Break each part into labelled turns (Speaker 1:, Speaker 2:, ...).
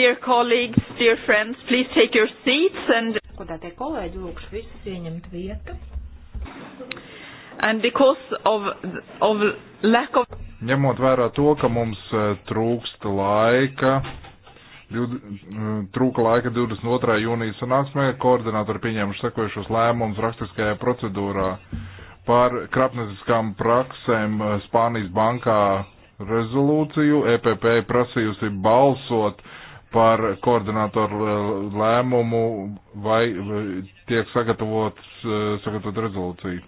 Speaker 1: Dear colleagues, dear friends, please take your seats and. Godātie kolēģi, lūkšu visus ieņemt vietu. And because of, of lack of.
Speaker 2: Ņemot vērā to, ka mums eh, trūkst laika, eh, trūka laika 22. jūnijas sanāksmē, koordinātori pieņēmuši sekojušos lēmumus rakstiskajā procedūrā par krapnieciskām praksēm eh, Spānijas bankā rezolūciju. EPP prasījusi balsot par koordinātoru lēmumu vai tiek sagatavots, sagatavot rezolūciju.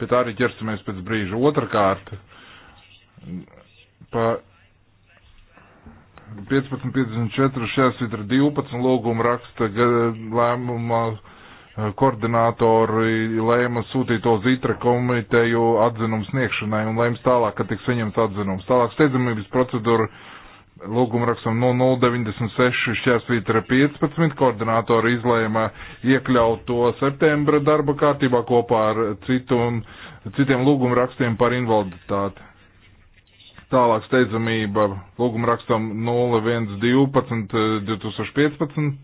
Speaker 2: Pie tā arī ķersimies pēc brīža. Otrakārt, pa 15.54 šajā svitra 12 lūguma raksta lēmumā e, koordinātori lēma sūtīt to zitra komiteju atzinumu sniegšanai un lēms tālāk, ka tiks saņemts atzinums. Tālāk steidzamības procedūra lūgumrakstam no 096 šķērsvītra 15 koordinātori izlēma iekļaut to septembra darba kārtībā kopā ar citu un, citiem lūgumrakstiem par invaliditāti. Tālāk steidzamība lūgumrakstam 0112 2015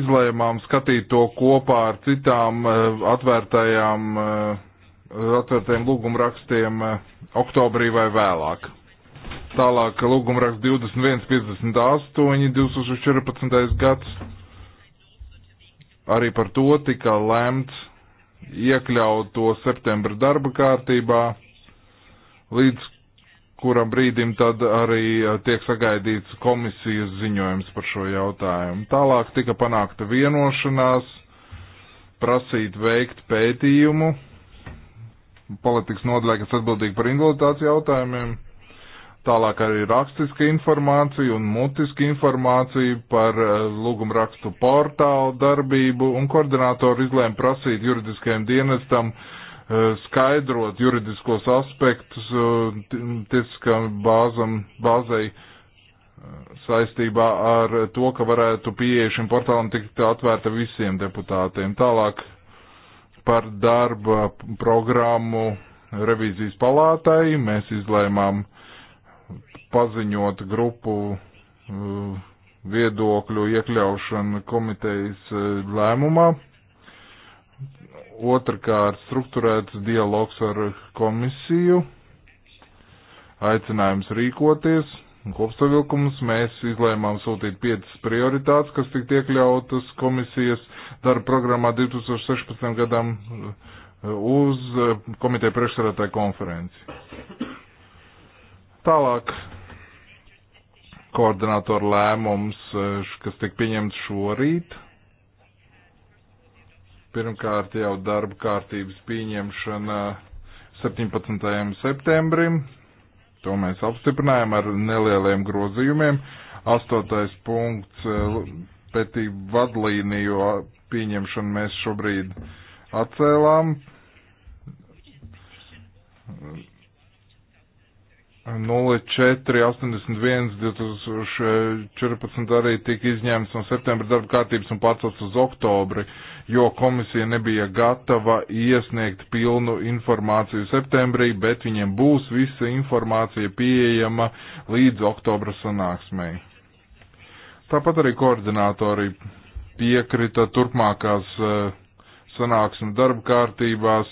Speaker 2: izlēmām skatīt to kopā ar citām eh, atvērtajām, eh, atvērtajiem lūgumrakstiem eh, oktobrī vai vēlāk. Tālāk lūgumraks 2158 2014. gads. Arī par to tika lemts iekļaut to septembra darba kārtībā, līdz kuram brīdim tad arī eh, tiek sagaidīts komisijas ziņojums par šo jautājumu. Tālāk tika panākta vienošanās prasīt veikt pētījumu politikas nodaļā, kas atbildīgi par invaliditātes jautājumiem. Tālāk arī rakstiska informācija un mutiska informācija par eh, lūguma rakstu portālu darbību un koordinātori izlēma prasīt juridiskajam dienestam eh, skaidrot juridiskos aspektus eh, tiesiskam bāzam, bāzei saistībā ar to, ka varētu pieeja šim portālam tikt atvērta visiem deputātiem. Tālāk par darba programmu revīzijas palātai mēs izlēmām paziņot grupu uh, viedokļu iekļaušanu komitejas uh, lēmumā. Otrakārt, struktūrēts dialogs ar komisiju, aicinājums rīkoties, kopsavilkums. Mēs izlēmām sūtīt piecas prioritātes, kas tika iekļautas komisijas darba programmā 2016. gadam uh, uz komiteja priekšsarētāju konferenci. Tālāk koordinātoru lēmums, eh, kas tiek pieņemts šorīt. Pirmkārt jau darba kārtības pieņemšana 17. septembrim. To mēs apstiprinājām ar nelieliem grozījumiem. Astotais punkts eh, pētību vadlīniju pieņemšanu mēs šobrīd atcēlām 0481 2014 arī tika izņemts no septembra darba kārtības un pārcelts uz oktobri, jo komisija nebija gatava iesniegt pilnu informāciju septembrī, bet viņiem būs visa informācija pieejama līdz oktobra sanāksmei. Tāpat arī koordinātori piekrita turpmākās eh, sanāksmes darba kārtībās,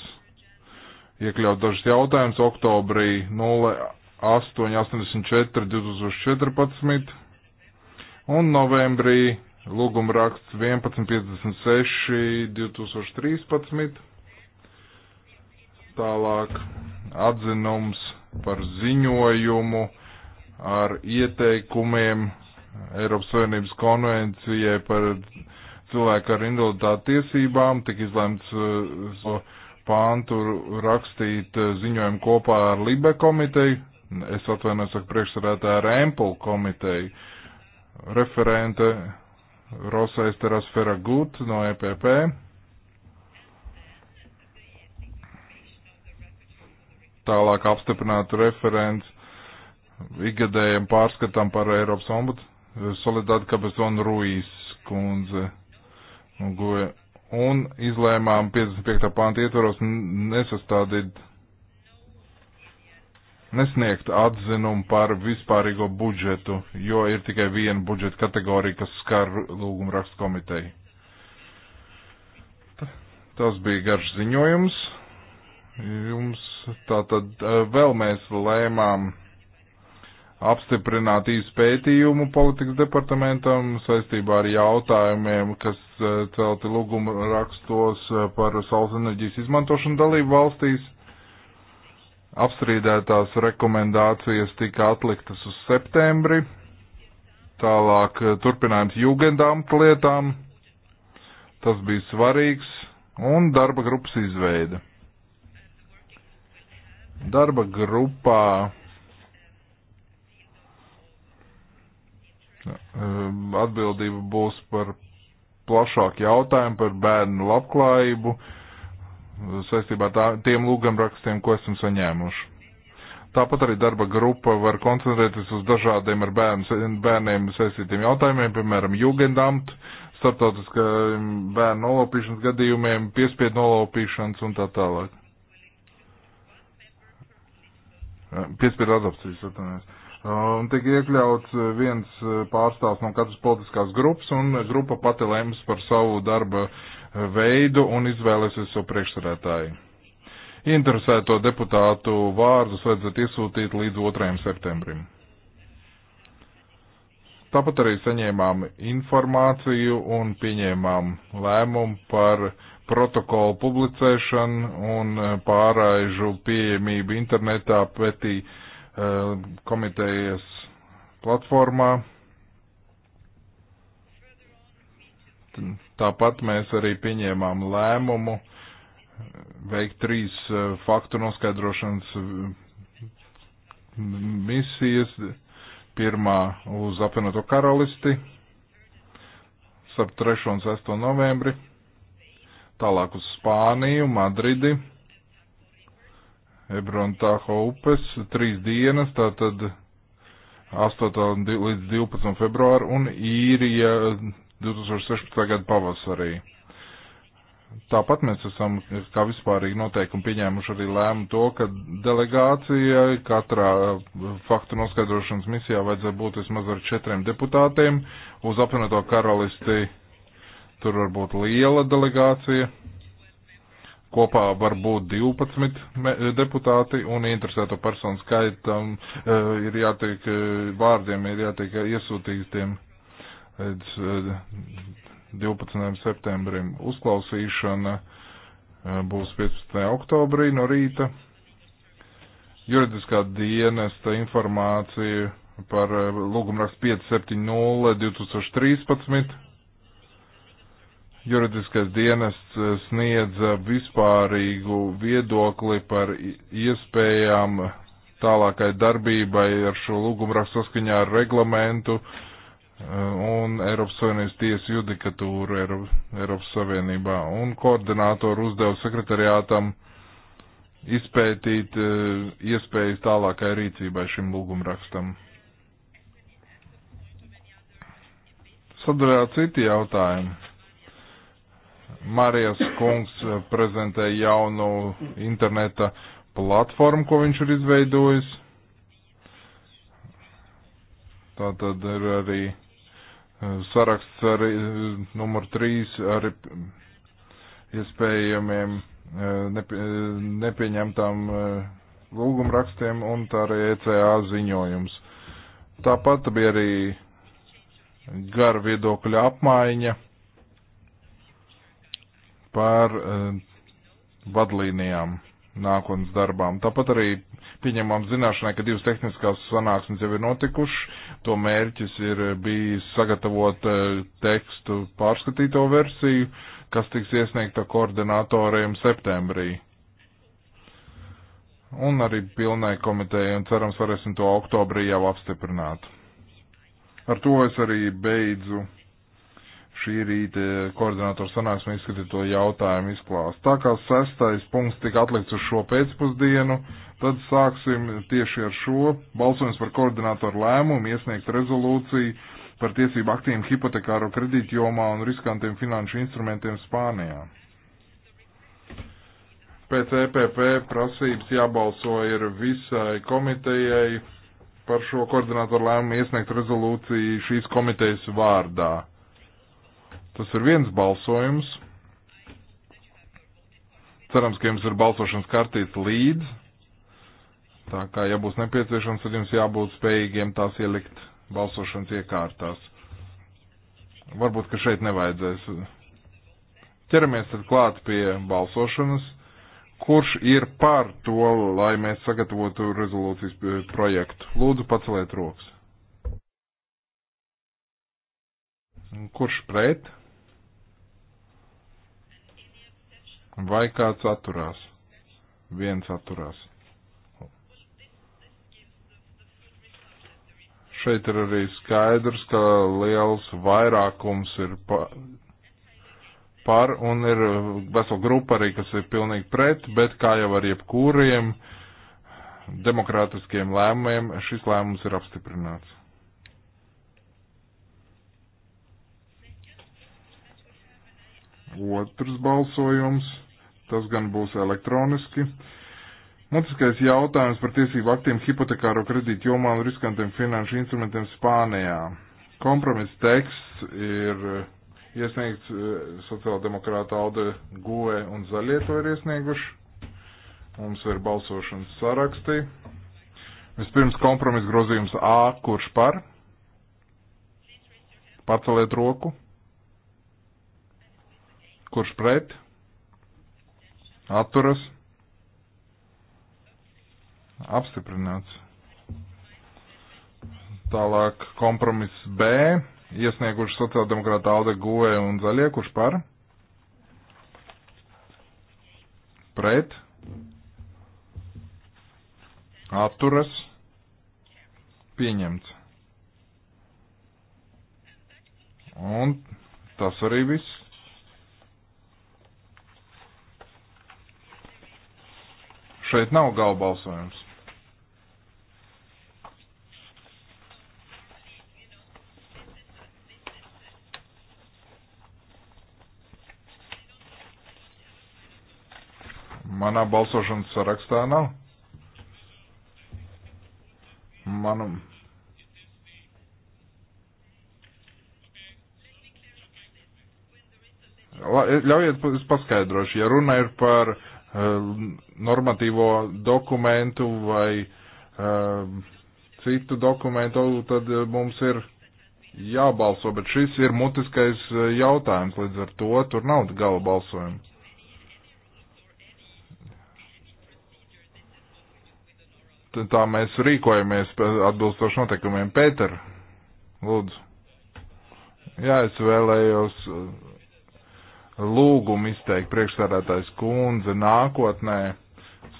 Speaker 2: iekļaut dažas jautājumas oktobrī 0. 884 2014 un novembrī lūguma raksts 1156 2013. Tālāk atzinums par ziņojumu ar ieteikumiem Eiropas Savienības konvencijai par cilvēku ar invaliditāti tiesībām tik izlemts uh, pāntu rakstīt eh, ziņojumu kopā ar Libe komiteju es atvainojos ar priekšsarētāju ar Empulu komiteju, referente Rosa Esteras Feragut no EPP. Tālāk apstiprinātu referents igadējiem pārskatām par Eiropas ombudu Solidāti Kabezonu Ruijas kundze. Un izlēmām 55. pānta ietvaros nesastādīt nesniegt atzinumu par vispārīgo budžetu, jo ir tikai viena budžeta kategorija, kas skar lūgumu rakstu komiteju. Tas bija garš ziņojums. Jums tātad eh, vēl mēs lēmām apstiprināt izpētījumu politikas departamentam saistībā ar jautājumiem, kas eh, celti lūguma rakstos eh, par saules enerģijas izmantošanu dalību valstīs apstrīdētās rekomendācijas tika atliktas uz septembri, tālāk eh, turpinājums jūgendāmt lietām, tas bija svarīgs, un darba grupas izveida. Darba grupā eh, atbildība būs par plašāku jautājumu par bērnu labklājību, uh, saistībā ar tā, tiem lūgumrakstiem, ko esam saņēmuši. Tāpat arī darba grupa var koncentrēties uz dažādiem ar bērnu, bērniem saistītiem jautājumiem, piemēram, Jugendamt, starptautiskā bērnu nolopīšanas gadījumiem, piespiedu nolopīšanas un tā tālāk. Eh, piespiedu adopcijas, atvainojos. Eh, un tiek iekļauts eh, viens pārstāvs no katras politiskās grupas, un grupa pati lems par savu darba uh, veidu un izvēlēsies savu priekšsarētāju. Interesēto deputātu vārdus vajadzētu iesūtīt līdz 2. septembrim. Tāpat arī saņēmām informāciju un pieņēmām lēmumu par protokolu publicēšanu un pāraižu pieejamību internetā pretī eh, komitejas platformā. Tāpat mēs arī pieņēmām lēmumu veikt trīs eh, faktu noskaidrošanas mm, misijas. Pirmā uz apvienoto karalisti starp 3 un 6 novembri, tālāk uz Spāniju, Madridi, Ebrontāho upes, trīs dienas, tātad 8. līdz 12. februāru un īrija 2016. gada pavasarī. Tāpat mēs esam, kā vispārīgi noteikumi, pieņēmuši arī lēmu to, ka delegācijai katrā uh, faktu noskaidrošanas misijā vajadzētu būt vismaz ar četriem deputātiem. Uz apvienoto karalisti tur var būt liela delegācija. Kopā var būt 12 deputāti un interesēto personu skaitam uh, ir jātiek, uh, vārdiem ir jātiek iesūtītiem līdz 12. Eh, septembrim. Uzklausīšana eh, būs 15. oktobrī no rīta. Juridiskā dienesta informācija par eh, lūgumrakstu 570 2013. Juridiskais dienests sniedza vispārīgu viedokli par iespējām tālākai darbībai ar šo lūgumrakstu saskaņā ar reglamentu Eh, un Eiropas Savienības tiesu judikatūru Eiropas Savienībā. Un koordinātoru uzdeva sekretariātam izpētīt eh, iespējas tālākai rīcībai šim lūgumrakstam. Sadarījā citi jautājumi. Marijas kungs eh, prezentē jaunu interneta platformu, ko viņš ir izveidojis. Tā tad ir arī saraksts ar numur 3 ar iespējamiem e, nepie, nepieņemtām e, lūgumrakstiem un tā arī ECA ziņojums. Tāpat bija arī gara viedokļa apmaiņa par e, vadlīnijām. Uh, nākotnes darbām. Tāpat arī pieņemam zināšanai, ka divas tehniskās sanāksmes jau ir notikušas. To mērķis ir bijis sagatavot e, tekstu pārskatīto versiju, kas tiks iesniegta koordinatoriem septembrī. Un arī pilnai komitejai, un cerams varēsim to oktobrī jau apstiprināt. Ar to es arī beidzu šī rīta koordinātoru sanāksmē izskatīto jautājumu izklāst. Tā kā sestais punkts tika atlikts uz šo pēcpusdienu, tad sāksim tieši ar šo balsojums par koordinātoru lēmumu iesniegt rezolūciju par tiesību aktīm hipotekāro kredītu jomā un riskantiem finanšu instrumentiem Spānijā. Pēc EPP prasības jābalso ir visai komitejai par šo koordinātoru lēmumu iesniegt rezolūciju šīs komitejas vārdā. Tas ir viens balsojums. Cerams, ka jums ir balsošanas kartīts līdz. Tā kā, ja būs nepieciešams, tad jums jābūt spējīgiem tās ielikt balsošanas iekārtās. Varbūt, ka šeit nevajadzēs. Ķeramies tad klāt pie balsošanas. Kurš ir par to, lai mēs sagatavotu rezolūcijas eh, projektu? Lūdzu, paceliet rokas. Kurš pret? Vai kāds atturās? Viens atturās. Šeit ir arī skaidrs, ka liels vairākums ir pa, par un ir vesela grupa arī, kas ir pilnīgi pret, bet kā jau ar jebkuriem demokrātiskiem lēmumiem, šis lēmums ir apstiprināts. Otrs balsojums Tas gan būs elektroniski. Mutiskais jautājums par tiesību aktiem hipotekāro kredītu jomā un riskantiem finanšu instrumentiem Spānijā. Kompromiss teksts ir eh, iesniegts eh, sociāldemokrāta Alde Goe un Zaļie to ir iesnieguši. Mums ir balsošanas saraksti. Vispirms kompromiss grozījums A, kurš par? Paceliet roku. Kurš pret? atturas, apstiprināts. Tālāk kompromiss B, iesnieguši sociāldemokrāta Alde Goe un Zaļie, kurš par? Pret? Atturas? Pieņemts. Un tas arī viss. Šeit nav galbalsojums. Manā balsošanas sarakstā nav. Manam. Ļaujiet paskaidrošu, ja runa ir par uh, Eh, normatīvo dokumentu vai eh, citu dokumentu, tad eh, mums ir jābalso, bet šis ir mutiskais jautājums, līdz ar to tur nav gala balsojuma. Tā mēs rīkojamies atbilstoši noteikumiem. Pēter, lūdzu. Jā, es vēlējos lūgumu izteikt priekšsādātājs kundze nākotnē,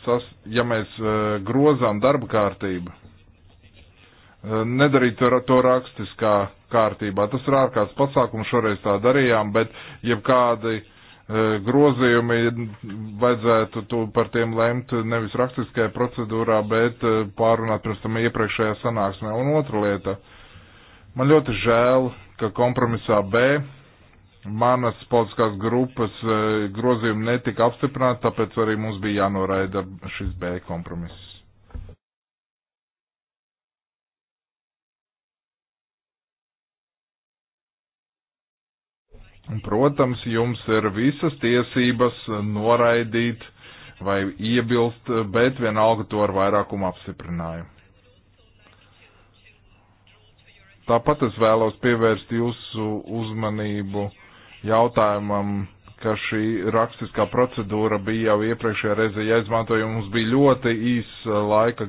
Speaker 2: sas, ja mēs e, grozām darba kārtību, e, nedarīt to, to rakstiskā kārtībā. Tas ir ārkārtas pasākums, šoreiz tā darījām, bet jebkādi e, grozījumi vajadzētu to par tiem lemt nevis rakstiskajā procedūrā, bet pārunāt pirms tam iepriekšējā sanāksmē. Un otra lieta, man ļoti žēl, ka kompromisā B manas politiskās grupas e, grozījumi netika apstiprināti, tāpēc arī mums bija jānoraida šis B kompromiss. Un, protams, jums ir visas tiesības noraidīt vai iebilst, bet vienalga to ar vairākumu apstiprināju. Tāpat es vēlos pievērst jūsu uzmanību jautājumam, ka šī rakstiskā procedūra bija jau iepriekšējā reizē jāizmanto, jo mums bija ļoti īs laika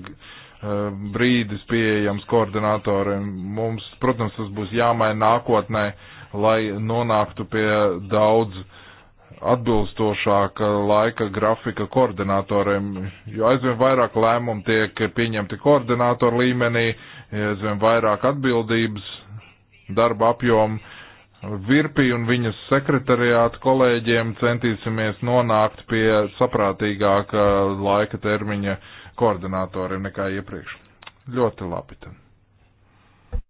Speaker 2: brīdis pieejams koordinatoriem. Mums, protams, tas būs jāmaina nākotnē, lai nonāktu pie daudz atbilstošāka laika grafika koordinatoriem, jo aizvien vairāk lēmumu tiek pieņemti koordinatoru līmenī, aizvien vairāk atbildības darba apjomu Virpī un viņas sekretariātu kolēģiem centīsimies nonākt pie saprātīgāka laika termiņa koordinatoriem nekā iepriekš. Ļoti labi. Tad.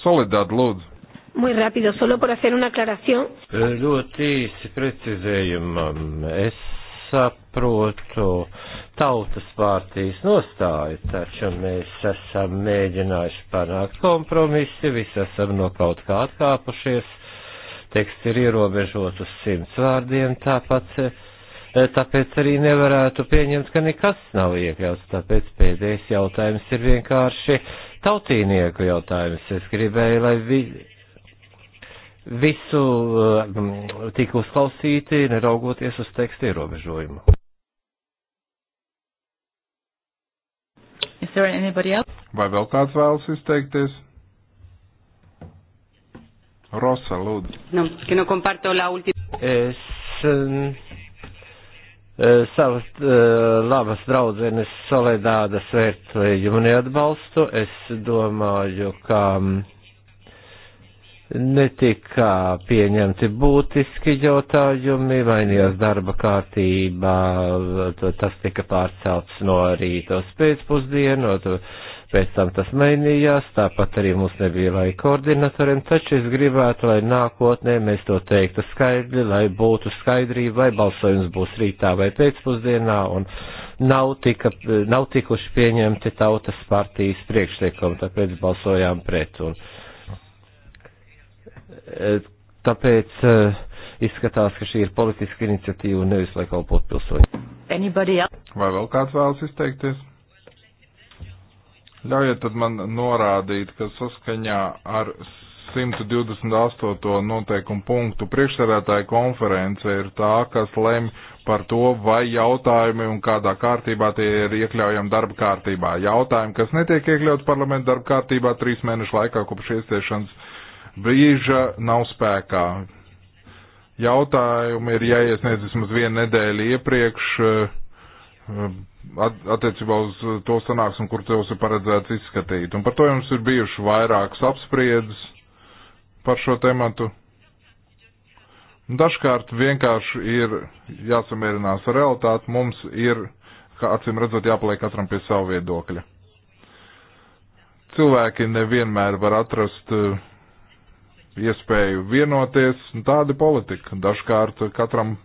Speaker 2: Solidāt, lūdzu.
Speaker 1: Muy rápido, solo por hacer una aclaración.
Speaker 3: Ļoti īsi precizējumam. Es saprotu tautas partijas nostāju, taču mēs esam mēģinājuši panākt kompromisi, visi esam no kaut kā atkāpušies, teksts ir ierobežots uz simts vārdiem, tāpat, e, tāpēc arī nevarētu pieņemt, ka nekas nav iekļauts, tāpēc pēdējais jautājums ir vienkārši tautīnieku jautājums. Es gribēju, lai vi, visu eh, tika uzklausīti, neraugoties uz tekstu ierobežojumu.
Speaker 2: Vai vēl kāds vēlas izteikties? Rosa, lūdzu.
Speaker 1: No, que no comparto la última.
Speaker 2: Es um,
Speaker 3: savas uh, labas draudzenes Soledādas vērtējumu neatbalstu. Es domāju, ka. Um, netika pieņemti būtiski jautājumi, mainījās darba kārtībā, tas tika pārcelts no rīta uz pēcpusdienu, pēc tam tas mainījās, tāpat arī mums nebija laika koordinatoriem, taču es gribētu, lai nākotnē mēs to teiktu skaidri, lai būtu skaidrība, vai balsojums būs rītā vai pēcpusdienā, un nav, tika, nav tikuši pieņemti tautas partijas priekšlikumi, tāpēc balsojām pret. Un, uh, E, tāpēc e, izskatās, ka šī ir politiska iniciatīva un nevis lai kalpot pilsoņiem.
Speaker 1: Vai
Speaker 2: vēl kāds vēlas izteikties? Ļaujiet tad man norādīt, ka saskaņā ar 128. noteikumu punktu priekšsarētāja konference ir tā, kas lem par to, vai jautājumi un kādā kārtībā tie ir iekļaujami darba kārtībā. Jautājumi, kas netiek iekļauts parlamenta darba kārtībā trīs mēnešu laikā kopš iesiešanas brīža nav spēkā. Jautājumi ir jāiesniedz vismaz vienu nedēļu iepriekš eh, attiecībā uz to sanāksmu, kur tos ir paredzēts izskatīt. Un par to jums ir bijuši vairākas apspriedas par šo tematu. Dažkārt vienkārši ir jāsamierinās ar realitāti, mums ir, kā acīm redzot, jāpaliek katram pie savu viedokļa. Cilvēki nevienmēr var atrast eh, iespēju vienoties, un tāda politika. Dažkārt katram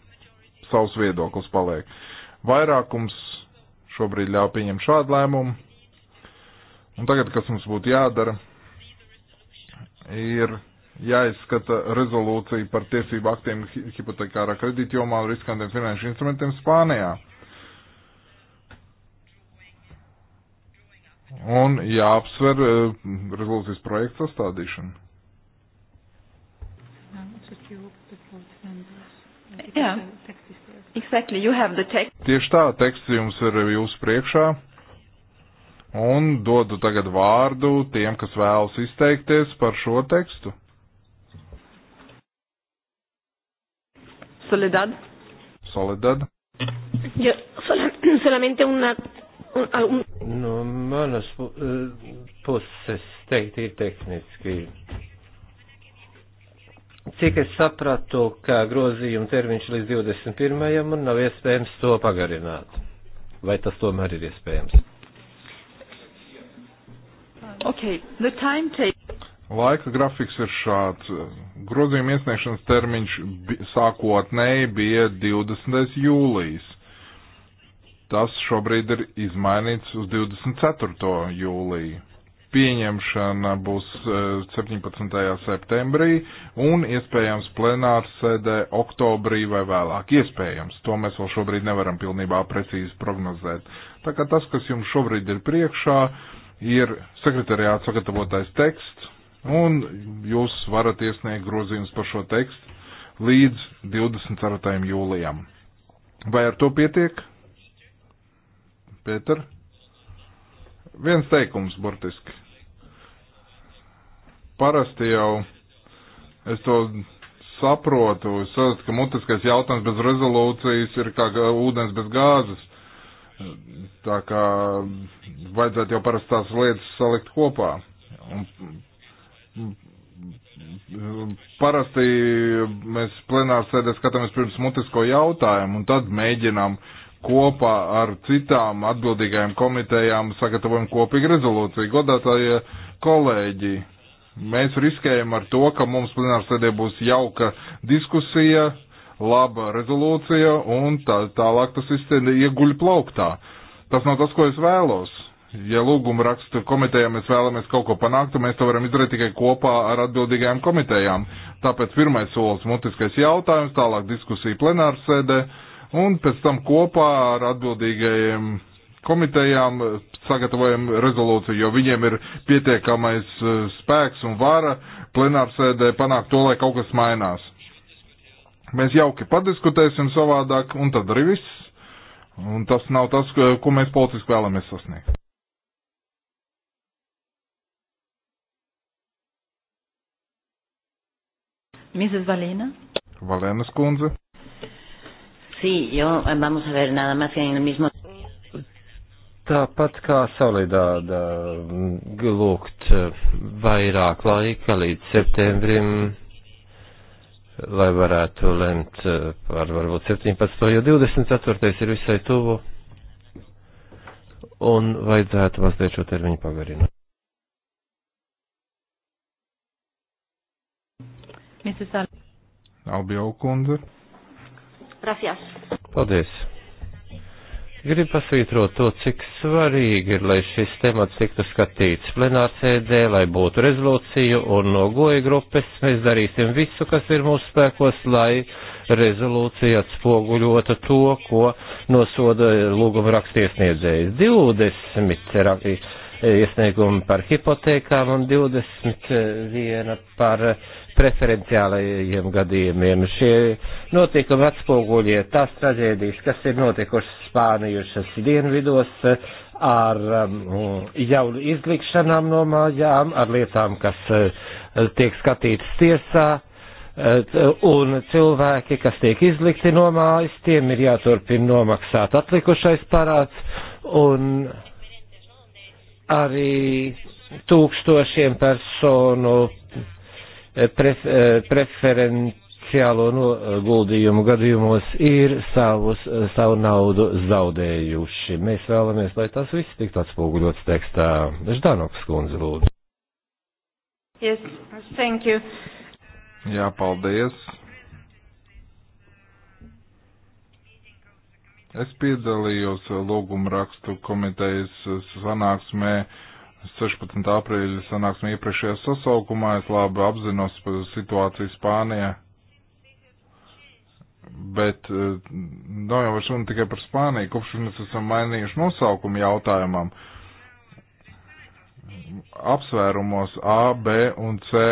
Speaker 2: savs viedoklis paliek. Vairākums šobrīd ļauj pieņemt šādu lēmumu, un tagad, kas mums būtu jādara, ir jāizskata rezolūcija par tiesību aktiem hipotekārā kredītjomā un riskantiem finanšu instrumentiem Spānijā. Un jāapsver eh, rezolūcijas projekta sastādīšana.
Speaker 1: Jā, exactly, you have the text.
Speaker 2: Tieši tā, teksts jums ir jūsu priekšā. Un dodu tagad vārdu tiem, kas vēlas izteikties par šo tekstu. Soledad. Soledad.
Speaker 1: Yo solamente una. Un...
Speaker 3: No manas puses eh, teikt ir tehniski Cik es sapratu, ka grozījuma termiņš līdz 21. un nav iespējams to
Speaker 2: pagarināt. Vai tas tomēr ir iespējams?
Speaker 1: Okay, the time take.
Speaker 2: Laika grafiks ir šāds. Grozījuma iesniegšanas termiņš sākotnēji bija 20. jūlijas. Tas šobrīd ir izmainīts uz 24. jūliju pieņemšana būs 17. E, septembrī un iespējams plenārs sēdē oktobrī vai vēlāk. Iespējams, to mēs vēl šobrīd nevaram pilnībā precīzi prognozēt. Tā kā tas, kas jums šobrīd ir priekšā, ir sekretariāts sagatavotais teksts un jūs varat iesniegt grozījums par šo tekstu līdz 24. jūlijam. Vai ar to pietiek? Pēter? Viens teikums, burtiski parasti jau es to saprotu, es saprotu, ka mutiskais jautājums bez rezolūcijas ir kā ūdens bez gāzes. Tā kā vajadzētu jau parasti tās lietas salikt kopā. Un, parasti mēs plenārs sēdē skatāmies pirms mutisko jautājumu un tad mēģinām kopā ar citām atbildīgajām komitejām sagatavojam kopīgu rezolūciju. Godātāji kolēģi, Mēs riskējam ar to, ka mums plenārsēdē būs jauka diskusija, laba rezolūcija un tā, tālāk tas viss ieguļ plauktā. Tas nav tas, ko es vēlos. Ja lūguma rakstu komitejā mēs vēlamies kaut ko panākt, tad mēs to varam izdarīt tikai kopā ar atbildīgajām komitejām. Tāpēc pirmais solis - mutiskais jautājums, tālāk diskusija plenārsēdē un pēc tam kopā ar atbildīgajiem komitejām eh, sagatavojam rezolūciju, jo viņiem ir pietiekamais eh, spēks un vara plenārsēdē panākt to, lai kaut kas mainās. Mēs jauki padiskutēsim savādāk, un tad arī viss. Un tas nav tas, ko mēs politiski vēlamies sasniegt.
Speaker 1: Mrs. Valena.
Speaker 2: Valenas kundze.
Speaker 1: Sí, yo, eh, vamos a ver, nada más que en el mismo
Speaker 2: tāpat kā solidāda
Speaker 3: lūgt eh, vairāk laika līdz septembrim, lai varētu lemt eh, par varbūt 17. jo 24. ir visai tuvu un vajadzētu mazliet šo termiņu pagarināt.
Speaker 1: Mrs.
Speaker 2: Albiol kundze. Gracias. Paldies.
Speaker 3: Gribu pasvītrot to, cik svarīgi ir, lai šis temats tiktu skatīts plenārsēdē, lai būtu rezolūcija, un no goja grupas mēs darīsim visu, kas ir mūsu spēkos, lai rezolūcija atspoguļota to, ko nosoda lūguma rakstiesniedzējs. 20 rakstīs iesniegumi par hipotekām un 21 par preferenciālajiem gadījumiem. Šie notikumi atspoguļie tās traģēdijas, kas ir notikušas Spānijušas dienvidos ar um, jaunu izlikšanām no mājām, ar lietām, kas uh, tiek skatītas tiesā uh, un cilvēki, kas tiek izlikti no mājas, tiem ir jāturpina nomaksāt atlikušais parāds, un arī tūkstošiem personu eh, pref, eh, preferenciālo noguldījumu gadījumos ir savus, eh, savu naudu zaudējuši. Mēs vēlamies, lai tas viss tiktu atspoguļots tekstā. Ždanoks
Speaker 2: kundze lūdzu.
Speaker 1: Yes, thank you.
Speaker 2: Jā, paldies. Es piedalījos lūguma rakstu komitejas sanāksmē 16. aprīļa sanāksmē iepriekšējā sasaukumā. Es labi apzinos par situāciju Spānijā. Bet eh, nav jau šodien tikai par Spāniju, kopš mēs esam mainījuši nosaukumu jautājumam. Apsvērumos A, B un C.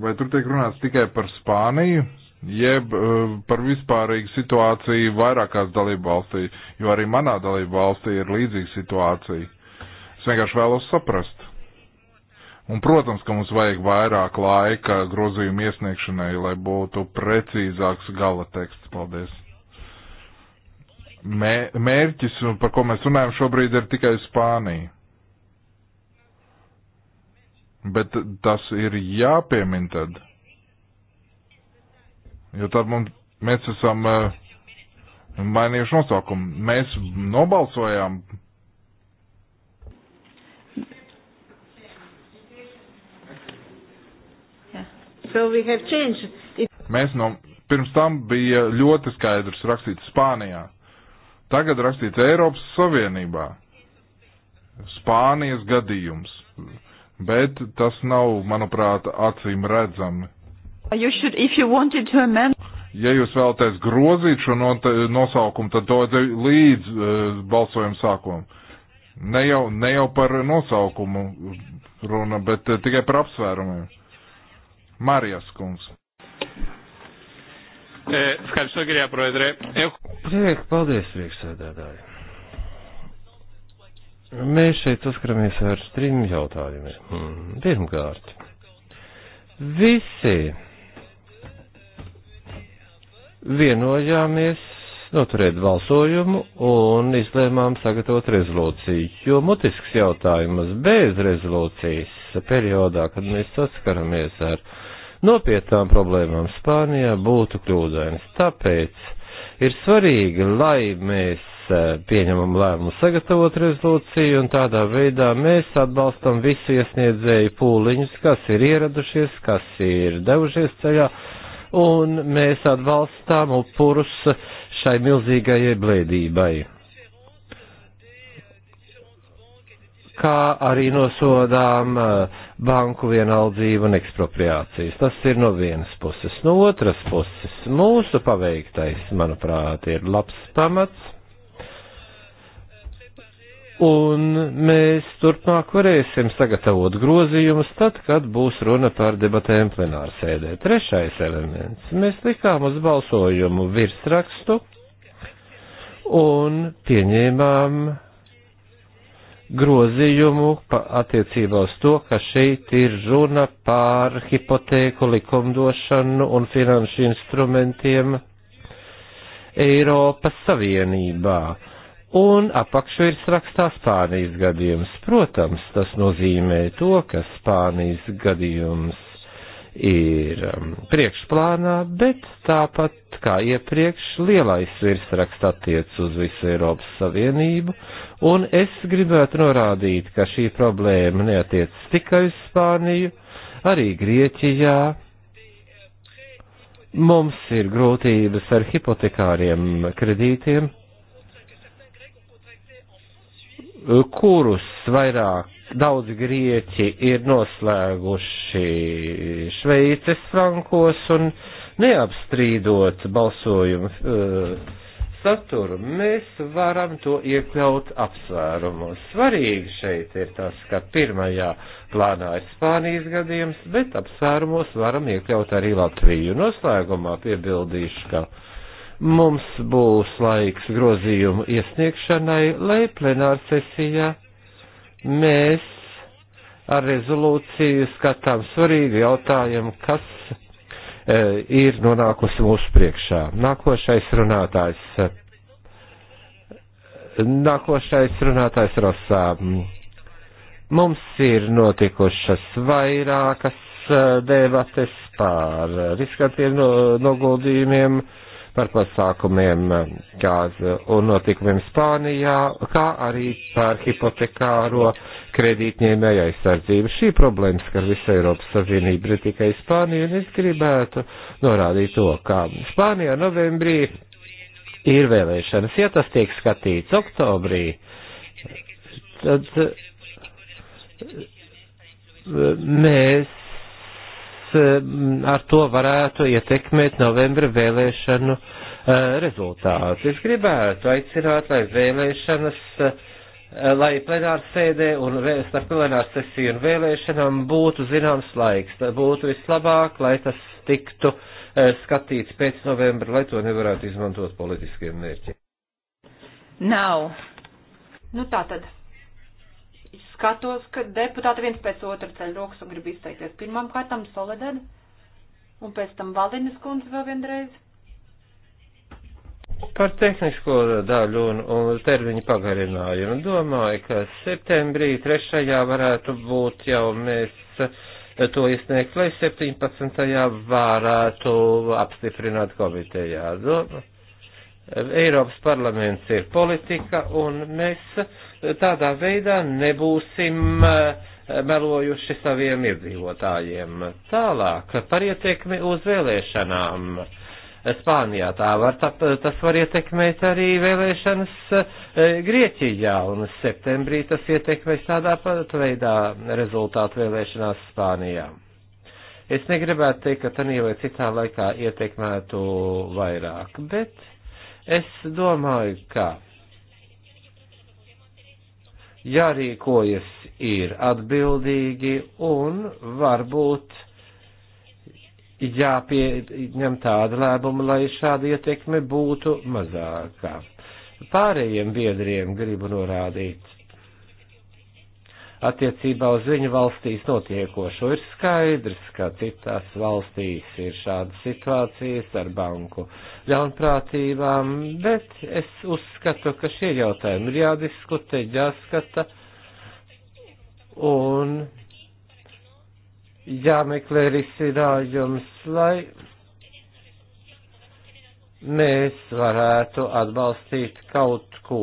Speaker 2: Vai tur tiek runāts tikai par Spāniju? jeb eh, par vispārīgu situāciju vairākās dalību valstī, jo arī manā dalību valstī ir līdzīga situācija. Es vienkārši vēlos saprast. Un, protams, ka mums vajag vairāk laika grozījumu iesniegšanai, lai būtu precīzāks gala teksts. Paldies! Mē, mērķis, par ko mēs runājam šobrīd, ir tikai Spānija. Bet tas ir jāpiemin tad. Jo tad mums, mēs esam eh, mainījuši nosaukumu. Mēs nobalsojām. So mēs no, pirms tam bija ļoti skaidrs rakstīts Spānijā. Tagad rakstīts Eiropas Savienībā. Spānijas gadījums. Bet tas nav, manuprāt, acīm redzami.
Speaker 1: You should, if you wanted to amend.
Speaker 2: Ja jūs vēlaties grozīt šo nosaukumu, tad to līdz uh, e, balsojumu sākumam. Ne jau, ne jau par nosaukumu runa, bet uh, tikai par apsvērumiem. Marijas kungs.
Speaker 3: Ευχαριστώ κυρία Πρόεδρε. Έχω...
Speaker 2: Priek, paldies,
Speaker 3: priekšsēdētāji. Mēs šeit saskaramies ar trim jautājumiem. Hmm, pirmkārt, visi vienojāmies noturēt balsojumu un izlēmām sagatavot rezolūciju, jo mutisks jautājums bez rezolūcijas periodā, kad mēs saskaramies ar nopietnām problēmām Spānijā, būtu kļūdains. Tāpēc ir svarīgi, lai mēs e, pieņemam lēmumu sagatavot rezolūciju un tādā veidā mēs atbalstam visu iesniedzēju pūliņus, kas ir ieradušies, kas ir devušies ceļā un mēs atbalstām upurus šai milzīgajai blēdībai. kā arī nosodām uh, banku vienaldzību un ekspropriācijas. Tas ir no vienas puses. No otras puses, mūsu paveiktais, manuprāt, ir labs pamats Un mēs turpmāk varēsim sagatavot grozījumus tad, kad būs runa par debatēm plenārsēdē. Trešais elements. Mēs likām uz balsojumu virsrakstu un pieņēmām grozījumu attiecībā uz to, ka šeit ir runa par hipotēku likumdošanu un finanšu instrumentiem Eiropas Savienībā Un apakšu ir rakstā Spānijas gadījums. Protams, tas nozīmē to, ka Spānijas gadījums ir um, priekšplānā, bet tāpat kā iepriekš lielais virsraksts attiec uz visu Eiropas Savienību, un es gribētu norādīt, ka šī problēma neatiec tikai uz Spāniju, arī Grieķijā. Mums ir grūtības ar hipotekāriem kredītiem, kurus vairāk daudz grieķi ir noslēguši Šveices frankos un neapstrīdot balsojumu eh, saturu, mēs varam to iekļaut apsvērumos. Svarīgi šeit ir tas, ka pirmajā plānā ir Spānijas gadījums, bet apsvērumos varam iekļaut arī Latviju. Noslēgumā piebildīšu, ka Mums būs laiks grozījumu iesniegšanai, lai plenāra sesijā mēs ar rezolūciju skatām svarīgu jautājumu, kas e, ir nonākusi mūsu priekšā. Nākošais runātājs. E, nākošais runātājs Rosā. Mums ir notikušas vairākas e, debates pār riskantiem noguldījumiem. No par pasākumiem eh, gāza un notikumiem Spānijā, kā arī par hipotekāro kredītņēmēju aizsardzību. Šī problēma skar visu Eiropas Savienību, ne tikai Spāniju, un es gribētu norādīt to, ka Spānijā novembrī ir vēlēšanas. Ja tas tiek skatīts oktobrī, tad eh, mēs Eh, ar to varētu ietekmēt novembra vēlēšanu eh, rezultātu. Es gribētu aicināt, lai vēlēšanas, eh, lai plenāra sēdē un starp plenāra sesiju un vēlēšanām būtu zināms laiks, būtu vislabāk, lai tas tiktu skatīts pēc novembra, lai to nevarētu izmantot politiskiem mērķiem.
Speaker 1: Nav.
Speaker 4: Nu tā tad skatos, ka deputāti viens pēc otra ceļ rokas un grib izteikties. Pirmām kārtām Soledad, un pēc tam Valdiņas kundze vēl vienreiz.
Speaker 3: Par tehnisko daļu un, un termiņu pagarinājumu domāju, ka septembrī trešajā varētu būt jau mēs to iesniegt, lai 17. varētu apstiprināt komitejā. Domāju. Eiropas parlaments ir politika, un mēs tādā veidā nebūsim eh, melojuši saviem iedzīvotājiem. Tālāk par ietekmi uz vēlēšanām. Spānijā tā var, tā, tas var ietekmēt arī vēlēšanas eh, Grieķijā, un septembrī tas ietekmēs tādā pat veidā rezultātu vēlēšanās Spānijā. Es negribētu teikt, ka tanī vai citā laikā ietekmētu vairāk, bet es domāju, ka jārīkojas ir atbildīgi un varbūt jāpieņem tāda lēmuma, lai šāda ietekme būtu mazākā. Pārējiem biedriem gribu norādīt attiecībā uz viņu valstīs notiekošo. Ir skaidrs, ka citās valstīs ir šādas situācijas ar banku ļaunprātībām, bet es uzskatu, ka šie jautājumi ir jādiskutē, jāskata un jāmeklē risinājums, lai mēs varētu atbalstīt kaut ko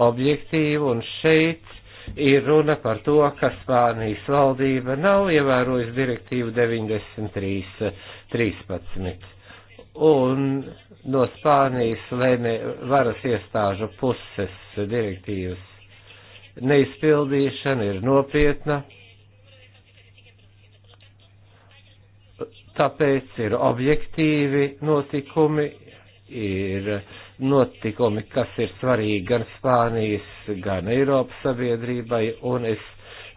Speaker 3: objektīva, un šeit ir runa par to, ka Spānijas valdība nav ievērojusi direktīvu 93.13. Un no Spānijas lēmē varas iestāžu puses direktīvas neizpildīšana ir nopietna. Tāpēc ir objektīvi notikumi, ir notikumi, kas ir svarīgi gan Spānijas, gan Eiropas sabiedrībai, un es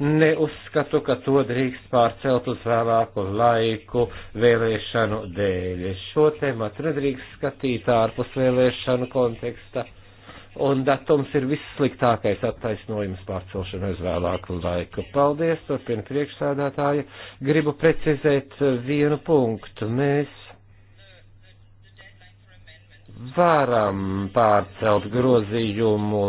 Speaker 3: neuzskatu, ka to drīkst pārcelt uz vēlāku laiku vēlēšanu dēļ. Šo tēmatu nedrīkst skatīt ārpus vēlēšanu konteksta, un datums ir vissliktākais attaisnojums pārcelšanai uz vēlāku laiku. Paldies, turpina priekšsēdētāja. Gribu precizēt vienu punktu. Mēs varam pārcelt grozījumu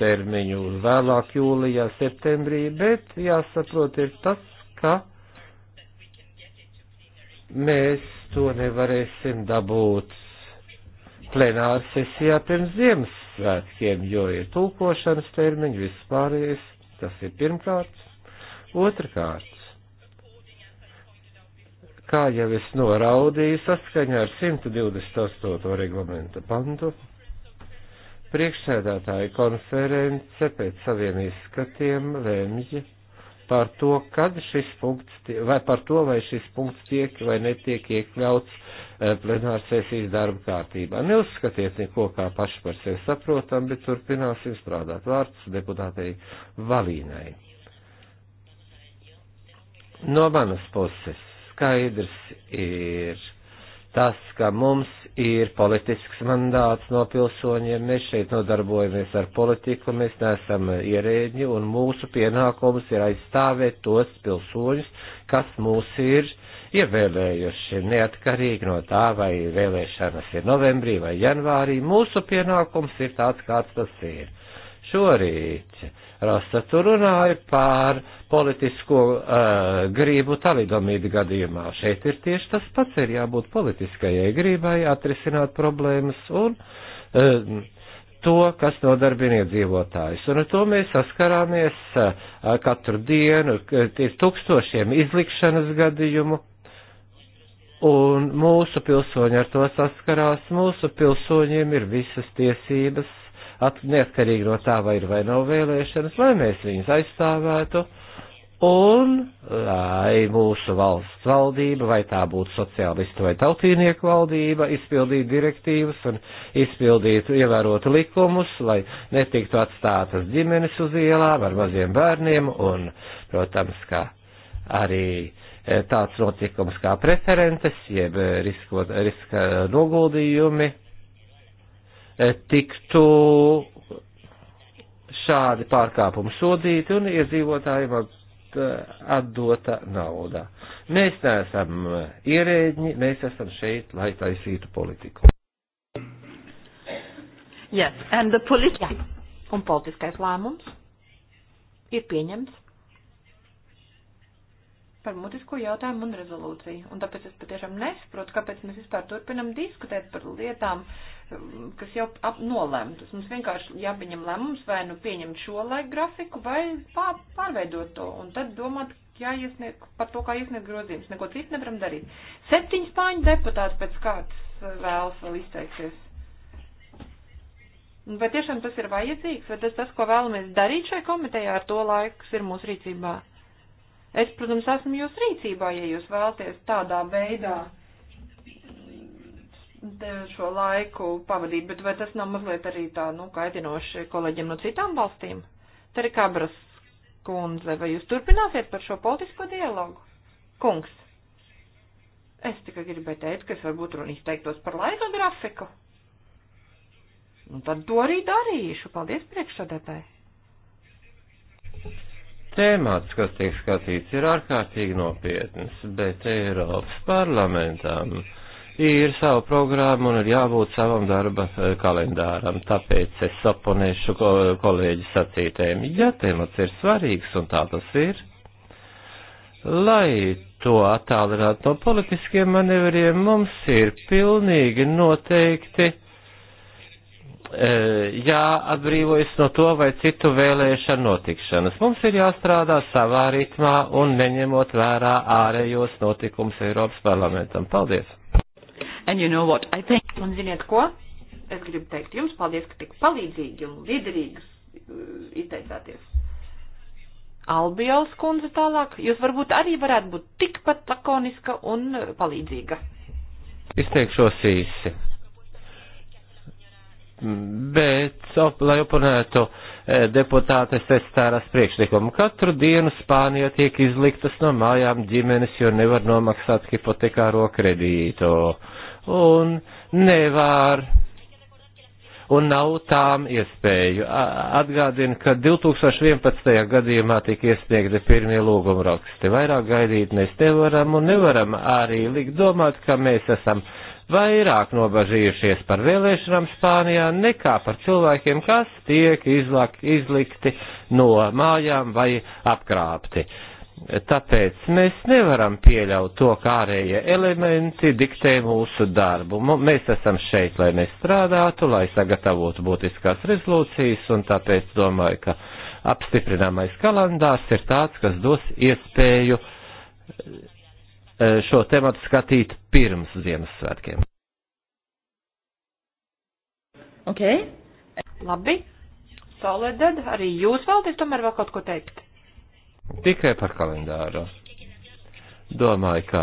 Speaker 3: termiņu uz vēlāk jūlijā, septembrī, bet jāsaprot ir tas, ka mēs to nevarēsim dabūt plenāra sesijā pirms Ziemassvētkiem, jo ir tulkošanas termiņi, vispārējais, tas ir pirmkārt. Otrkārt, kā jau es noraudīju saskaņā ar 128. reglamenta pantu, priekšsēdētāja konference pēc saviem izskatiem lemj par to, kad šis punkts, vai par to, vai šis punkts tiek vai netiek iekļauts eh, plenārsēsīs darba kārtībā. Neuzskatiet neko kā paši par sevi saprotam, bet turpināsim strādāt vārds deputātei Valīnai. No manas puses Skaidrs ir tas, ka mums ir politisks mandāts no pilsoņiem, mēs šeit nodarbojamies ar politiku, mēs neesam ierēģi, un mūsu pienākums ir aizstāvēt tos pilsoņus, kas mūs ir ievēlējuši, neatkarīgi no tā, vai vēlēšanas ir novembrī vai janvārī, mūsu pienākums ir tāds, kāds tas ir šorīt Rasa tur runāja pār politisko uh, eh, gribu talidomīdu gadījumā. Šeit ir tieši tas pats, ir jābūt politiskajai gribai atrisināt problēmas un uh, to, kas nodarbina iedzīvotājus. Un ar to mēs saskarāmies uh, katru dienu, ir tūkstošiem izlikšanas gadījumu, un mūsu pilsoņi ar to saskarās, mūsu pilsoņiem ir visas tiesības at, neatkarīgi no tā, vai ir vai nav vēlēšanas, lai mēs viņus aizstāvētu un lai mūsu valsts valdība, vai tā būtu sociālistu vai tautīnieku valdība, izpildītu direktīvas un izpildītu, ievērotu likumus, lai netiktu atstātas ģimenes uz ielām ar maziem bērniem un, protams, kā arī eh, tāds notikums kā preferences, jeb eh, risko, riska noguldījumi E, tiktu šādi pārkāpumi sodīti un iedzīvotājiem e, atdota nauda. Mēs neesam ierēģi, mēs esam šeit, lai taisītu politiku.
Speaker 1: Yes, and the politi Jā, un politiskais lēmums
Speaker 4: ir pieņemts par mutisko jautājumu un rezolūciju. Un tāpēc es patiešām nesaprotu, kāpēc mēs vispār turpinam diskutēt par lietām, uh, kas jau ap, nolēmtas. Mums vienkārši jāpieņem lēmums, vai nu pieņemt šo laiku grafiku, vai pār, pārveidot to, un tad domāt, jāiesniedz, par to, kā iesniegt grozījums. Neko citu nevaram darīt. Septiņi spāņu deputāti pēc kārtas uh, vēlas vēl izteikties. Vai tiešām tas ir vajadzīgs, vai tas tas, ko vēlamies darīt šai komitejā, ar to laiks ir mūsu rīcībā? Es, protams, esmu jūs rīcībā, ja jūs vēlaties tādā veidā. Mm šo laiku pavadīt, bet vai tas nav mazliet arī tā, nu, kaitinoši kolēģiem no citām valstīm? Teri Kabras kundze, vai jūs turpināsiet par šo politisko dialogu? Kungs, es tikai gribēju teikt, ka es varbūt runu izteiktos par laika grafiku. Nu, tad to arī darīšu. Paldies priekšsādātāji.
Speaker 3: Tēmāts, kas tiek skatīts, ir ārkārtīgi nopietns, bet Eiropas parlamentam. Uh, ir sava programma un ir jābūt savam darba eh, kalendāram. Tāpēc es saponēšu kolēģi sacītēm, ja temats ir svarīgs un tā tas ir, lai to attālināt no politiskiem manevriem, mums ir pilnīgi noteikti eh, jāatbrīvojas no to vai citu vēlēšanu notikšanas. Mums ir jāstrādā savā ritmā un neņemot vērā ārējos notikums Eiropas parlamentam. Paldies!
Speaker 1: And you know what? I think. Un ziniet ko? Es gribu teikt jums paldies, ka tik palīdzīgi un liederīgas uh, izteicāties.
Speaker 4: Albijāls kundze tālāk, jūs varbūt arī varētu būt tikpat lakoniska un palīdzīga.
Speaker 3: Izteikšos īsi. Bet, op, lai oponētu eh, deputātes testāras priekšlikumu, katru dienu Spānijā tiek izliktas no mājām ģimenes, jo nevar nomaksāt hipotekāro kredītu. Uh, un nevar un nav tām iespēju. Atgādinu, ka 2011. gadījumā tika iesniegti pirmie lūguma raksti. Vairāk gaidīt mēs nevaram un nevaram arī likt domāt, ka mēs esam vairāk nobažījušies par vēlēšanām Spānijā nekā par cilvēkiem, kas tiek izlak, izlikti no mājām vai apkrāpti. Uh, Tāpēc mēs nevaram pieļaut to, kā ārējie elementi diktē mūsu darbu. Mēs esam šeit, lai mēs strādātu, lai sagatavotu būtiskās rezolūcijas, un tāpēc domāju, ka apstiprināmais kalendārs ir tāds, kas dos iespēju e, šo tematu skatīt pirms Ziemassvētkiem.
Speaker 4: Ok, labi. Soledad, arī jūs vēlaties tomēr vēl kaut ko teikt?
Speaker 3: Tikai par kalendāru. Domāju, ka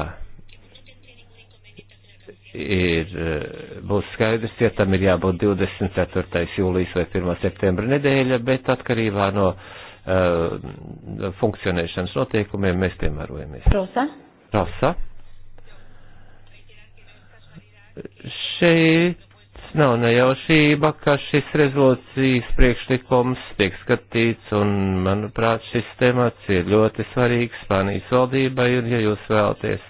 Speaker 3: ir, eh, būs skaidrs, ja tam ir jābūt 24. jūlijas vai 1. septembra nedēļa, bet atkarībā no uh, funkcionēšanas noteikumiem mēs piemērojamies. Rosa. Rosa. Šeit nav nejaušība, ka šis rezolūcijas priekšlikums tiek skatīts, un, manuprāt, šis temats ir ļoti svarīgs Spānijas valdībai, un, ja jūs vēlaties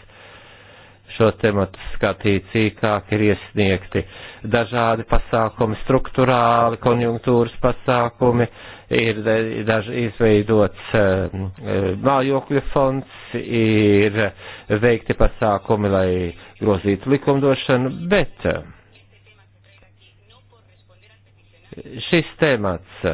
Speaker 3: šo tematu skatīt cīkāk, ir iesniegti dažādi pasākumi, struktūrāli konjunktūras pasākumi, ir daži izveidots eh, mājokļu fonds, ir veikti pasākumi, lai grozītu likumdošanu, bet eh, šis temats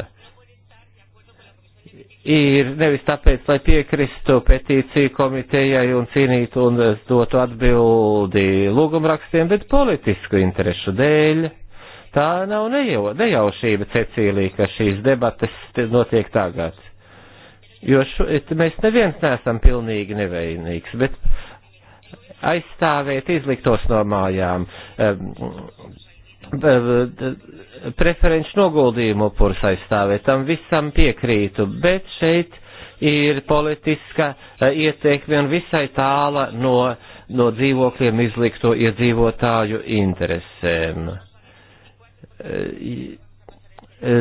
Speaker 3: ir nevis tāpēc, lai piekristu petīciju komitejai un cīnītu un dotu atbildi lūgumrakstiem, bet politisku interesu dēļ. Tā nav nejau, nejaušība, Cecīlija, ka šīs debates notiek tagad. Jo šo, mēs neviens neesam pilnīgi nevainīgs, bet aizstāvēt izliktos no mājām, um, preferenču noguldījumu upurs aizstāvēt, tam visam piekrītu, bet šeit ir politiska e, ieteikme un visai tāla no, no dzīvokļiem izlikto iedzīvotāju interesēm. E, e,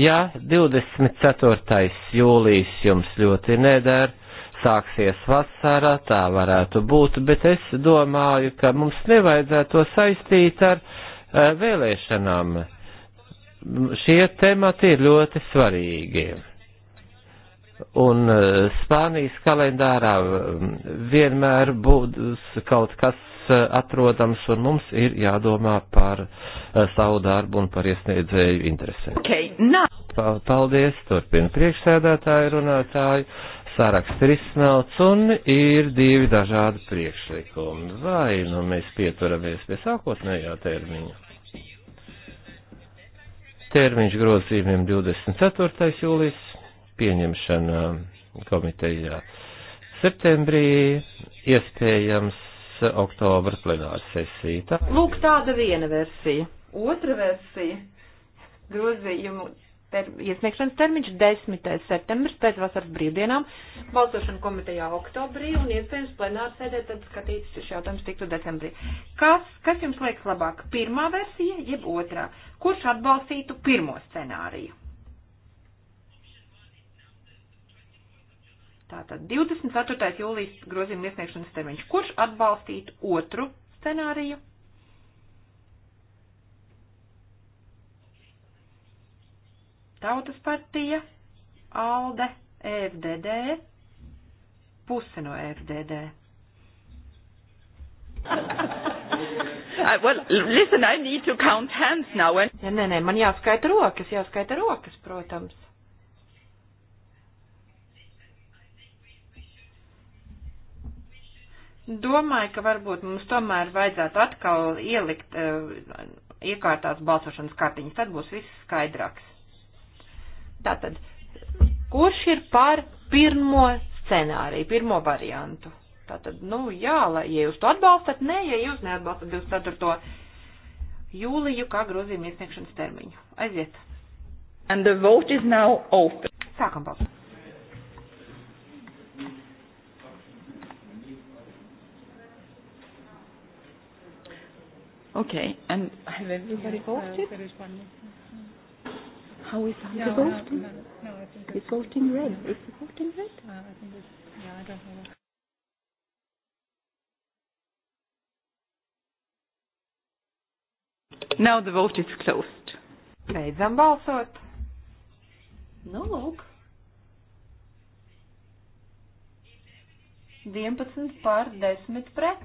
Speaker 3: ja 24. jūlijas jums ļoti nedara, sāksies vasarā, tā varētu būt, bet es domāju, ka mums nevajadzētu to saistīt ar uh, Eh, vēlēšanām. Šie temati ir ļoti svarīgi. Un eh, Spānijas kalendārā mm, vienmēr būs kaut kas eh, atrodams, un mums ir jādomā par savu darbu un par iesniedzēju interesēm. Okay, no. Paldies, turpina priekšsēdētāji runātāji. Saraksts ir izsmelts un ir divi dažādi priekšlikumi. Vai nu mēs pieturamies pie sākotnējā termiņa? termiņš grozījumiem 24. jūlijas, pieņemšana komitejā septembrī, iespējams oktobra plenāra sesija. Tā.
Speaker 4: Lūk, tāda viena versija. Otra versija grozījumu ter, iesniegšanas termiņš 10. septembris pēc vasaras brīvdienām, balsošana komitejā oktobrī un iespējams plenārsēdē tad skatīts šis jautājums tiktu decembrī. Kas, kas jums liekas labāk, pirmā versija jeb otrā? Kurš atbalstītu pirmo scenāriju? Tātad 24. jūlijas grozījuma iesniegšanas termiņš. Kurš atbalstītu otru scenāriju? Tautas partija, ALDE, EFDD, puse no EFDD.
Speaker 5: Uh, well, listen, I need to count hands now. And... Ja, nē,
Speaker 4: nē, man jāskaita rokas, jāskaita rokas, protams. Domāju, ka varbūt mums tomēr vajadzētu atkal ielikt, uh, iekārtās balsošanas kartiņas, tad būs viss skaidrāks. Tātad, kurš ir par pirmo scenāriju, pirmo variantu? Tātad, nu jā, lai, ja jūs to atbalstat, nē, ja jūs neatbalstat 24. jūliju kā grozījuma iesniegšanas termiņu. Aiziet.
Speaker 1: And the vote is now open. Sākam balsot. Okay, and have everybody voted? Uh, there is one. How is no, the voting? No, no, no, I think it's, it's voting red. Yeah. Is the voting red? Uh, I think it's, yeah, I don't know. Now the vote is closed. Beidzam balsot. Nu, lūk.
Speaker 4: 11 pār 10 pret.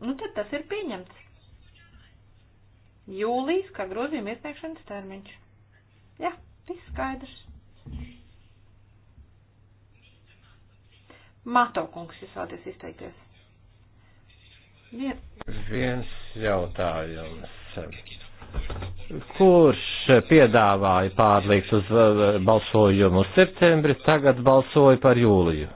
Speaker 4: Nu, tad tas ir pieņemts jūlijas, kā grozījuma iesniegšanas termiņš. Jā, viss skaidrs. Mato kungs, jūs vēlaties izteikties. Vien.
Speaker 3: Viens jautājums. Kurš piedāvāja pārlikt uz eh, balsojumu uz septembri, tagad balsoja par jūliju?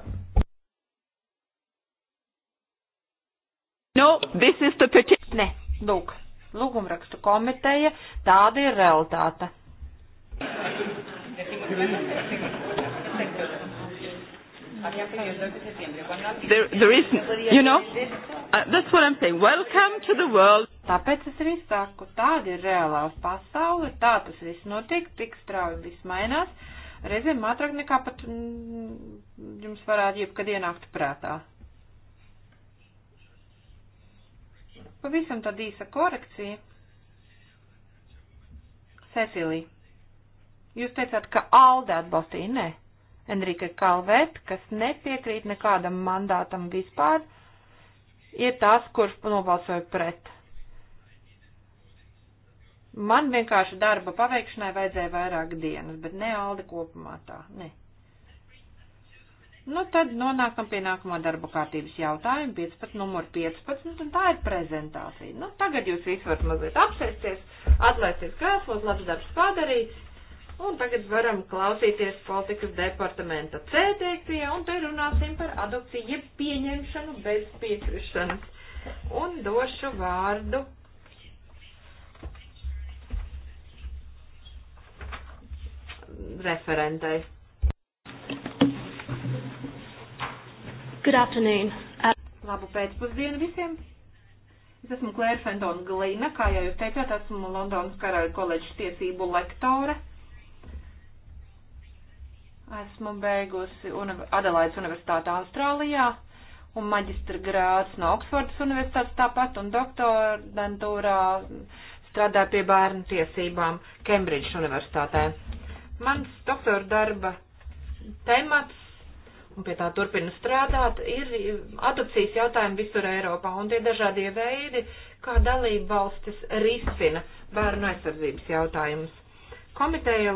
Speaker 1: No, this is the petition. Nē,
Speaker 4: lūk, lūgumrakstu komiteja, tāda ir realitāte.
Speaker 1: There, there is, you know, uh, that's what I'm saying. Welcome to the world.
Speaker 4: Tāpēc es arī saku, tāda ir reālā pasaule, tā tas viss notiek, tik strauji viss mainās, reizēm ātrāk nekā pat mm, jums varētu jebkad ienākt prātā. Pavisam tad īsa korekcija. Cecilija, jūs teicāt, ka Alde atbalstīja, nē, Enrika Kalvet, kas nepiekrīt nekādam mandātam vispār, ir tās, kurš nobalsoja pret. Man vienkārši darba paveikšanai vajadzēja vairāk dienas, bet ne Alde kopumā tā, ne. Nu, tad nonākam pie nākamā darba kārtības jautājuma, 15, numur 15, un tā ir prezentācija. Nu, tagad jūs visi varat mazliet apsēsties, atlaisties krēslos, labs darbs padarīts, un tagad varam klausīties politikas departamenta C teiktie, un te runāsim par adopciju, jeb pieņemšanu bez piekrišanas. Un došu vārdu referentai. Good afternoon. Uh, Labu pēcpusdienu visiem. Es esmu Klēra Fentona Glīna, kā jau jūs teicāt, esmu Londonas Karaļa koledžas tiesību lektore. Esmu beigusi Adelaides Universitātē Austrālijā un maģistra grāds no Oksfordas Universitātes tāpat un doktorantūrā strādāju pie bērnu tiesībām Kembridžas Universitātē. Mans doktora darba temats un pie tā turpina strādāt, ir adopcijas jautājumi visur Eiropā un tie dažādie veidi, kā dalība valstis risina bērnu aizsardzības jautājumus. Komiteja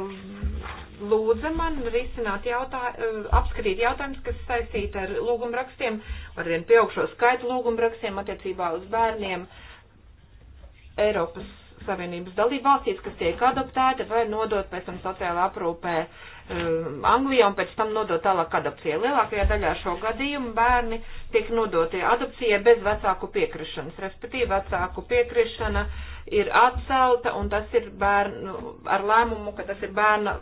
Speaker 4: lūdza man risināt jautā, eh, apskatīt jautājumus, kas saistīti ar lūgumrakstiem, ar vien pieaugšo skaitu lūgumrakstiem attiecībā uz bērniem Eiropas Savienības dalību valstīs, kas tiek adoptēti vai nodot pēc tam sociālā aprūpē uh, Um, Anglijā un pēc tam nodot tālāk adopcijai. Lielākajā daļā šo gadījumu bērni tiek nodoti adopcijai bez vecāku piekrišanas, respektīvi vecāku piekrišana ir atcelta un tas ir bērnu ar lēmumu, ka tas ir bērna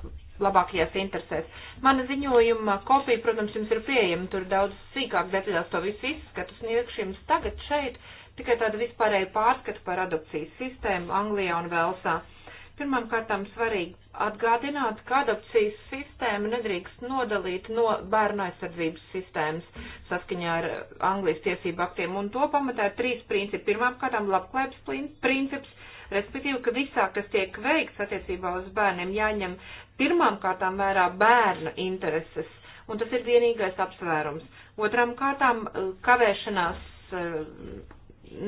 Speaker 4: labākajās interesēs. Mana ziņojuma kopija, protams, jums ir pieejama, tur daudz sīkāk detaļās to visu izskatu sniegšu jums tagad šeit, tikai tādu vispārēju pārskatu par adopcijas sistēmu Anglijā un Velsā. Pirmām kārtām svarīgi atgādināt, ka adopcijas sistēma nedrīkst nodalīt no bērnu aizsardzības sistēmas saskaņā ar eh, Anglijas tiesību aktiem, un to pamatā ir trīs principi. Pirmām kārtām labklājības princips, respektīvi, ka visā, kas tiek veikts attiecībā uz bērniem, jāņem pirmām kārtām vērā bērnu intereses, un tas ir vienīgais apsvērums. Otram kārtām eh, kavēšanās eh,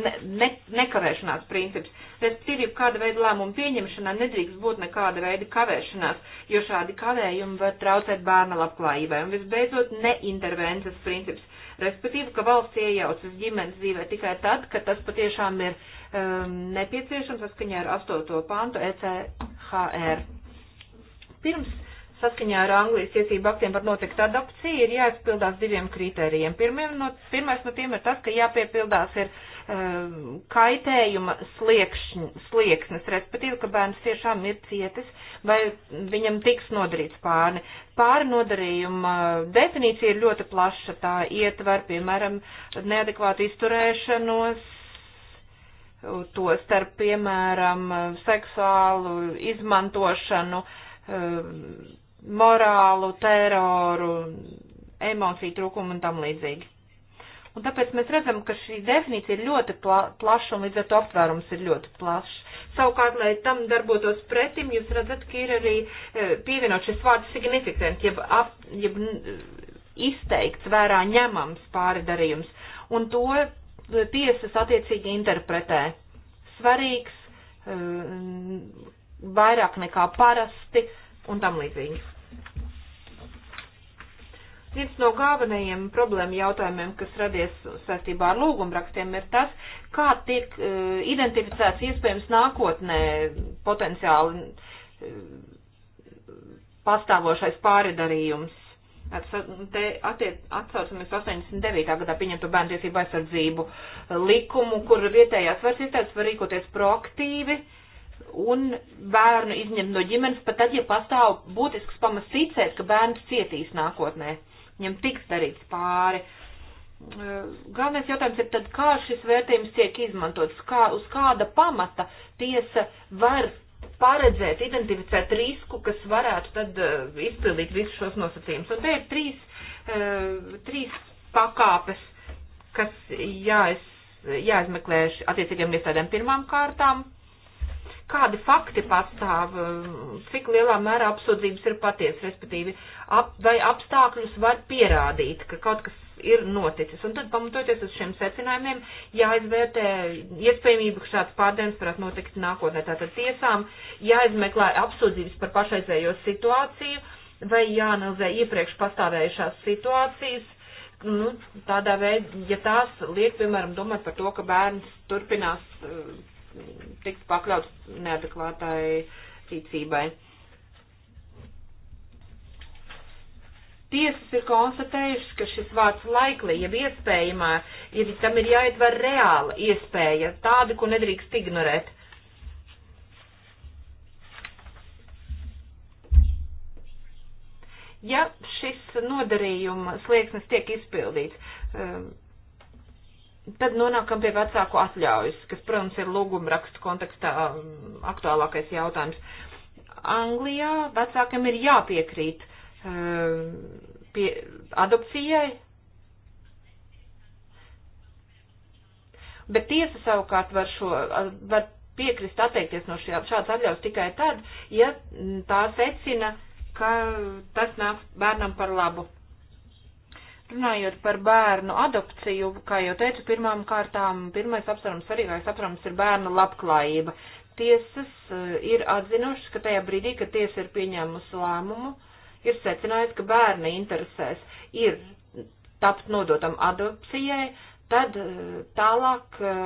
Speaker 4: ne, ne, nekavēšanās princips. Respektīvi, kāda veida lēmumu pieņemšanā nedrīkst būt nekāda veida kavēšanās, jo šādi kavējumi var traucēt bērna labklājībai. Un visbeidzot, neintervences princips. Respektīvi, ka valsts iejaucas ģimenes dzīvē tikai tad, kad tas patiešām ir um, nepieciešams saskaņā ar 8. pantu ECHR. Pirms saskaņā ar Anglijas tiesību aktiem var notikt adopcija, ir jāizpildās diviem kritērijiem. Pirmiem no, pirmais no tiem ir tas, ka jāpiepildās ir Um, kaitējuma sliekšņ, slieksnes, respektīvi, ka bērns tiešām ir cietis vai viņam tiks nodarīts pārni. Pāri nodarījuma definīcija ir ļoti plaša, tā ietver, piemēram, neadekvātu izturēšanos, to starp, piemēram, seksuālu izmantošanu, um, morālu, teroru, emociju trūkumu un tam līdzīgi. Un tāpēc mēs redzam, ka šī definīcija ir ļoti pla plaša un līdz ar to aptvērums ir ļoti plašs. Savukārt, lai tam darbotos pretim, jūs redzat, ka ir arī e, pievienot šis vārds significant, jeb, ap, jeb izteikts vērā ņemams pāri darījums. Un to e, tiesas attiecīgi interpretē. Svarīgs, e, vairāk nekā parasti un tam līdzīgi. Viens no galvenajiem problēma jautājumiem, kas radies saistībā ar lūgumrakstiem, ir tas, kā tiek uh, identificēts iespējams nākotnē potenciāli uh, pastāvošais pāridarījums. At, te attiec, atsaucamies 89. gadā pieņemto bērnu tiesību aizsardzību e, likumu, kur vietējās varas iestādes var rīkoties proaktīvi, uh, un bērnu izņemt no ģimenes, pat tad, ja pastāv būtisks pamats ticēt, ka bērns cietīs nākotnē viņam tiks darīts pāri. Galvenais jautājums ir tad, kā šis vērtējums tiek izmantots, kā, uz kāda pamata tiesa var paredzēt, identificēt risku, kas varētu tad izpildīt visus šos nosacījumus. Un te ir trīs, trīs pakāpes, kas jāiz, jāizmeklē attiecīgiem iestādēm pirmām kārtām kādi fakti pastāv, cik lielā mērā apsūdzības ir patiesas, respektīvi, ap, vai apstākļus var pierādīt, ka kaut kas ir noticis. Un tad, pamatoties uz šiem secinājumiem, jāizvērtē iespējamība, ka šāds pārdevums varētu notikt nākotnē. Tātad tiesām jāizmeklē apsūdzības par pašreizējo situāciju vai jāanalizē iepriekš pastāvējušās situācijas. Nu, tādā veidā, ja tās liek, piemēram, domāt par to, ka bērns turpinās tiks pakļauts neadekvātai rīcībai. tiesas ir konstatējušas, ka šis vārds laikli, jeb iespējamā, ir, tam ir jāietver reāla iespēja, tāda, ko nedrīkst ignorēt. Ja šis nodarījuma slieksnis tiek izpildīts, um, tad nonākam pie vecāku atļaujas, kas, protams, ir lūguma rakstu kontekstā um, aktuālākais jautājums. Anglijā vecākam ir jāpiekrīt um, pie adopcijai, bet tiesa savukārt var, šo, uh, var piekrist atteikties no šā, šāds atļaus tikai tad, ja mm, tā secina, ka tas nāk bērnam par labu. Runājot par bērnu adopciju, kā jau teicu, pirmām kārtām, pirmais apsvērums, svarīgākais apsvērums ir bērnu labklājība. Tiesas eh, ir atzinušas, ka tajā brīdī, kad tiesa ir pieņēmusi lēmumu, ir secinājusi, ka bērni interesēs ir tapt nodotam adopcijai, tad eh, tālāk, eh,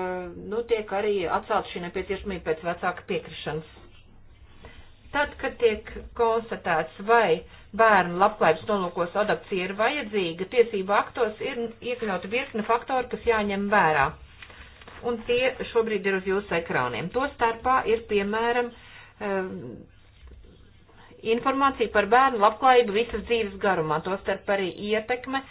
Speaker 4: nu, tiek arī atcelt šī nepieciešamība pēc vecāka piekrišanas. Tad, kad tiek konstatēts, vai bērnu labklājības nolūkos adapcija ir vajadzīga, tiesību aktos ir iekļauta virkne faktori, kas jāņem vērā. Un tie šobrīd ir uz jūsu ekrāniem. To starpā ir, piemēram, ehm, informācija par bērnu labklājību visas dzīves garumā, to starp arī ietekme,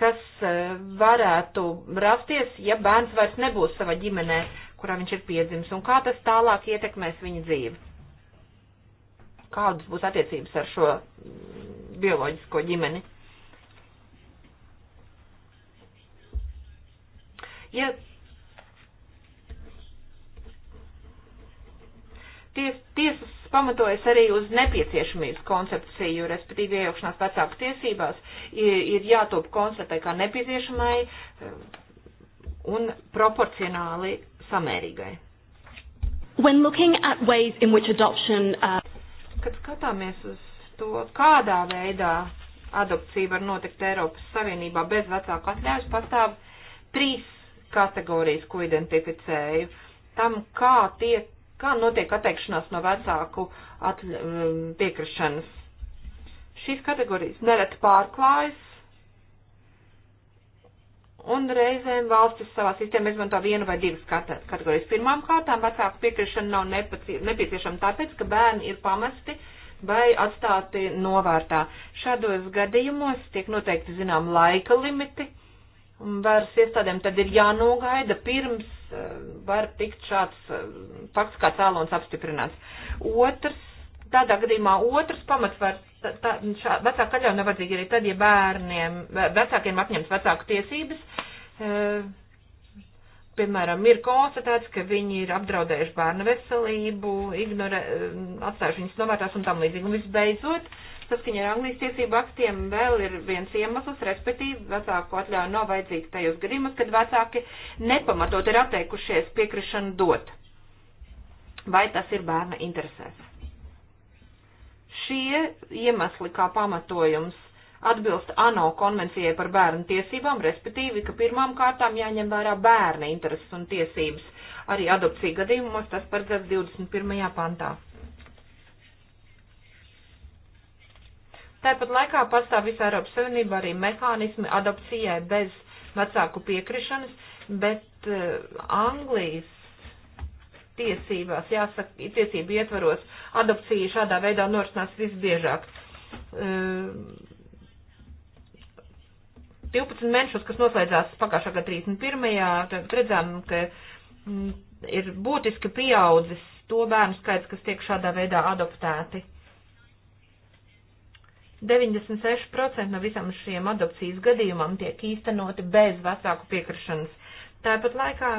Speaker 4: kas eh, varētu rasties, ja bērns vairs nebūs savā ģimenē, kurā viņš ir piedzimis, un kā tas tālāk ietekmēs viņa dzīvi kādas būs attiecības ar šo mm, bioloģisko ģimeni. Ja ties, tiesas pamatojas arī uz nepieciešamības koncepciju, respektīvi iejaukšanās vecāku tiesībās, ir, ir jātop konstatē kā nepieciešamai eh, un proporcionāli samērīgai. When looking at ways in which adoption uh... Kad skatāmies uz to, kādā veidā adopcija var notikt Eiropas Savienībā bez vecāku atļaujas, pastāv trīs kategorijas, ko identificēju. Tam, kā, tiek, kā notiek atteikšanās no vecāku atļ, um, piekrišanas. Šīs kategorijas nereti pārklājas, un reizēm valstis savā sistēmā izmanto vienu vai divas kategorijas. Pirmām kārtām vecāku piekrišana nav nepaci, nepieciešama tāpēc, ka bērni ir pamesti vai atstāti novārtā. Šādos gadījumos tiek noteikti zinām laika limiti, un varas iestādēm tad ir jānogaida pirms eh, var tikt šāds eh, fakts kā cēlons apstiprināts. Otrs, tādā gadījumā otrs pamatvars tā, tā, šā, vecāka atļauja nav vajadzīga arī tad, ja bērniem, vecākiem apņemts vecāku tiesības. E, piemēram, ir konstatēts, ka viņi ir apdraudējuši bērnu veselību, ignorē, atstājuši viņus novērtās un tam līdzīgi. Un visbeidzot, saskaņā ar Anglijas tiesību aktiem vēl ir viens iemesls, respektīvi vecāku atļauju nav vajadzīga tajos gadījumos, kad vecāki nepamatot ir atteikušies piekrišanu dot. Vai tas ir bērna interesēs? Šie iemesli kā pamatojums atbilst ANO konvencijai par bērnu tiesībām, respektīvi, ka pirmām kārtām jāņem vērā bērna intereses un tiesības. Arī adopcija gadījumos tas paredzēts 21. pantā. Tāpat laikā pastāv visā Eiropas Savienībā arī mehānismi adopcijai bez vecāku piekrišanas, bet uh, Anglijas tiesībās, jāsaka, tiesību ietvaros adopcija šādā veidā norisinās visbiežāk. 12 ehm, mēnešus, kas noslēdzās pagājušā gada 31. tad redzam, ka mm, ir būtiski pieaudzis to bērnu skaits, kas tiek šādā veidā adoptēti. 96% no visam šiem adopcijas gadījumam tiek īstenoti bez vecāku piekrišanas. Tāpat laikā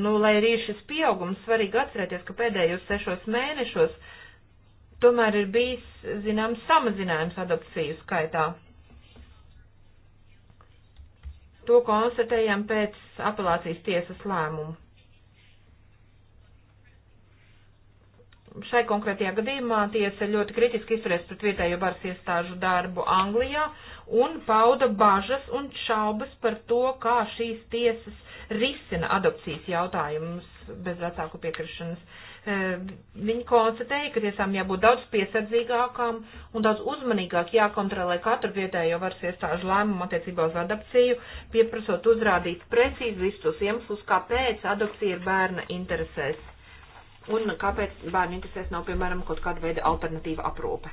Speaker 4: nu, lai arī ir šis pieaugums, svarīgi atcerēties, ka pēdējos sešos mēnešos tomēr ir bijis, zināms, samazinājums adopciju skaitā. To konstatējam pēc apelācijas tiesas lēmumu. Šai konkrētajā gadījumā tiesa ļoti kritiski izturēs pret vietējo varas iestāžu darbu Anglijā un pauda bažas un šaubas par to, kā šīs tiesas risina adopcijas jautājumus bez vecāku piekrišanas. E, Viņi konstatēja, ka tiesām jābūt daudz piesardzīgākām un daudz uzmanīgāk jākontrolē katru vietējo varas iestāžu lēmumu attiecībā uz adopciju, pieprasot uzrādīt precīzi visus tos iemeslus, kāpēc adopcija ir bērna interesēs un kāpēc bērna interesēs nav, piemēram, kaut kāda veida alternatīva aprūpe.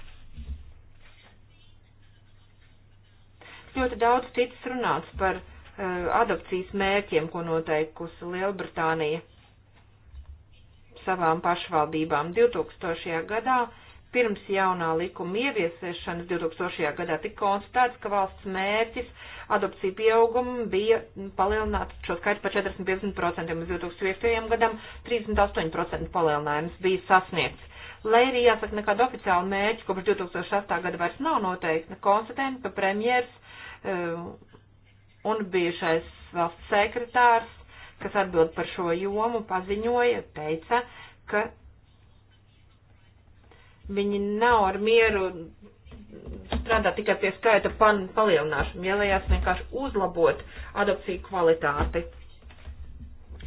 Speaker 4: Ļoti daudz ticis runāts par Eh, adopcijas mērķiem, ko noteikusi Lielbritānija savām pašvaldībām 2000. gadā. Pirms jaunā likuma ieviesešanas 2000. gadā tika konstatēts, ka valsts mērķis adopciju pieaugumu bija palielināt šo skaitu par 40-50%, uz 2005. gadam 38% palielinājums bija sasniegts. Lai arī jāsaka nekāda oficiāla mērķa, kopš 2008. gada vairs nav noteikta, konstatējam, ka premjers uh, un bijušais valsts sekretārs, kas atbild par šo jomu, paziņoja, teica, ka viņi nav ar mieru strādā tikai pie skaita pan, palielināšanu, vēlējās vienkārši uzlabot adopciju kvalitāti.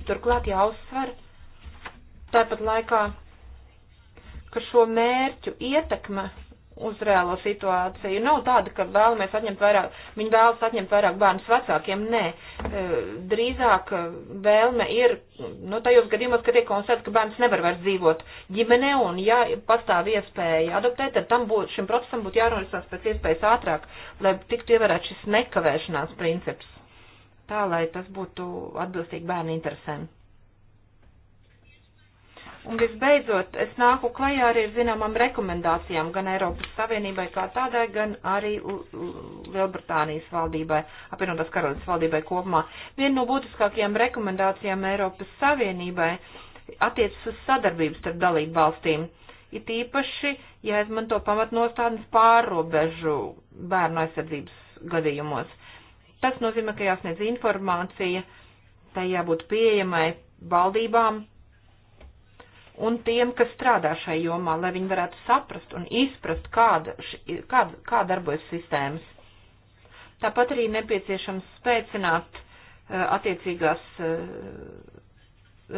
Speaker 4: Turklāt jāuzsver tāpat laikā, ka šo mērķu ietekme uz reālo situāciju. Nav tāda, ka vēlamies atņemt vairāk, viņi vēlas atņemt vairāk bērnus vecākiem. Nē, e, drīzāk e, vēlme ir, nu, tajos gadījumos, kad tiek konstatēts, ka bērns nevar vairs dzīvot ģimenē un, ja pastāv iespēja adoptēt, tad tam būtu, šim procesam būtu jārunāsās pēc iespējas ātrāk, lai tiktu ievērēt šis nekavēšanās princips. Tā, lai tas būtu atbilstīgi bērnu interesēm. Un visbeidzot, es nāku klajā arī ar zināmām rekomendācijām gan Eiropas Savienībai kā tādai, gan arī Lielbritānijas valdībai, apvienotās karalistas valdībai kopumā. Viena no būtiskākajām rekomendācijām Eiropas Savienībai attiecas uz sadarbības starp dalību valstīm. It īpaši, ja izmanto pamatnostādnes pārrobežu bērnu aizsardzības gadījumos. Tas nozīmē, ka jāsniedz informācija, tai jābūt pieejamai valdībām, un tiem, kas strādā šai jomā, lai viņi varētu saprast un izprast, kāda, ši, kāda, kā darbojas sistēmas. Tāpat arī nepieciešams spēcināt eh, attiecīgās eh,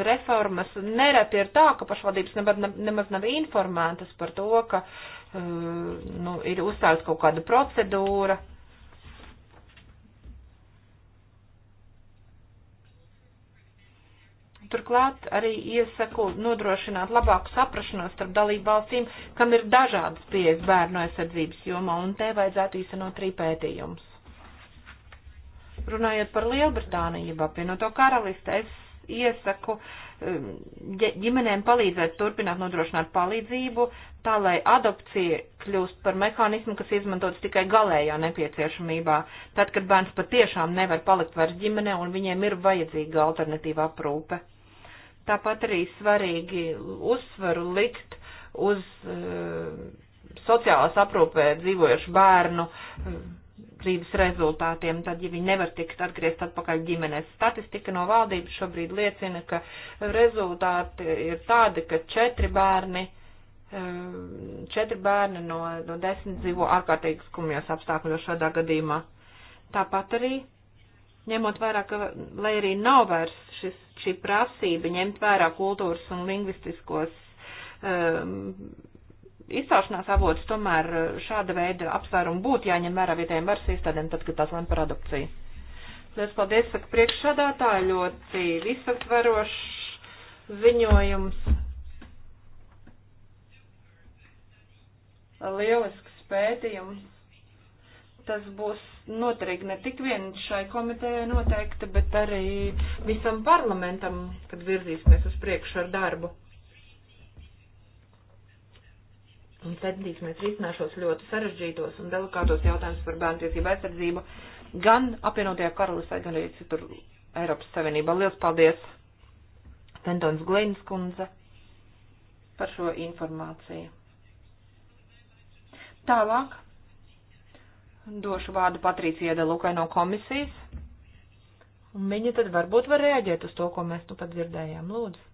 Speaker 4: reformas. Nereti ir tā, ka pašvaldības nemaz nav informētas par to, ka eh, nu, ir uzstājusi kaut kāda procedūra, turklāt arī iesaku nodrošināt labāku saprašanos starp dalību valstīm, kam ir dažādas pieejas bērnu aizsardzības jomā, un te vajadzētu īstenot arī pētījumus. Runājot par Lielbritāniju, apvienoto karalisti, es iesaku um, ģimenēm palīdzēt turpināt nodrošināt palīdzību, tā lai adopcija kļūst par mehānismu, kas izmantots tikai galējā nepieciešamībā, tad, kad bērns patiešām nevar palikt vairs ģimenē un viņiem ir vajadzīga alternatīva aprūpe. Tāpat arī svarīgi uzsvaru likt uz uh, sociālās aprūpē dzīvojušu bērnu uh, eh, dzīves rezultātiem, tad, ja viņi nevar tikt atgriezt atpakaļ ģimenes. Statistika no valdības šobrīd liecina, ka rezultāti ir tādi, ka četri bērni, eh, četri bērni no, no desmit dzīvo ārkārtīgi skumjos apstākļos šādā gadījumā. Tāpat arī, ņemot vairāk, ka, lai arī nav vairs šis šī prasība ņemt vērā kultūras un lingvistiskos um, izcelšanās avots, tomēr uh, šāda veida apsvērumu būtu jāņem vērā vietējiem varas iestādēm, tad, kad tās lem par adopciju. Liels paldies, saka priekšsādātāji, ļoti visaptverošs ziņojums. Lielisks pētījums. Tas būs noteikti ne tik vien šai komitejai noteikti, bet arī visam parlamentam, kad virzīsimies uz priekšu ar darbu. Un centīsimies risināt šos ļoti sarežģītos un delikātos jautājumus par bērnu tiesību aizsardzību gan apvienotajā karalistē, gan arī citur Eiropas Savienībā. Lielas paldies, Tentons Glīnas kundze, par šo informāciju. Tālāk Došu vārdu Patricija Delukai no komisijas. Un viņa tad varbūt var rēģēt uz to, ko mēs nu pat dzirdējām. Lūdzu.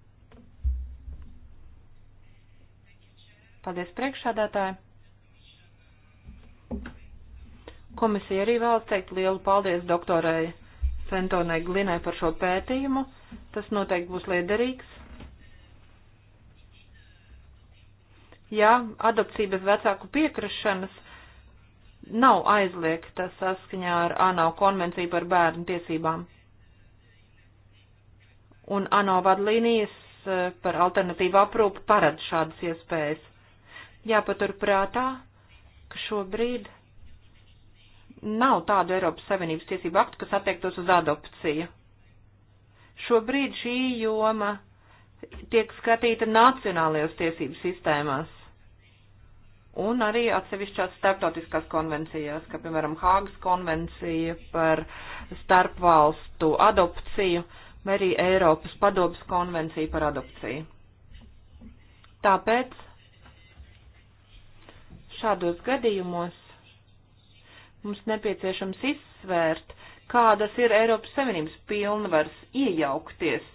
Speaker 4: Paldies priekšsādātāji. Komisija arī vēlas teikt lielu paldies doktorai Fentonai Glinai par šo pētījumu. Tas noteikti būs liederīgs. Jā, adopcija bez vecāku piekrišanas nav aizliegta saskaņā ar ANO konvenciju par bērnu tiesībām. Un ANO vadlīnijas eh, par alternatīvu aprūpu parad šādas iespējas. Jāpaturprātā, ka šobrīd nav tādu Eiropas Savienības tiesību aktu, kas attiektos uz adopciju. Šobrīd šī joma tiek skatīta nacionālajos tiesību sistēmās un arī atsevišķās starptautiskās konvencijās, kā piemēram Hāgas konvencija par starpvalstu adopciju vai arī Eiropas padomas konvencija par adopciju. Tāpēc šādos gadījumos mums nepieciešams izsvērt, kādas ir Eiropas Savienības pilnvars iejaukties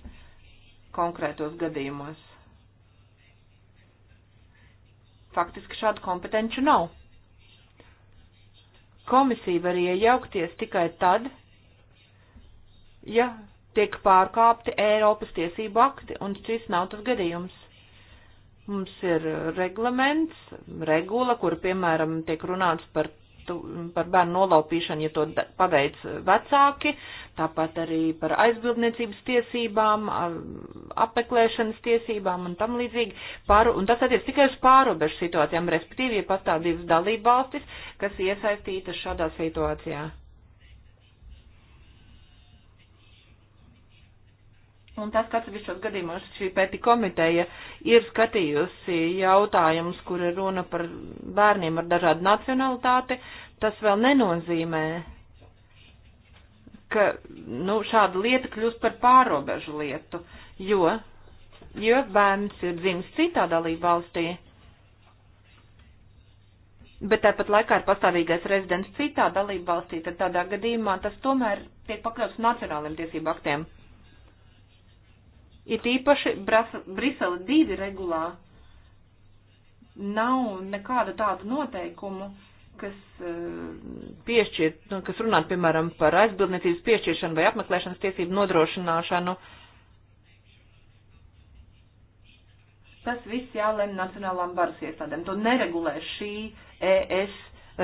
Speaker 4: konkrētos gadījumos faktiski šādu kompetenču nav. Komisija var iejaukties tikai tad, ja tiek pārkāpti Eiropas tiesību akti, un šis nav tas gadījums. Mums ir reglaments, regula, kur, piemēram, tiek runāts par, tu, par bērnu nolaupīšanu, ja to paveic vecāki, uh, tāpat arī par aizbildniecības tiesībām, apmeklēšanas tiesībām un tam līdzīgi. Pāru, un tas attiec tikai uz pārobežu situācijām, respektīvi, ja pastāv divas dalība valstis, kas iesaistītas šādā situācijā. Un tas, kas bija šos gadījumos, šī pēti komiteja ir skatījusi jautājumus, kur ir runa par bērniem ar dažādu nacionalitāti, tas vēl nenozīmē, ka nu, šāda lieta kļūst par pārobežu lietu, jo, jo bērns ir dzimis citā dalību valstī, bet tāpat laikā ir pastāvīgais rezidents citā dalību valstī, tad tādā gadījumā tas tomēr tiek pakļauts nacionāliem tiesību aktiem. Ir īpaši Brisele 2 regulā nav nekāda tāda noteikumu kas eh, piešķir, nu, kas runā, piemēram, par aizbildniecības piešķiršanu vai apmeklēšanas tiesību nodrošināšanu. Tas viss jālem nacionālām varas iestādēm. To neregulē šī ES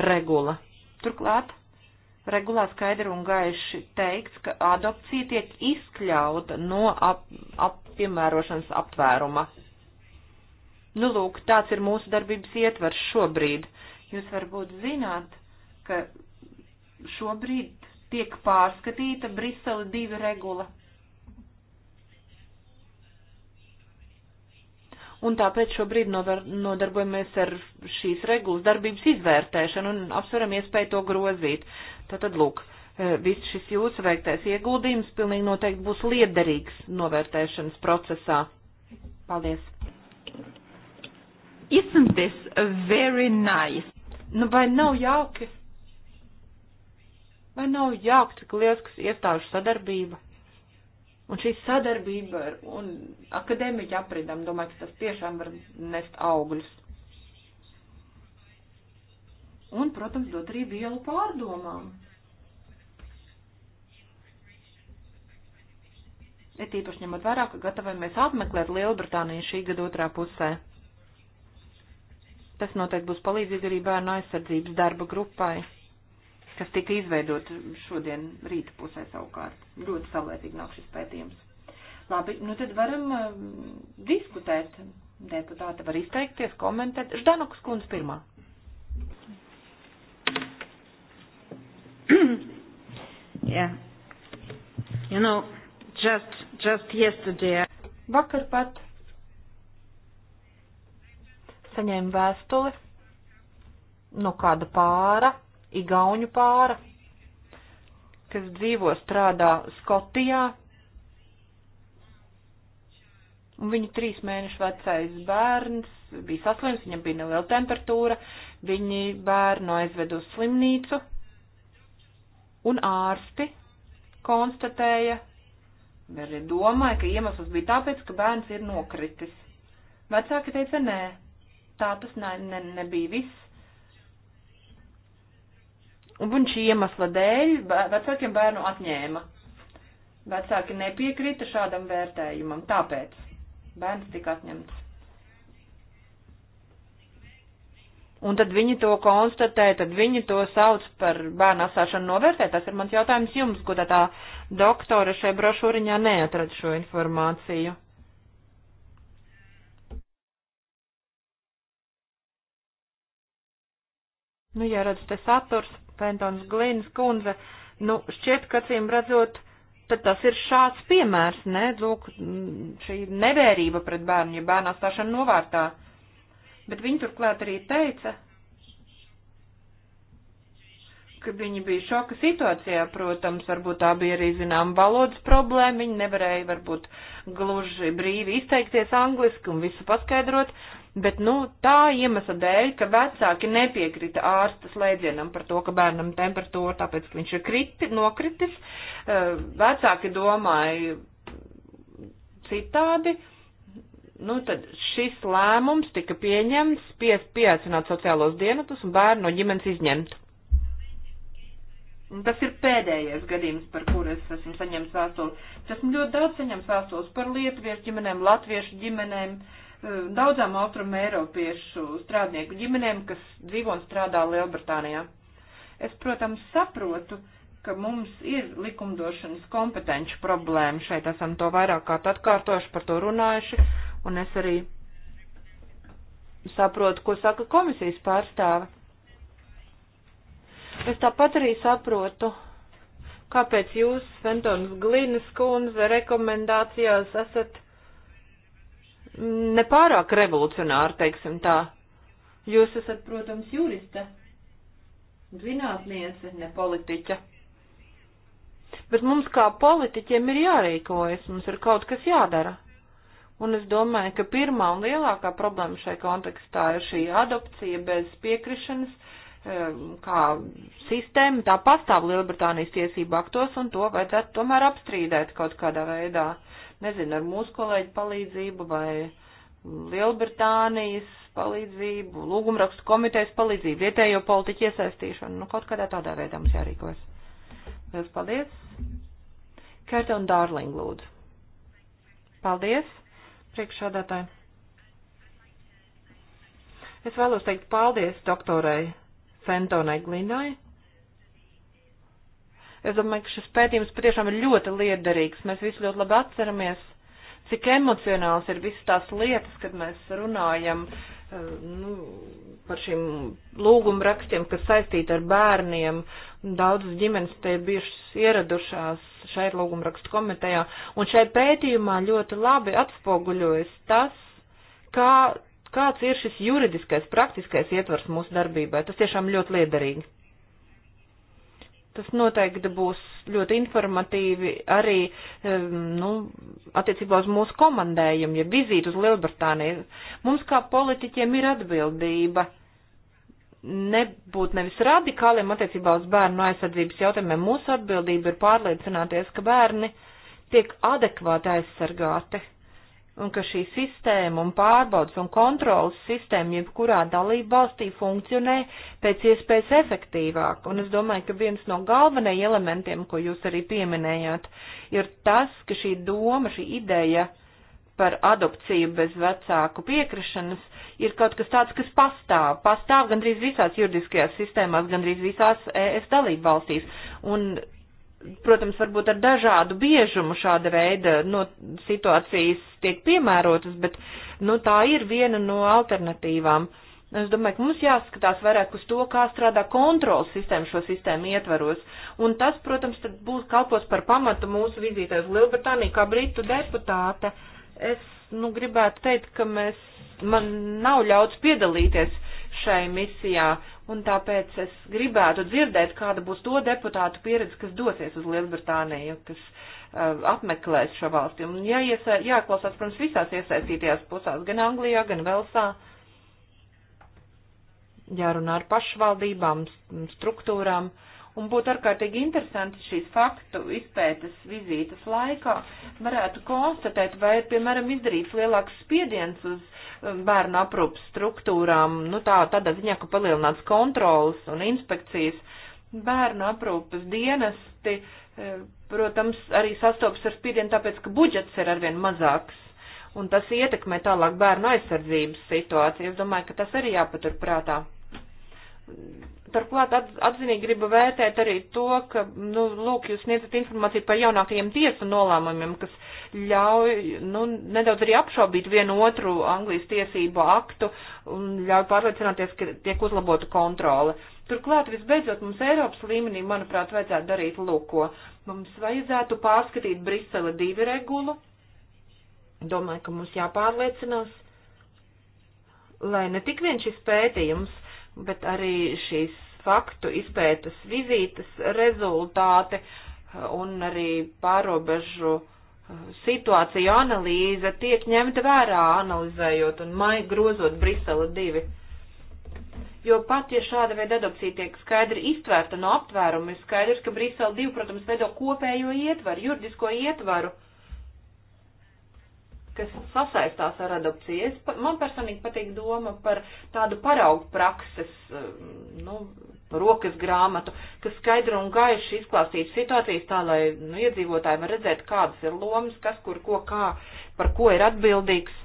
Speaker 4: regula. Turklāt regulā skaidri un gaiši teikts, ka adopcija tiek izkļauta no ap, ap, piemērošanas aptvēruma. Nu, lūk, tāds ir mūsu darbības ietvers šobrīd. Jūs varbūt zināt, ka šobrīd tiek pārskatīta Brisele 2 regula. Un tāpēc šobrīd nodarbojamies ar šīs regulas darbības izvērtēšanu un apsveram iespēju to grozīt. Tātad, lūk, eh, viss šis jūsu veiktais ieguldījums pilnīgi noteikti būs liederīgs novērtēšanas procesā. Paldies! Isn't this very nice? Nu, vai nav jauki? Vai nav jauki, cik liels iestāžu sadarbība? Un šī sadarbība ar, un akadēmiķa apridam, domāju, ka tas tiešām var nest augļus. Un, protams, dot arī vielu pārdomām. Ir tīpaši ņemot vērā, ka gatavojamies apmeklēt Lielbritāniju šī gada otrā pusē. Tas noteikti būs palīdzīgi arī bērnu aizsardzības darba grupai, kas tika izveidot šodien rīta pusē savukārt. Ļoti savlaicīgi nāk šis pētījums. Labi, nu tad varam uh, diskutēt. Deputāte var izteikties, komentēt. Ždanukas kundze pirmā.
Speaker 1: yeah. You know, just, just yesterday. Vakar pat
Speaker 4: saņēmu vēstuli no kāda pāra, igauņu pāra, kas dzīvo strādā Skotijā. Un viņa trīs mēnešu vecais bērns bija saslims, viņam bija neliela temperatūra, viņi bērnu aizved uz slimnīcu, un ārsti konstatēja, arī domāja, ka iemesls bija tāpēc, ka bērns ir nokritis. Vecāki teica nē, tā tas ne, ne, nebija viss. Un šī iemesla dēļ vecākiem bērnu atņēma. Vecāki nepiekrita šādam vērtējumam, tāpēc bērns tika atņemts. Un tad viņi to konstatē, tad viņi to sauc par bērnu asāšanu novērtē. Tas ir mans jautājums jums, ko tā, tā doktore šai brošūriņā neatrada šo informāciju. Nu, ja redz te saturs, Pentons Glīnas kundze, nu, šķiet, ka cīm redzot, tad tas ir šāds piemērs, ne, lūk, šī nevērība pret bērnu, ja bērnā stāšana novārtā. Bet viņi turklāt arī teica, ka viņi bija šoka situācijā, protams, varbūt tā bija arī, zinām, valodas problēma, viņi nevarēja varbūt gluži brīvi izteikties angliski un visu paskaidrot, bet, nu, tā iemesla dēļ, ka vecāki nepiekrita ārsta slēdzienam par to, ka bērnam temperatūra, tāpēc, ka viņš ir kriti, nokritis, eh, vecāki domāja citādi, nu, tad šis lēmums tika pieņemts, pies, pieaicināt sociālos dienatus un bērnu no ģimenes izņemt. Un tas ir pēdējais gadījums, par kuru es esmu saņēmis vēstules. Es esmu ļoti daudz saņēmis vēstules par lietuviešu ģimenēm, latviešu ģimenēm, uh, Eh, daudzām austrum eiropiešu strādnieku ģimenēm, kas dzīvo un strādā Lielbritānijā. Es, protams, saprotu, ka mums ir likumdošanas kompetenci problēma. Šeit esam to vairāk kārt atkārtojuši, par to runājuši, un es arī saprotu, ko saka komisijas pārstāve. Es tāpat arī saprotu, kāpēc jūs, Fentons Glinas kundze, rekomendācijās esat nepārāk revolucionāri, teiksim tā. Jūs esat, protams, juriste, zinātniece, ne politiķa. Bet mums kā politiķiem ir jārīkojas, mums ir kaut kas jādara. Un es domāju, ka pirmā un lielākā problēma šai kontekstā ir šī adopcija bez piekrišanas, kā sistēma, tā pastāv Lielbritānijas tiesību aktos, un to vajadzētu tomēr apstrīdēt kaut kādā veidā nezinu, ar mūsu kolēģu palīdzību vai Lielbritānijas palīdzību, lūgumrakstu komitejas palīdzību, vietējo politiķu iesaistīšanu. Nu, kaut kādā tādā veidā mums jārīkojas. Lielas paldies. Kerta un Dārling lūdzu. Paldies, priekšsādātāji. Es vēlos teikt paldies doktorai Fentonai Glinai Es domāju, ka šis pētījums patiešām ir ļoti liederīgs. Mēs visi ļoti labi atceramies, cik emocionāls ir visas tās lietas, kad mēs runājam eh, nu, par šīm lūgumu rakstiem, kas saistīti ar bērniem. Daudzas ģimenes te ir bijušas ieradušās šai lūgumu rakstu komitejā, un šai pētījumā ļoti labi atspoguļojas tas, kā, kāds ir šis juridiskais, praktiskais ietvars mūsu darbībai. Tas tiešām ļoti liederīgi. Tas noteikti būs ļoti informatīvi arī, nu, attiecībā uz mūsu komandējumu, ja vizīti uz Lielbritāniju. Mums kā politiķiem ir atbildība nebūt nevis radikāliem attiecībā uz bērnu aizsardzības jautājumiem. Mūsu atbildība ir pārliecināties, ka bērni tiek adekvāti aizsargāti un ka šī sistēma un pārbaudas un kontrolas sistēma jebkurā dalība valstī funkcionē pēc iespējas efektīvāk. Un es domāju, ka viens no galvenajiem elementiem, ko jūs arī pieminējāt, ir tas, ka šī doma, šī ideja par adopciju bez vecāku piekrišanas ir kaut kas tāds, kas pastāv. Pastāv gandrīz visās juridiskajās sistēmās, gandrīz visās ES dalību valstīs. Un protams, varbūt ar dažādu biežumu šāda veida no, nu, situācijas tiek piemērotas, bet nu, tā ir viena no alternatīvām. Es domāju, ka mums jāskatās vairāk uz to, kā strādā kontrols sistēma šo sistēmu ietvaros. Un tas, protams, tad būs kalpos par pamatu mūsu vizītē uz Lielbritāniju kā britu deputāte. Es, nu, gribētu teikt, ka mēs, man nav ļauts piedalīties šai misijā, un tāpēc es gribētu dzirdēt, kāda būs to deputātu pieredze, kas dosies uz Lielbritāniju, kas uh, apmeklēs šo valsti. Un jā, iesa, jāklausās, protams, visās iesaistītajās pusās, gan Anglijā, gan Velsā. Jārunā ar pašvaldībām, struktūrām. Uh, un būtu ārkārtīgi interesanti šīs faktu izpētes vizītes laikā varētu konstatēt, vai ir, piemēram, izdarīts lielāks spiediens uz uh, bērnu aprūpas struktūrām, nu tā, tādā ziņā, ka palielināts kontrols un inspekcijas. Bērnu aprūpas dienesti, uh, protams, arī sastopas ar spiedienu, tāpēc, ka budžets ir arvien mazāks un tas ietekmē tālāk bērnu aizsardzības situāciju. Es domāju, ka tas arī jāpaturprātā. Turklāt atzinīgi gribu vērtēt arī to, ka, nu, lūk, jūs sniedzat informāciju par jaunākajiem tiesu nolēmumiem, kas ļauj, nu, nedaudz arī apšaubīt vienu otru Anglijas tiesību aktu un ļauj pārliecināties, ka tiek uzlabota kontrole. Turklāt, visbeidzot, mums Eiropas līmenī, manuprāt, vajadzētu darīt lūko. Mums vajadzētu pārskatīt Brisele divi regulu. Domāju, ka mums jāpārliecinās, lai ne tik vien šis pētījums bet arī šīs faktu izpētes vizītes rezultāti eh, un arī pārobežu eh, situāciju analīze tiek ņemta vērā analizējot un mai grozot Brisele 2. Jo pat, ja šāda veida adopcija tiek skaidri iztvērta no aptvēruma, ir skaidrs, ka Brisele 2, protams, veido kopējo ietvaru, juridisko ietvaru, uh, kas sasaistās ar adopciju. Es, man personīgi patīk doma par tādu paraugu prakses, eh, nu, rokas grāmatu, kas skaidri un gaiši izklāstītu situācijas tā, lai nu, iedzīvotāji var redzēt, kādas ir lomas, kas, kur, ko, kā, par ko ir atbildīgs.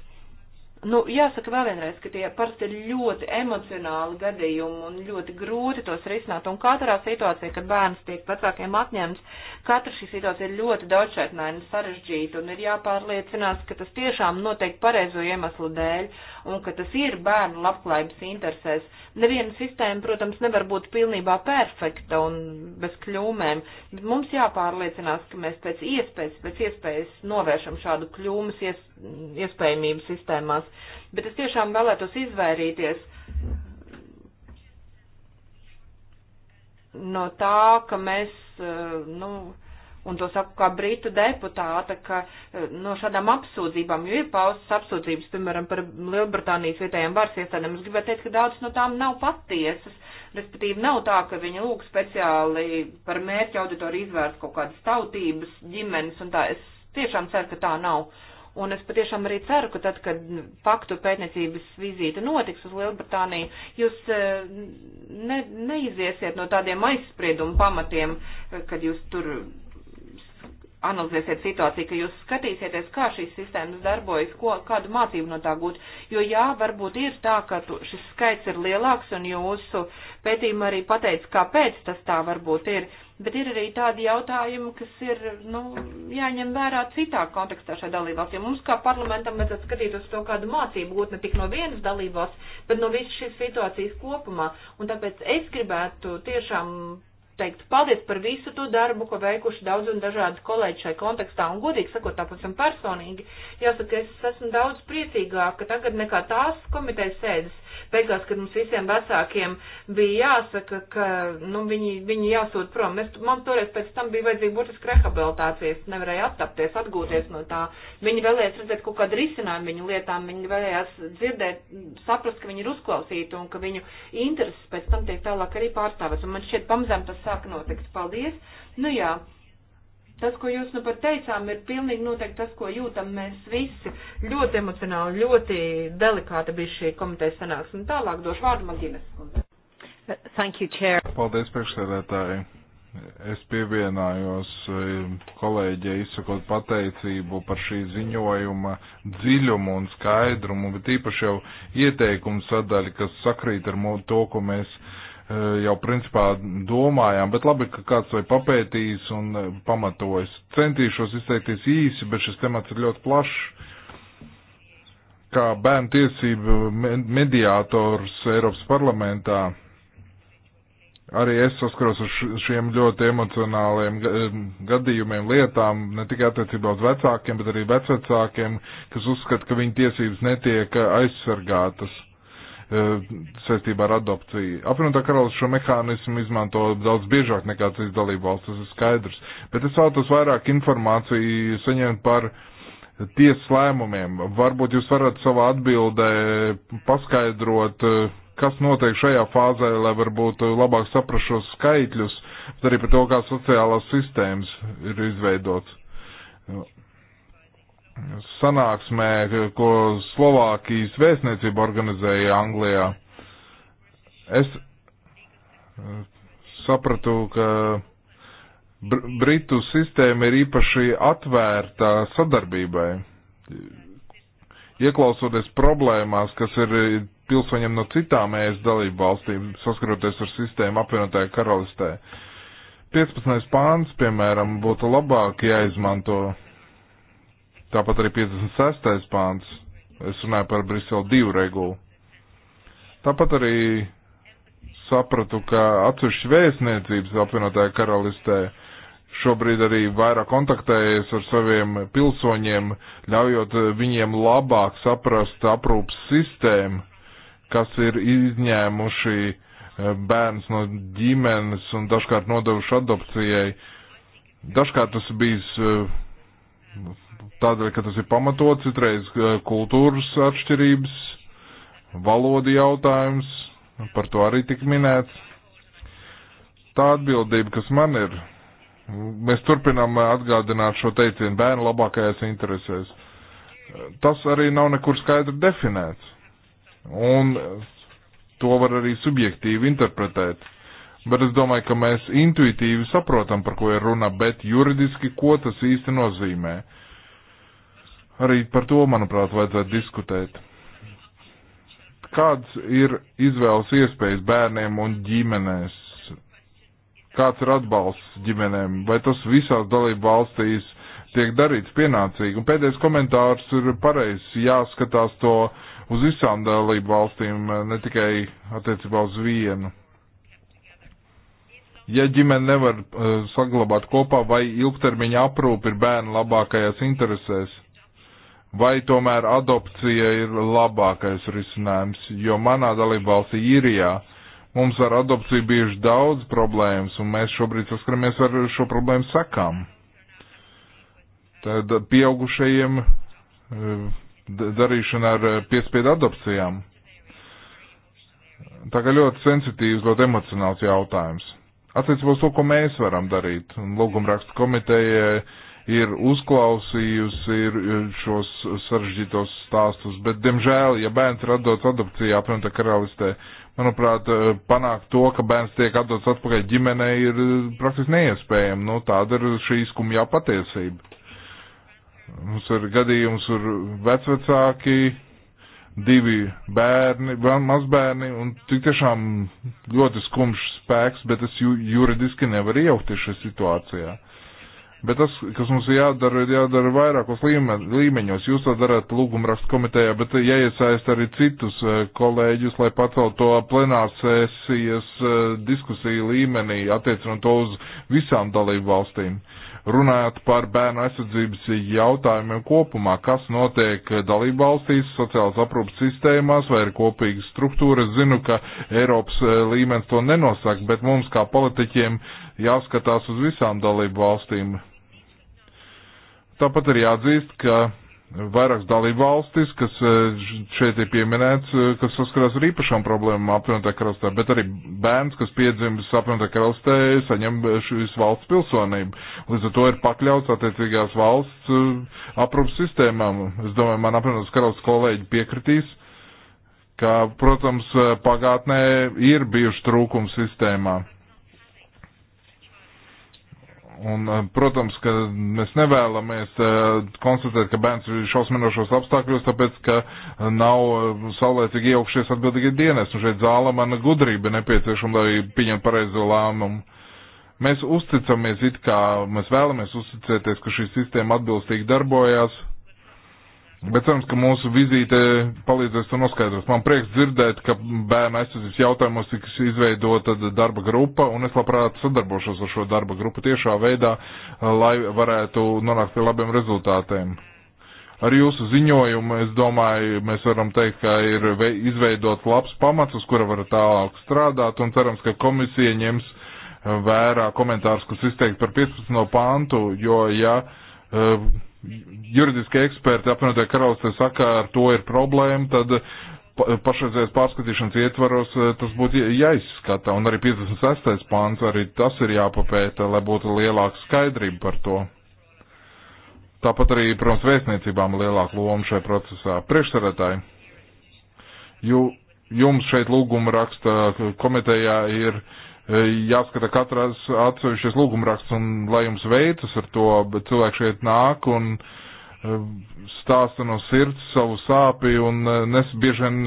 Speaker 4: Nu, jāsaka vēl vienreiz, ka tie parasti ir ļoti emocionāli gadījumi un ļoti grūti tos risināt. Un katrā situācijā, kad bērns tiek vecākiem atņemts, katra šī situācija ir ļoti daudzšķaitnaina, sarežģīta un ir jāpārliecinās, ka tas tiešām notiek pareizo iemeslu dēļ un ka tas ir bērnu labklājības interesēs. Neviena sistēma, protams, nevar būt pilnībā perfekta un bez kļūmēm, bet mums jāpārliecinās, ka mēs pēc iespējas, pēc iespējas novēršam šādu kļūmas ies, iespējamību sistēmās bet es tiešām vēlētos izvairīties no tā, ka mēs, eh, nu, un to saku kā brītu deputāta, ka eh, no šādām apsūdzībām, jo ir paustas apsūdzības, piemēram, par Lielbritānijas vietējām varas iestādēm, es gribētu teikt, ka daudz no tām nav patiesas, respektīvi nav tā, ka viņi lūg speciāli par mērķu auditoriju izvērst kaut kādas tautības, ģimenes un tā, es tiešām ceru, ka tā nav. Uh, Un es patiešām arī ceru, ka tad, kad faktu pētniecības vizīte notiks uz Lielbritāniju, jūs eh, ne, neiziesiet no tādiem aizspriedumu pamatiem, eh, kad jūs tur analizēsiet situāciju, ka jūs skatīsieties, kā šīs sistēmas darbojas, ko, kādu mācību no tā gūt. Jo jā, varbūt ir tā, ka tu, šis skaits ir lielāks un jūsu pētījumā arī pateica, kāpēc tas tā varbūt ir, bet ir arī tādi jautājumi, kas ir, nu, jāņem vērā citā kontekstā šai dalībvalstī. Ja mums kā parlamentam vajadzētu skatīties to kādu mācību gūt ne tik no vienas dalībvalsts, bet no visas šīs situācijas kopumā. Un tāpēc es gribētu tiešām teikt paldies par visu to darbu, ko veikuši daudz un dažādi kolēģi šai kontekstā. Un godīgi sakot, tāpēc personīgi, jāsaka, es esmu daudz priecīgāka tagad nekā tās komitejas sēdes, beigās, kad mums visiem vecākiem bija jāsaka, ka, nu, viņi, viņi jāsūt prom. Es, man toreiz pēc tam bija vajadzīga būtiska rehabilitācijas, nevarēja attapties, atgūties no tā. Viņi vēlējās redzēt kaut kādu risinājumu viņu lietām, viņi vēlējās dzirdēt, saprast, ka viņi ir uzklausīti un ka viņu intereses pēc tam tiek tālāk arī pārstāvēts. Un man šķiet, pamazām tas sāk notikt. Paldies! Nu jā. Tas, ko jūs nu pat teicām, ir pilnīgi noteikti tas, ko jūtam mēs visi. Ļoti emocionāli, ļoti delikāta bija šī komitejas sanāksme. Tālāk došu vārdu Magīnes.
Speaker 2: Thank you, Chair. Paldies, priekšsēdētāji. Es pievienājos eh, kolēģei izsakot pateicību par šī ziņojuma dziļumu un skaidrumu, bet īpaši jau ieteikumu sadaļu, kas sakrīt ar to, ko mēs Eh, jau principā domājām, bet labi, ka kāds to ir papētījis un eh, pamatojis. Centīšos izteikties īsi, bet šis temats ir ļoti plašs. Kā bērnu tiesību mediātors Eiropas parlamentā, arī es saskaros ar šiem ļoti emocionāliem eh, gadījumiem, lietām, ne tikai attiecībā uz vecākiem, bet arī vecvecākiem, kas uzskata, ka viņu tiesības netiek aizsargātas E, saistībā ar adopciju. Apvienotā karalists šo mehānismu izmanto daudz biežāk nekā cits dalību valsts, tas ir skaidrs. Bet es vēlos vairāk informāciju saņemt par tiesas lēmumiem. Varbūt jūs varat savā atbildē paskaidrot, e, kas notiek šajā fāzē, lai varbūt labāk saprastu šos skaitļus, bet arī par to, kā sociālās sistēmas ir izveidotas sanāksmē, ko Slovākijas vēstniecība organizēja Anglijā. Es eh, sapratu, ka br Britu sistēma ir īpaši atvērta sadarbībai, ieklausoties problēmās, kas ir pilsoņiem no citām ES dalību valstīm, saskaroties ar sistēmu apvienotāju karalistē. 15. pāns, piemēram, būtu labāk jāizmanto. Ja Tāpat arī 56. pāns. Es runāju par Brisele 2 regulu. Tāpat arī sapratu, ka atsevišķi vēstniecības apvienotāja karalistē šobrīd arī vairāk kontaktējies ar saviem pilsoņiem, ļaujot viņiem labāk saprast aprūpas sistēmu, kas ir izņēmuši eh, bērns no ģimenes un dažkārt nodevuši adopcijai. Dažkārt tas bijis eh, tādēļ, ka tas ir pamatot, citreiz eh, kultūras atšķirības, valoda jautājums, par to arī tik minēts. Tā atbildība, kas man ir, mēs turpinām eh, atgādināt šo teicienu bērnu labākajās interesēs. Tas arī nav nekur skaidri definēts. Un to var arī subjektīvi interpretēt. Bet es domāju, ka mēs intuitīvi saprotam, par ko ir runa, bet juridiski, ko tas īsti nozīmē. Uh, Arī par to, manuprāt, vajadzētu diskutēt. Kāds ir izvēles iespējas bērniem un ģimenēs? Kāds ir atbalsts ģimenēm? Vai tas visās dalību valstīs tiek darīts pienācīgi? Un pēdējais komentārs ir pareizs. Jāskatās to uz visām dalību valstīm, ne tikai attiecībā uz vienu ja ģimene nevar uh, saglabāt kopā vai ilgtermiņa aprūpi ir bērnu labākajās interesēs vai tomēr adopcija ir labākais risinājums, jo manā dalībvalstī īrijā mums ar adopciju bijuši daudz problēmas, un mēs šobrīd saskaramies ar šo problēmu sakām. Tad pieaugušajiem eh, darīšana ar eh, piespiedu adopcijām. Tā kā ļoti sensitīvs, ļoti emocionāls jautājums. Attiecībā uz to, ko mēs varam darīt, un lūgumrakstu komitejai ir uzklausījusi ir šos sarežģītos stāstus, bet, diemžēl, ja bērns ir atdots adopcijā apvienotā karalistē, manuprāt, eh, panākt to, ka bērns tiek atdots atpakaļ ģimenei, ir eh, praktiski neiespējami. Nu, tāda ir šī skumjā patiesība. Mums ir gadījums, kur vecvecāki, divi bērni, mazbērni, un tik tiešām ļoti skumjš spēks, bet es juridiski nevaru iejaukties šajā situācijā. Uh, Bet tas, kas mums jādara, ir jādara vairākos līmeņos. Jūs to darāt lūgumrakstu komitejā, bet jāiesaist arī citus eh, kolēģus, lai pacelt to plenārsēsijas eh, diskusiju līmenī, attiecinot to uz visām dalību valstīm. Runājot par bērnu aizsardzības jautājumiem kopumā, kas notiek dalību valstīs, sociālās aprūpas sistēmās vai ir kopīgas struktūras, zinu, ka Eiropas eh, līmenis to nenosaka, bet mums kā politiķiem jāskatās uz visām dalību valstīm Tāpat ir jāatzīst, ka vairākas dalību valstis, kas eh, šeit ir pieminēts, eh, kas saskarās ar īpašām problēmām apvienotā karalstē, bet arī bērns, kas piedzimis apvienotā karalstē, saņem eh, šīs valsts pilsonību. Līdz ar to ir pakļauts attiecīgās valsts aprūpas sistēmām. Es domāju, man apvienotās karalstes kolēģi piekritīs, ka, protams, pagātnē ir bijuši trūkumi sistēmā. Un, eh, protams, ka mēs nevēlamies eh, konstatēt, ka bērns ir šausminošos apstākļos, tāpēc, ka eh, nav saulēcīgi iejaukšies atbildīgi dienas. Un šeit zāla mana gudrība nepieciešama, lai pieņemtu pareizo lēmumu. Mēs uzticamies it kā, mēs vēlamies uzticēties, ka šī sistēma atbilstīgi darbojās, Bet cerams, ka mūsu vizīte palīdzēs to noskaidros. Man prieks dzirdēt, ka bērnu aizsardzības jautājumos tiks izveidota darba grupa, un es labprāt sadarbošos ar šo darba grupu tiešā veidā, lai varētu nonākt pie labiem rezultātiem. Ar jūsu ziņojumu, es domāju, mēs varam teikt, ka ir izveidots labs pamats, uz kura var tālāk strādāt, un cerams, ka komisija ņems vērā komentārus, kas izteikti par 15. pāntu, jo, ja eh, juridiskie eksperti apvienotajā karalistē saka, ar to ir problēma, tad pašreizējais pārskatīšanas ietvaros eh, tas būtu jāizskata. Un arī 56. pāns, arī tas ir jāpapēta, lai būtu lielāka skaidrība par to. Tāpat arī, protams, vēstniecībām lielāka loma šajā procesā. Priekšsarētāji, jums šeit lūguma raksta komitejā ir uh, E, jāskata katras atsevišķas lūgumraksts un lai jums veicas ar to, bet cilvēki šeit nāk un e, stāsta no sirds savu sāpju un e, nes, bieži vien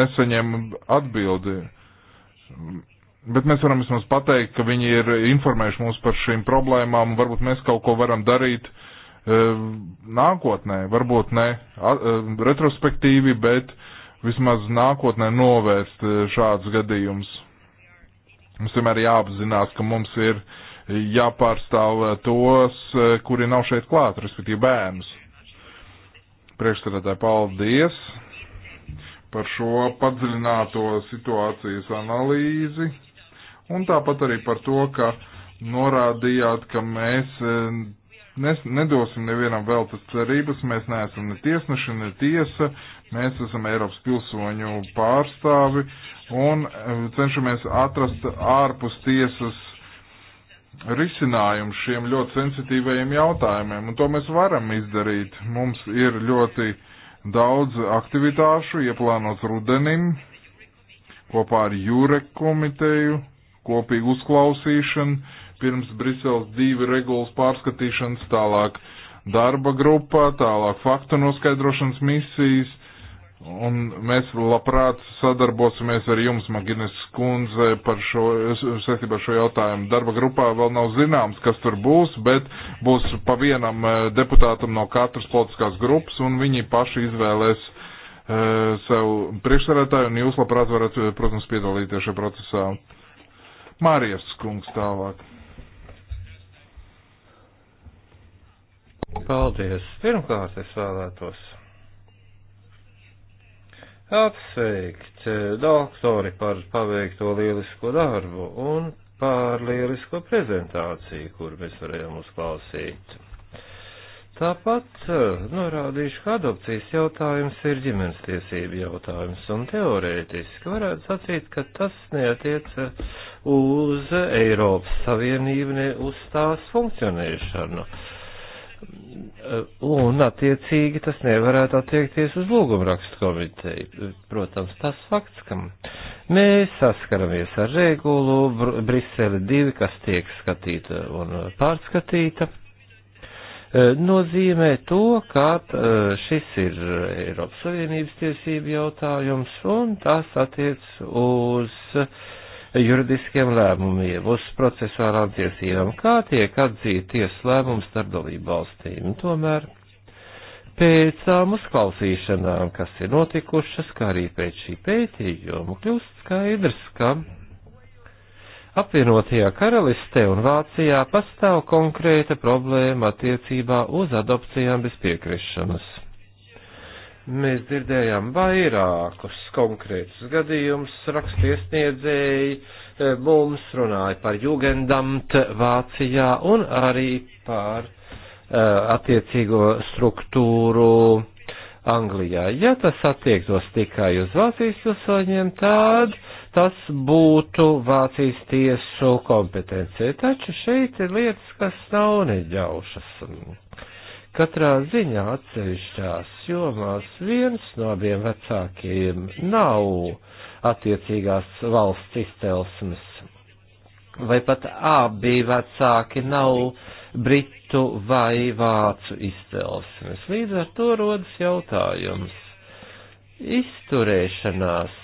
Speaker 2: nesaņem atbildi. Bet mēs varam vismaz pateikt, ka viņi ir informējuši mūs par šīm problēmām un varbūt mēs kaut ko varam darīt nākotnē, varbūt ne retrospektīvi, bet vismaz nākotnē novērst šādus gadījumus. Mums vienmēr jāapzinās, ka mums ir jāpārstāv eh, tos, eh, kuri nav šeit klāt, respektīvi bērnus. Priekšstādātāji, paldies par šo padziļināto situācijas analīzi un tāpat arī par to, ka norādījāt, ka mēs eh, nes, nedosim nevienam vēl tas cerības, mēs neesam ne tiesneši, ne tiesa, mēs esam Eiropas pilsoņu pārstāvi un eh, cenšamies atrast ārpus tiesas risinājumu šiem ļoti sensitīvajiem jautājumiem, un to mēs varam izdarīt. Mums ir ļoti daudz aktivitāšu ieplānots rudenim kopā ar Jurek komiteju, kopīgu uzklausīšanu, pirms Briseles divi regulas pārskatīšanas, tālāk darba grupā, tālāk faktu noskaidrošanas misijas, Un mēs labprāt sadarbosimies ar jums, Maginis Kundze, par šo, saistībā ar šo jautājumu. Darba grupā vēl nav zināms, kas tur būs, bet būs pa vienam eh, deputātam no katras politiskās grupas, un viņi paši izvēlēs uh, sev priekšsarētāju, un jūs labprāt varat, eh, protams, piedalīties šajā procesā. Mārijas Kungs tālāk. Paldies. Pirmkārt, es vēlētos
Speaker 3: apsveikt eh, doktori par paveikto lielisko darbu un par lielisko prezentāciju, kur mēs varējām uzklausīt. Tāpat eh, norādīšu, ka adopcijas jautājums ir ģimenes tiesību jautājums, un teorētiski varētu sacīt, ka tas neatiec eh, uz Eiropas Savienību, ne uz tās funkcionēšanu. Uh, un attiecīgi tas nevarētu attiekties uz lūgumrakstu komiteju. Protams, tas fakts, ka mēs saskaramies ar regulu Br Brisele 2, kas tiek skatīta un pārskatīta, e, nozīmē to, ka e, šis ir Eiropas Savienības tiesību jautājums un tas attiec uz uh, juridiskiem lēmumiem, uz procesuālām tiesībām, kā tiek atzīt tiesas lēmums starp dalību valstīm. Tomēr pēc tām uzklausīšanām, kas ir notikušas, kā arī pēc šī pētījuma, kļūst skaidrs, ka apvienotajā karalistē un Vācijā pastāv konkrēta problēma attiecībā uz adopcijām bez piekrišanas. Mēs dzirdējām vairākus konkrētus gadījumus, rakstiesniedzēji e, mums runāja par Jugendamt Vācijā un arī par e, attiecīgo struktūru Anglijā. Ja tas attiektos tikai uz Vācijas pilsoņiem, tad tas būtu Vācijas tiesu kompetencija. Taču šeit ir lietas, kas nav neļaušas katrā ziņā atsevišķās jomās viens no abiem vecākiem nav attiecīgās valsts izcelsmes, vai pat abi vecāki nav britu vai vācu izcelsmes. Līdz ar to rodas jautājums. Izturēšanās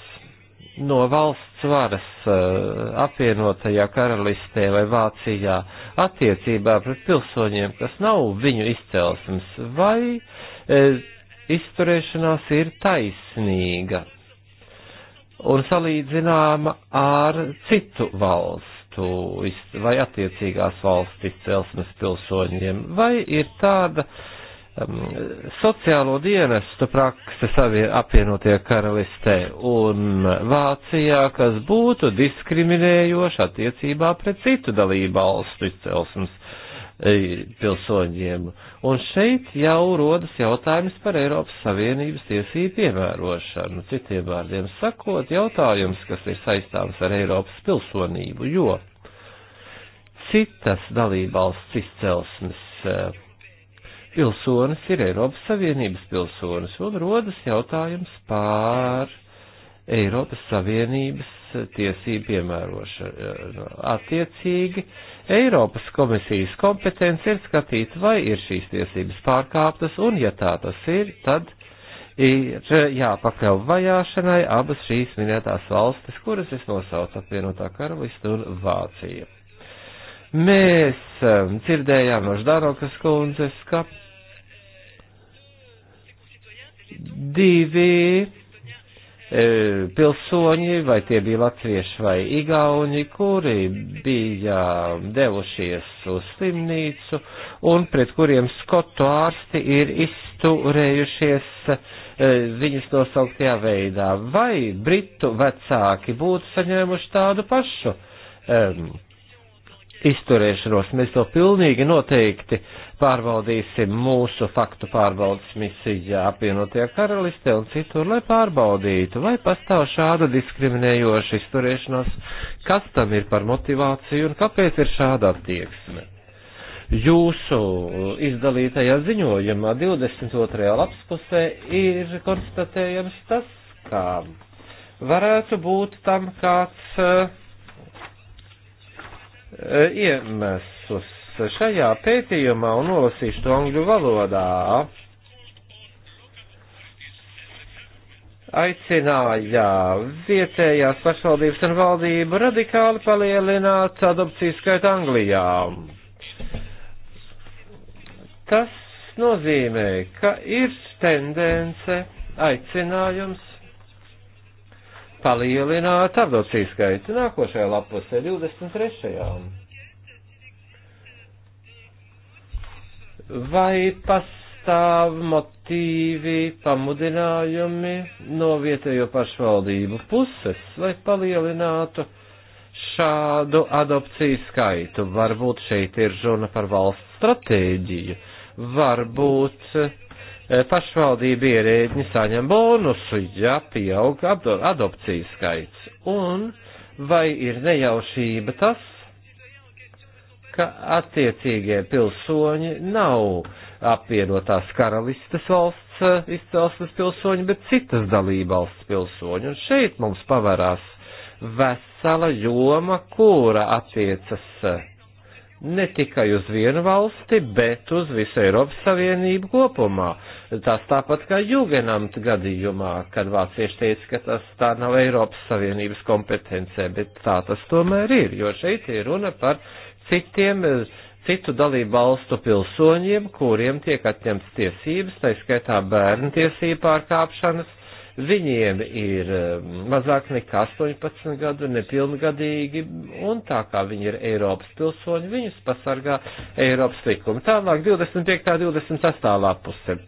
Speaker 3: no valsts varas eh, apvienotajā karalistē vai Vācijā attiecībā pret pilsoņiem, kas nav viņu izcelsmes, vai eh, izturēšanās ir taisnīga un salīdzināma ar citu valstu vai attiecīgās valsts izcelsmes pilsoņiem, vai ir tāda uh, um, sociālo dienestu prakse savie apvienotie karalistē un Vācijā, kas būtu diskriminējoši attiecībā pret citu dalību valstu izcelsmes e, pilsoņiem. Un šeit jau rodas jautājums par Eiropas Savienības tiesību piemērošanu. Citiem vārdiem sakot, jautājums, kas ir saistāms ar Eiropas pilsonību, jo citas dalībvalsts izcelsmes e, pilsonis ir Eiropas Savienības pilsonis, un rodas jautājums pār Eiropas Savienības tiesību piemērošanu. Attiecīgi, Eiropas komisijas kompetence ir skatīt, vai ir šīs tiesības pārkāptas, un ja tā tas ir, tad ir jāpakļauj vajāšanai abas šīs minētās valstis, kuras es nosaucu apvienotā karalista un Vācija. Mēs um, dzirdējām no Ždanokas kundzes, ka divi e, pilsoņi, vai tie bija latvieši vai igauni, kuri bija devušies uz slimnīcu un pret kuriem skotu ārsti ir izturējušies e, viņus nosauktajā veidā. Vai britu vecāki būtu saņēmuši tādu pašu? Um, e, izturēšanos. Mēs to pilnīgi noteikti pārbaudīsim mūsu faktu pārbaudas misijā apvienotajā karalistē un citur, lai pārbaudītu, vai pastāv šāda diskriminējoša izturēšanās, kas tam ir par motivāciju un kāpēc ir šāda attieksme. Jūsu izdalītajā ziņojumā 22. lapspusē ir konstatējams tas, kā varētu būt tam kāds uh, Eh, iemeslus. Šajā pētījumā, un nolasīšu to angļu valodā, aicināja vietējās pašvaldības un valdību radikāli palielināt adopciju skaitu Anglijā. Tas nozīmē, ka ir tendence, aicinājums palielināt adopciju skaitu. Nākošajā lapusē 23. Vai pastāv motīvi, pamudinājumi no vietējo pašvaldību puses, lai palielinātu šādu adopciju skaitu? Varbūt šeit ir runa par valsts stratēģiju, varbūt uh, Eh, pašvaldība ierēģi saņem bonusu, ja pieaug adopcijas skaits. Un vai ir nejaušība tas, ka attiecīgie pilsoņi nav apvienotās karalistas valsts eh, izcelsmes pilsoņi, bet citas dalība valsts pilsoņi. Un šeit mums pavarās vesela joma, kura attiecas eh, ne tikai uz vienu valsti, bet uz visu Eiropas Savienību kopumā. Tas tāpat kā Jugenamt gadījumā, kad vācieši teica, ka tas tā nav Eiropas Savienības kompetencē, bet tā tas tomēr ir, jo šeit ir runa par citiem, citu dalību valstu pilsoņiem, kuriem tiek atņemts tiesības, tā skaitā bērnu tiesību pārkāpšanas, viņiem ir um, mazāk nekā 18 gadu, nepilngadīgi, un tā kā viņi ir Eiropas pilsoņi, viņus pasargā Eiropas likumi. Tālāk 25. 26. lapuse.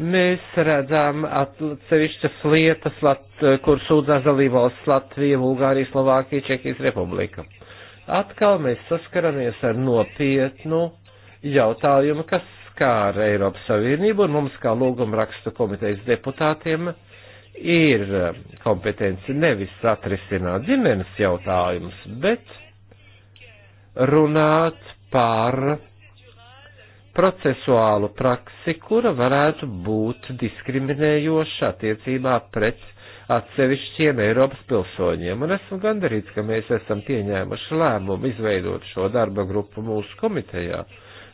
Speaker 3: Mēs redzam atsevišķas lietas, Lat, kur sūdzās dalībvalsts Latvija, Bulgārija, Slovākija, Čehijas Republika. Atkal mēs saskaramies ar nopietnu jautājumu, kas skār Eiropas Savienību, un mums kā lūguma rakstu komitejas deputātiem ir kompetence nevis atrisināt ģimenes jautājumus, bet runāt par procesuālu praksi, kura varētu būt diskriminējoša attiecībā pret atsevišķiem Eiropas pilsoņiem, un esmu gandarīts, ka mēs esam pieņēmuši lēmumu izveidot šo darba grupu mūsu komitejā.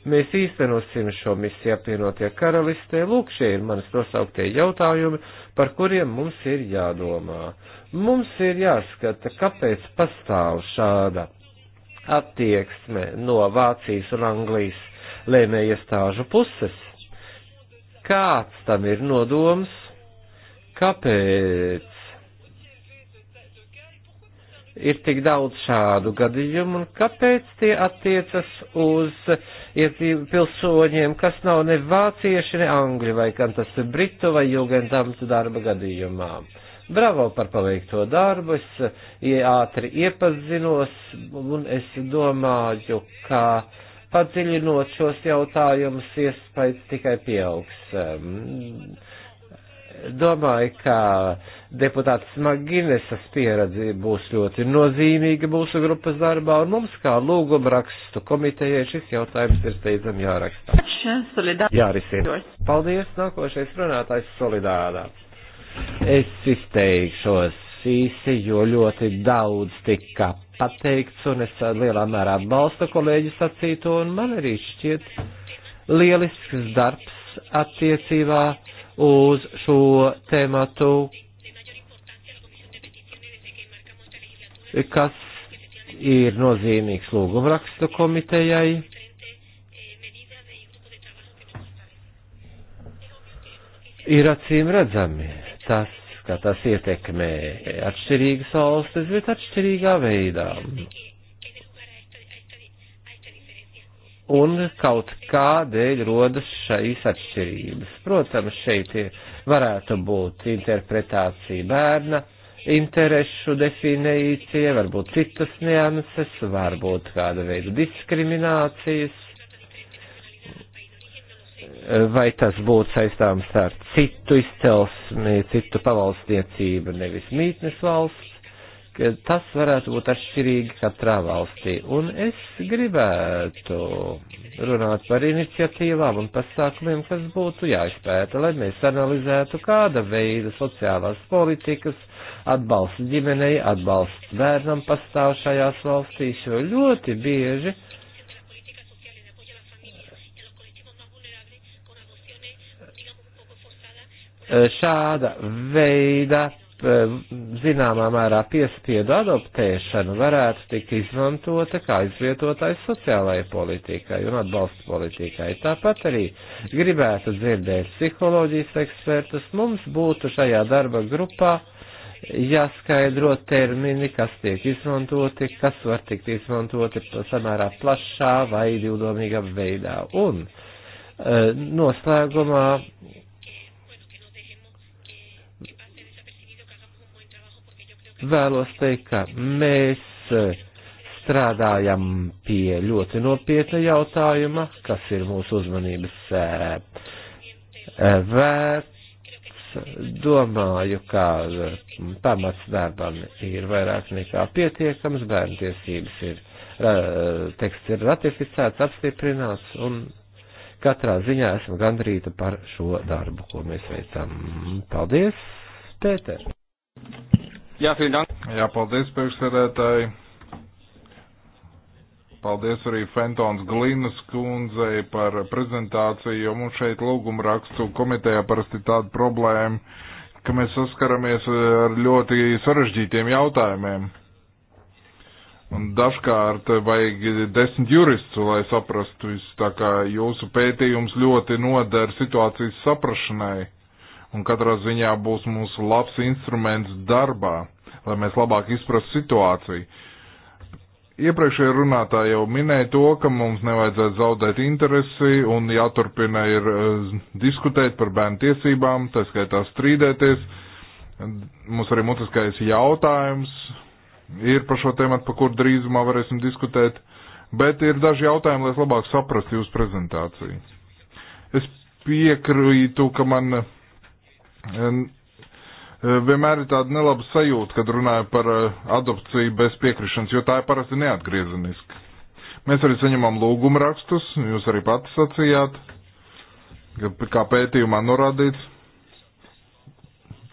Speaker 3: Mēs īstenosim šo misiju apvienotie karalistē, lūk, šie ir manas nosauktie jautājumi, par kuriem mums ir jādomā. Mums ir jāskata, kāpēc pastāv šāda attieksme no Vācijas un Anglijas lēmēja stāžu puses. Kāds tam ir nodoms? Kāpēc ir tik daudz šādu gadījumu un kāpēc tie attiecas uz iedzīvu pilsoņiem, kas nav ne vācieši, ne angļi, vai gan tas ir britu vai jūgendamtu darba gadījumā. Bravo par paveikto darbu, es ātri iepazinos un es domāju, ka padziļinot šos jautājumus, iespējas tikai pieaugs. Domāju, ka deputāts Maginesas pieredze būs ļoti nozīmīga mūsu grupas darbā, un mums kā lūguma rakstu komitejai šis jautājums ir steidzam jāraksta. Jārisina. Paldies, nākošais runātājs Solidārā. Es izteikšos īsi, jo ļoti daudz tika pateikts, un es lielā mērā atbalstu kolēģi sacīto, un man arī šķiet lielisks darbs attiecībā uz šo tēmatu, kas ir nozīmīgs lūgumrakstu komitejai. Ir acīm redzami tas, kā tas ietekmē atšķirīgas valstis, bet atšķirīgā veidā. un kaut kādēļ rodas šīs atšķirības. Protams, šeit varētu būt interpretācija bērna, interešu definīcija, varbūt citas nianses, varbūt kāda veida diskriminācijas vai tas būtu saistāms ar citu izcelsmi, citu pavalstniecību, nevis mītnes valsts. Tas varētu būt atšķirīgi katrā valstī. Un es gribētu runāt par iniciatīvām un pasākumiem, kas būtu jāizpēta, lai mēs analizētu, kāda veida sociālās politikas atbalsts ģimenei, atbalsts bērnam pastāv šajās valstīs, jo ļoti bieži uh, Eh, šāda veida eh, zināmā mērā piespiedu adoptēšana varētu tikt izmantota kā izvietotais sociālajai politikai un atbalsta politikai. Tāpat arī gribētu dzirdēt psiholoģijas ekspertus. Mums būtu šajā darba grupā jāskaidro termini, kas tiek izmantoti, kas var tikt izmantoti samērā plašā vai divdomīgā veidā. Un eh, noslēgumā vēlos teikt, ka mēs eh, strādājam pie ļoti nopietna jautājuma, kas ir mūsu uzmanības eh, eh, vērts. Domāju, ka pamats darbam ir vairāk nekā pietiekams, bērnu tiesības ir, teksts ir ratificēts, apstiprināts un katrā ziņā esmu gandrīta par šo darbu, ko mēs veicam. Paldies, Pēter!
Speaker 2: Jā, Jā paldies, priekšsēdētāji. Paldies arī Fentons Glinas kundzei par prezentāciju, jo mums šeit lūguma rakstu komitejā parasti tāda problēma, ka mēs saskaramies ar ļoti sarežģītiem jautājumiem. Un dažkārt vajag desmit juristu, lai saprastu visu, tā kā jūsu pētījums ļoti noder situācijas saprašanai un katrā ziņā būs mūsu labs instruments darbā, lai mēs labāk izprastu situāciju. Iepriekšējā runātā jau minēja to, ka mums nevajadzētu zaudēt interesi un jāturpina ir e, diskutēt par bērnu tiesībām, tā skaitā strīdēties. Mums arī mutiskais jautājums ir par šo tēmu, par kur drīzumā varēsim diskutēt, bet ir daži jautājumi, lai es labāk saprastu jūsu prezentāciju. Es piekrītu, ka man E, vienmēr ir tāda nelaba sajūta, kad runāju par e, adopciju bez piekrišanas, jo tā ir parasti neatgriezeniski. Mēs arī saņemam lūgumu rakstus, jūs arī pati sacījāt, kā pētījumā norādīts,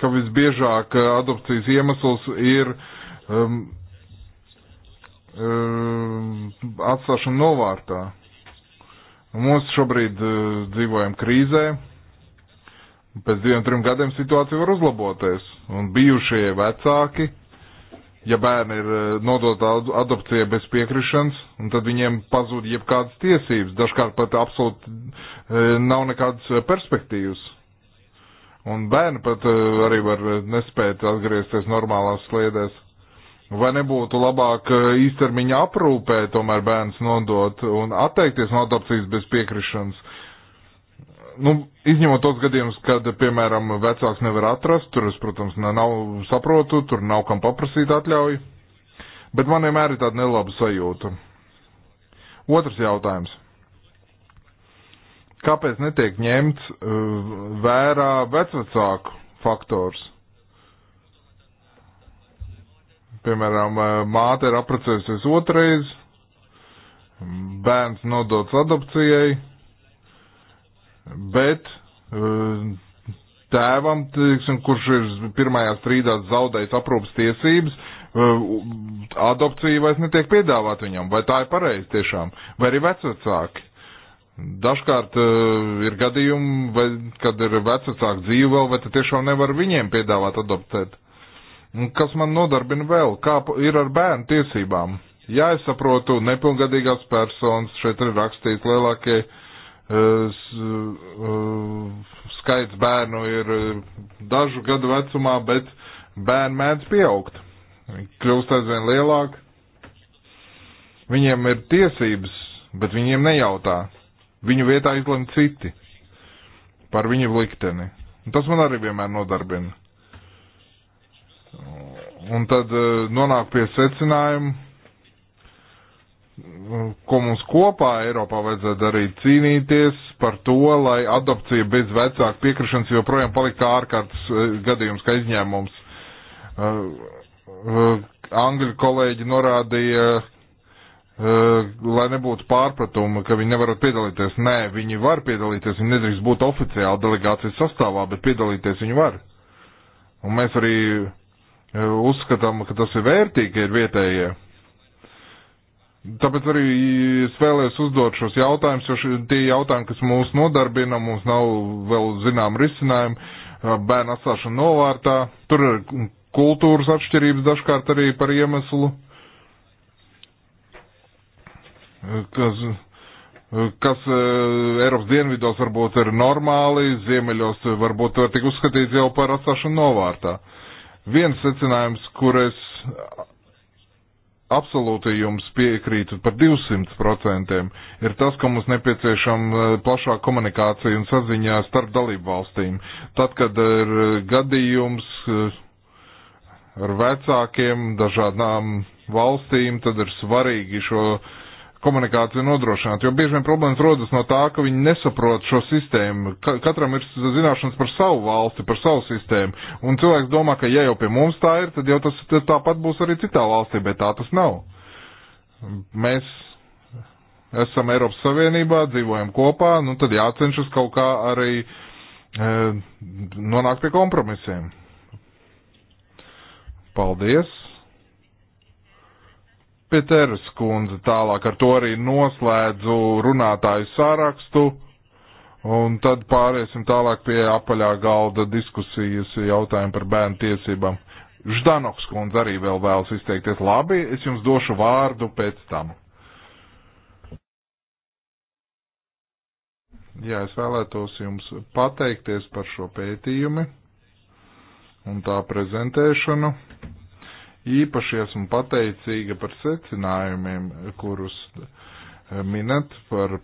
Speaker 2: ka visbiežāk e, adopcijas iemesls ir um, um, atstāšana novārtā. Mums šobrīd uh, dzīvojam krīzē, Pēc diviem, trim gadiem situācija var uzlaboties. Un bijušie vecāki, ja bērni ir eh, nodota adopcija bez piekrišanas, un tad viņiem pazūd jebkādas tiesības, dažkārt pat absolūti eh, nav nekādas eh, perspektīvas. Un bērni pat arī var nespēt atgriezties normālās sliedēs. Vai nebūtu labāk īstermiņa aprūpē tomēr bērns nodot un atteikties no adopcijas bez piekrišanas, nu, izņemot tos gadījumus, kad, piemēram, vecāks nevar atrast, tur es, protams, nav saprotu, tur nav kam paprasīt atļauju, bet man vienmēr ir tāda nelaba sajūta. Otrs jautājums. Kāpēc netiek ņemts eh, vērā vecvecāku faktors? Piemēram, eh, māte ir apprecējusies otrreiz, bērns nodots adopcijai bet eh, tēvam, tiksim, kurš ir pirmajā strīdā zaudējis aprūpas tiesības, eh, adopcija vairs netiek piedāvāt viņam, vai tā ir pareizi tiešām, vai arī vecvecāki. Dažkārt uh, ir gadījumi, vai, kad ir vecāka dzīve vēl, vai tiešām nevar viņiem piedāvāt adoptēt. Un kas man nodarbina vēl? Kā ir ar bērnu tiesībām? Jā, es saprotu, nepilngadīgās personas šeit ir rakstīts lielākie uh, Eh, skaits bērnu ir eh, dažu gadu vecumā, bet bērni mēdz pieaugt. Kļūst aizvien lielāk. Viņiem ir tiesības, bet viņiem nejautā. Viņu vietā izlem citi par viņu likteni. Un tas man arī vienmēr nodarbina. Un tad eh, nonāk pie secinājuma, ko mums kopā Eiropā vajadzētu darīt, cīnīties par to, lai adopcija bez vecāku piekrišanas joprojām paliktu ārkārtas eh, gadījums, kā izņēmums. Eh, eh, angļu kolēģi norādīja, lai nebūtu pārpratuma, ka viņi nevar piedalīties. Nē, viņi var piedalīties, viņi nedrīkst būt oficiāli delegācijas sastāvā, bet piedalīties viņi var. Un mēs arī uzskatām, ka tas ir vērtīgi, ka ir vietējie. Ja Tāpēc arī es vēlējos uzdot šos jautājumus, jo ši, tie jautājumi, kas mūs nodarbina, mums nav vēl zinām risinājumu. Bērnu atstāšana novārtā, tur ir kultūras atšķirības dažkārt arī par iemeslu, kas, kas Eiropas dienvidos varbūt ir normāli, ziemeļos varbūt var tik uzskatīts jau par atstāšanu novārtā. Viens secinājums, kur es absolūti jums piekrītu par 200%, ir tas, ka mums nepieciešama e, plašāka komunikācija un saziņā starp dalību valstīm. Tad, kad ir gadījums e, ar vecākiem dažādām valstīm, tad ir svarīgi šo uh, komunikāciju nodrošināt, jo bieži vien problēmas rodas no tā, ka viņi nesaprot šo sistēmu. Ka katram ir zināšanas par savu valsti, par savu sistēmu, un cilvēks domā, ka ja jau pie mums tā ir, tad jau tas tāpat būs arī citā valstī, bet tā tas nav. Mēs esam Eiropas Savienībā, dzīvojam kopā, nu tad jācenšas kaut kā arī e, nonākt pie kompromisiem. Paldies! Špiteres kundze tālāk ar to arī noslēdzu runātāju sarakstu. Un tad pāriesim tālāk pie apaļā galda diskusijas jautājumu par bērnu tiesībām. Ždanoks kundze arī vēl vēlas izteikties. Labi, es jums došu vārdu pēc tam. Jā, es vēlētos jums pateikties par šo pētījumu un tā prezentēšanu. Īpaši esmu pateicīga par secinājumiem, kurus eh, minat par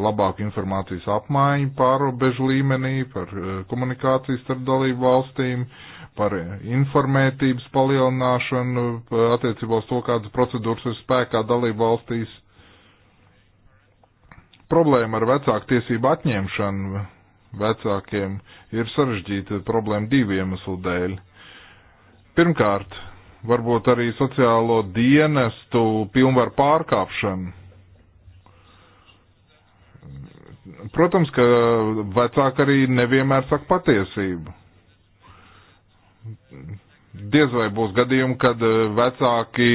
Speaker 2: labāku informācijas apmaiņu pārobežu līmenī, par eh, komunikāciju starp dalību valstīm, par eh, informētības palielināšanu attiecībā uz to, kādas procedūras ir spēkā dalību valstīs. Problēma ar vecāku tiesību atņemšanu vecākiem ir sarežģīta problēma diviem iemeslu dēļ. Pirmkārt, varbūt arī sociālo dienestu pilnvaru pārkāpšanu. Protams, ka vecāki arī nevienmēr saka patiesību. Diez vai būs gadījumi, kad eh, vecāki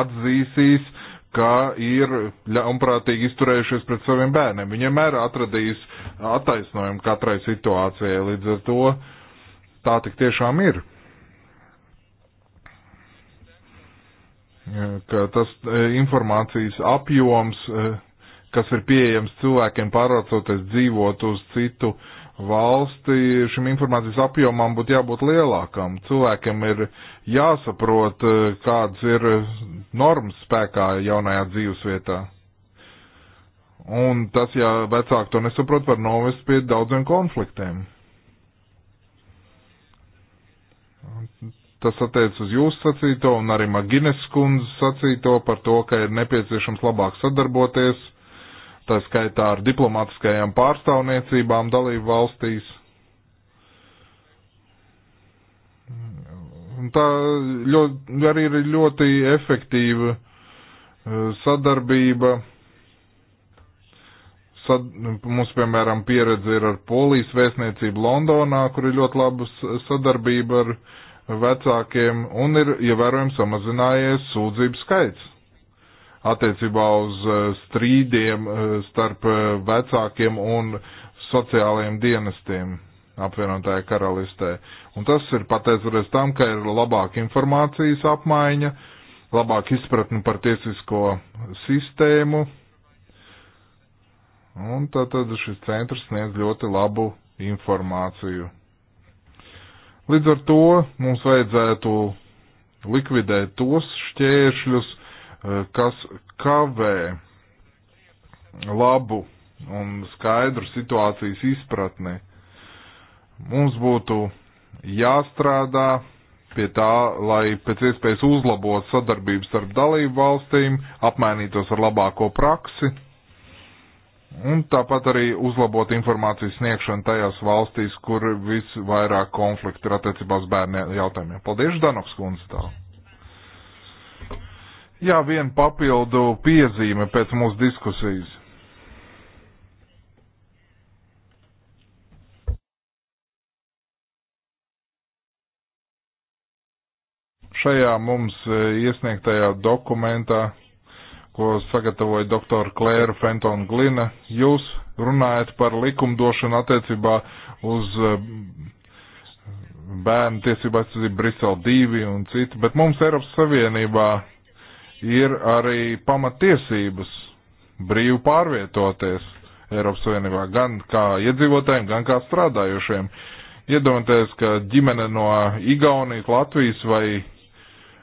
Speaker 2: atzīsīs, ka ir ļaunprātīgi izturējušies pret saviem bērniem. Viņi vienmēr atradīs attaisnojumu katrai situācijai, līdz ar to tā tik tiešām ir. ka tas e, informācijas apjoms, e, kas ir pieejams cilvēkiem pārvācoties dzīvot uz citu valsti, šim informācijas apjomam būtu jābūt lielākam. Cilvēkiem ir jāsaprot, e, kāds ir normas spēkā jaunajā dzīvesvietā. Un tas, ja vecāki to nesaprot, var novest pie daudziem konfliktiem. Tas attiec uz jūsu sacīto un arī Magines kundzes sacīto par to, ka ir nepieciešams labāk sadarboties, tā skaitā ar diplomatiskajām pārstāvniecībām dalību valstīs. Un tā ļoti, arī ir ļoti efektīva eh, sadarbība. Sad, mums, piemēram, pieredze ir ar Polijas vēstniecību Londonā, kur ir ļoti laba sadarbība ar uh, vecākiem un ir ievērojami samazinājies sūdzību skaits attiecībā uz e, strīdiem e, starp e, vecākiem un sociālajiem dienestiem apvienotāja karalistē. Un tas ir pateicoties tam, ka ir labāka informācijas apmaiņa, labāka izpratne par tiesisko sistēmu. Un tad, tad šis centrs sniedz ļoti labu informāciju. Līdz ar to mums vajadzētu likvidēt tos šķēršļus, eh, kas kavē labu un skaidru situācijas izpratni. Mums būtu jāstrādā pie tā, lai pēc iespējas uzlabotu sadarbību starp dalību valstīm, apmainītos ar labāko praksi Un tāpat arī uzlabot informācijas sniegšanu tajās valstīs, kur visvairāk konflikti ir attiecībā uz bērnu jautājumiem. Paldies, Danoks kundze tālāk. Jā, viena papildu piezīme pēc mūsu diskusijas. Šajā mums e, iesniegtajā dokumentā ko sagatavoja doktora Klēra Fentona Glina. Jūs runājat par likumdošanu attiecībā uz eh, bērnu tiesību aizsardzību Brisele 2 un citu, bet mums Eiropas Savienībā ir arī pamatiesības brīvi pārvietoties Eiropas Savienībā gan kā iedzīvotājiem, gan kā strādājušiem. Iedomājieties, ka ģimene no Igaunijas, Latvijas vai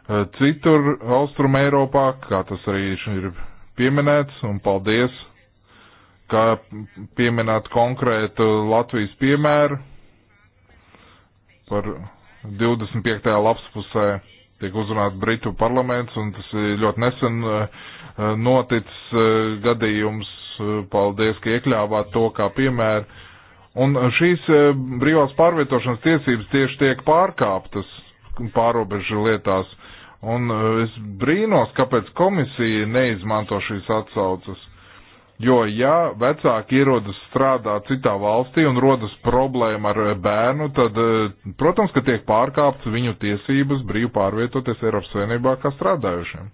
Speaker 2: Eh, citur Austrum Eiropā, kā tas arī ir pieminēts, un paldies, ka pieminēt konkrētu Latvijas piemēru par 25. lapspusē tiek uzrunāt Britu parlaments, un tas ir ļoti nesen eh, noticis eh, gadījums. Paldies, ka iekļāvāt to kā piemēru. Un šīs brīvās pārvietošanas tiesības tieši tiek pārkāptas pārobežu lietās. Uh, Un eh, es brīnos, kāpēc komisija neizmanto šīs atsaucas. Jo, ja vecāki ierodas strādāt citā valstī un rodas problēma ar eh, bērnu, tad, eh, protams, ka tiek pārkāptas viņu tiesības brīvi pārvietoties Eiropas Savienībā kā strādājušiem.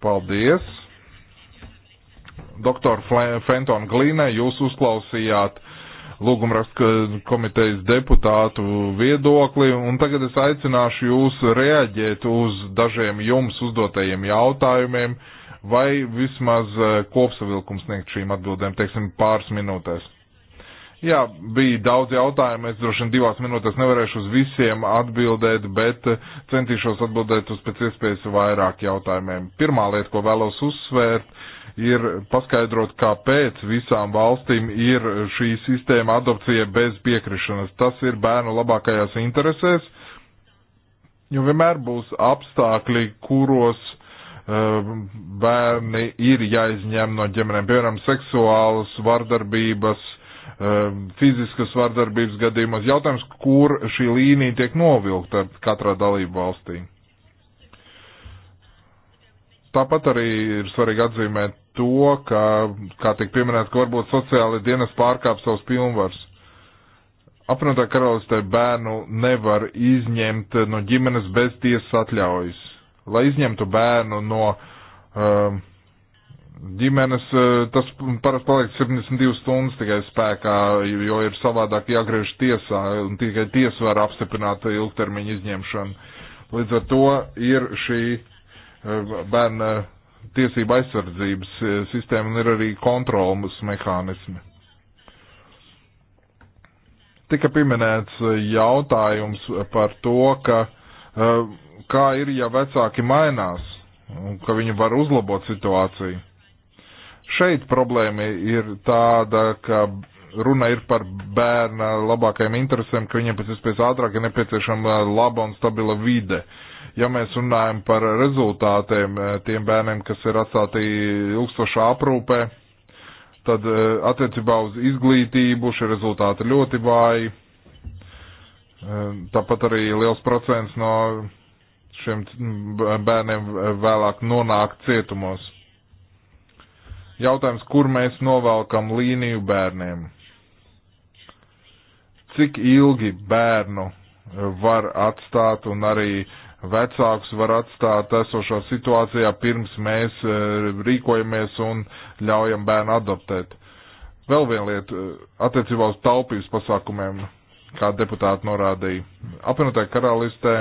Speaker 2: Paldies! Doktor Fenton Glīnē, jūs uzklausījāt lūgumrakstu komitejas deputātu viedokli, un tagad es aicināšu jūs reaģēt uz dažiem jums uzdotajiem jautājumiem, vai vismaz eh, kopsavilkums sniegt šīm atbildēm, teiksim, pāris minūtēs. Jā, bija daudz jautājumu, es droši vien divās minūtēs nevarēšu uz visiem atbildēt, bet eh, centīšos atbildēt uz pēc iespējas vairāk jautājumiem. Pirmā lieta, ko vēlos uzsvērt, ir paskaidrot, kāpēc visām valstīm ir šī sistēma adopcija bez piekrišanas. Tas ir bērnu labākajās interesēs, jo vienmēr būs apstākļi, kuros uh, bērni ir jāizņem no ģimenēm, piemēram, seksuālas vardarbības, uh, fiziskas vardarbības gadījumos. Jautājums, kur šī līnija tiek novilkta katrā dalību valstī? Tāpat arī ir svarīgi atzīmēt to, ka, kā tiek pieminēts, ka varbūt sociāli dienas pārkāp savus pilnvars. Apvienotā karalistē bērnu nevar izņemt no ģimenes bez tiesas atļaujas. Lai izņemtu bērnu no um, ģimenes, uh, tas parasti paliek 72 stundas tikai spēkā, jo ir savādāk jāgriež tiesā, un tikai tiesa var apstiprināt ilgtermiņa izņemšanu. Līdz ar to ir šī Eh, bērna eh, tiesība aizsardzības eh, sistēma un ir arī kontrolas mehānismi. Tika pieminēts jautājums par to, ka kā ir, ja vecāki mainās, un ka viņi var uzlabot situāciju. Šeit problēma ir tāda, ka runa ir par bērna labākajiem interesēm, ka viņiem pēc iespējas ātrāk ir nepieciešama laba un stabila vide. Uh, ja mēs runājam par rezultātiem eh, tiem bērniem, kas ir atstāti ilgstošā aprūpē, tad eh, attiecībā uz izglītību šie rezultāti ļoti vāji. Eh, tāpat arī liels procents no šiem bērniem vēlāk nonāk cietumos. Jautājums, kur mēs novelkam līniju bērniem? Cik ilgi bērnu var atstāt un arī uh, vecākus var atstāt esošā situācijā, pirms mēs e, rīkojamies un ļaujam bērnu adoptēt. Vēl viena lieta e, attiecībā uz taupības pasākumiem, kā deputāti norādīja. Apvienotajā karalistē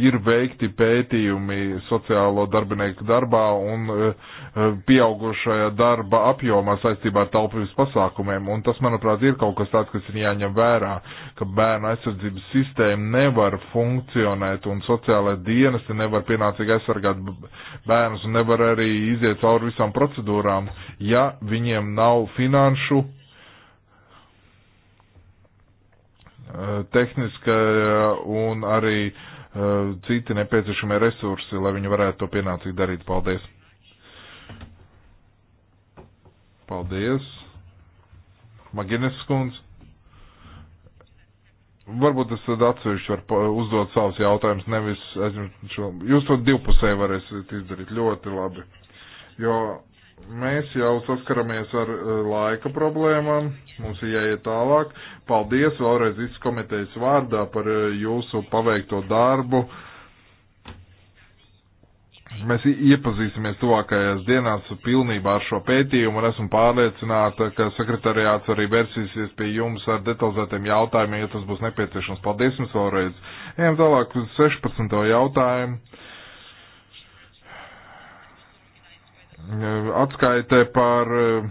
Speaker 2: ir veikti pētījumi sociālo darbinieku darbā un e, e, pieaugušajā darba apjomā saistībā ar taupības pasākumiem. Un tas, manuprāt, ir kaut kas tāds, kas ir jāņem vērā, ka bērnu aizsardzības sistēma nevar funkcionēt un sociālai dienesti nevar pienācīgi aizsargāt bērnus un nevar arī iziet cauri visām procedūrām, ja viņiem nav finanšu e, tehniska un arī uh, Eh, citi nepieciešamie resursi, lai viņi varētu to pienācīgi darīt. Paldies! Paldies! Magines skundz. Varbūt es tad atsevišķi varu uzdot savus jautājumus, nevis aizņemt šo. Jūs to divpusēji varēsiet izdarīt ļoti labi. Jo Mēs jau saskaramies ar eh, laika problēmām, mums ir jāiet tālāk. Paldies vēlreiz visas komitejas vārdā par eh, jūsu paveikto darbu. Mēs iepazīsimies tuvākajās dienās pilnībā ar šo pētījumu un esmu pārliecināta, ka sekretariāts arī versīsies pie jums ar detalizētiem jautājumiem, ja tas būs nepieciešams. Paldies jums vēlreiz. Ejam tālāk uz 16. jautājumu atskaitē par eh,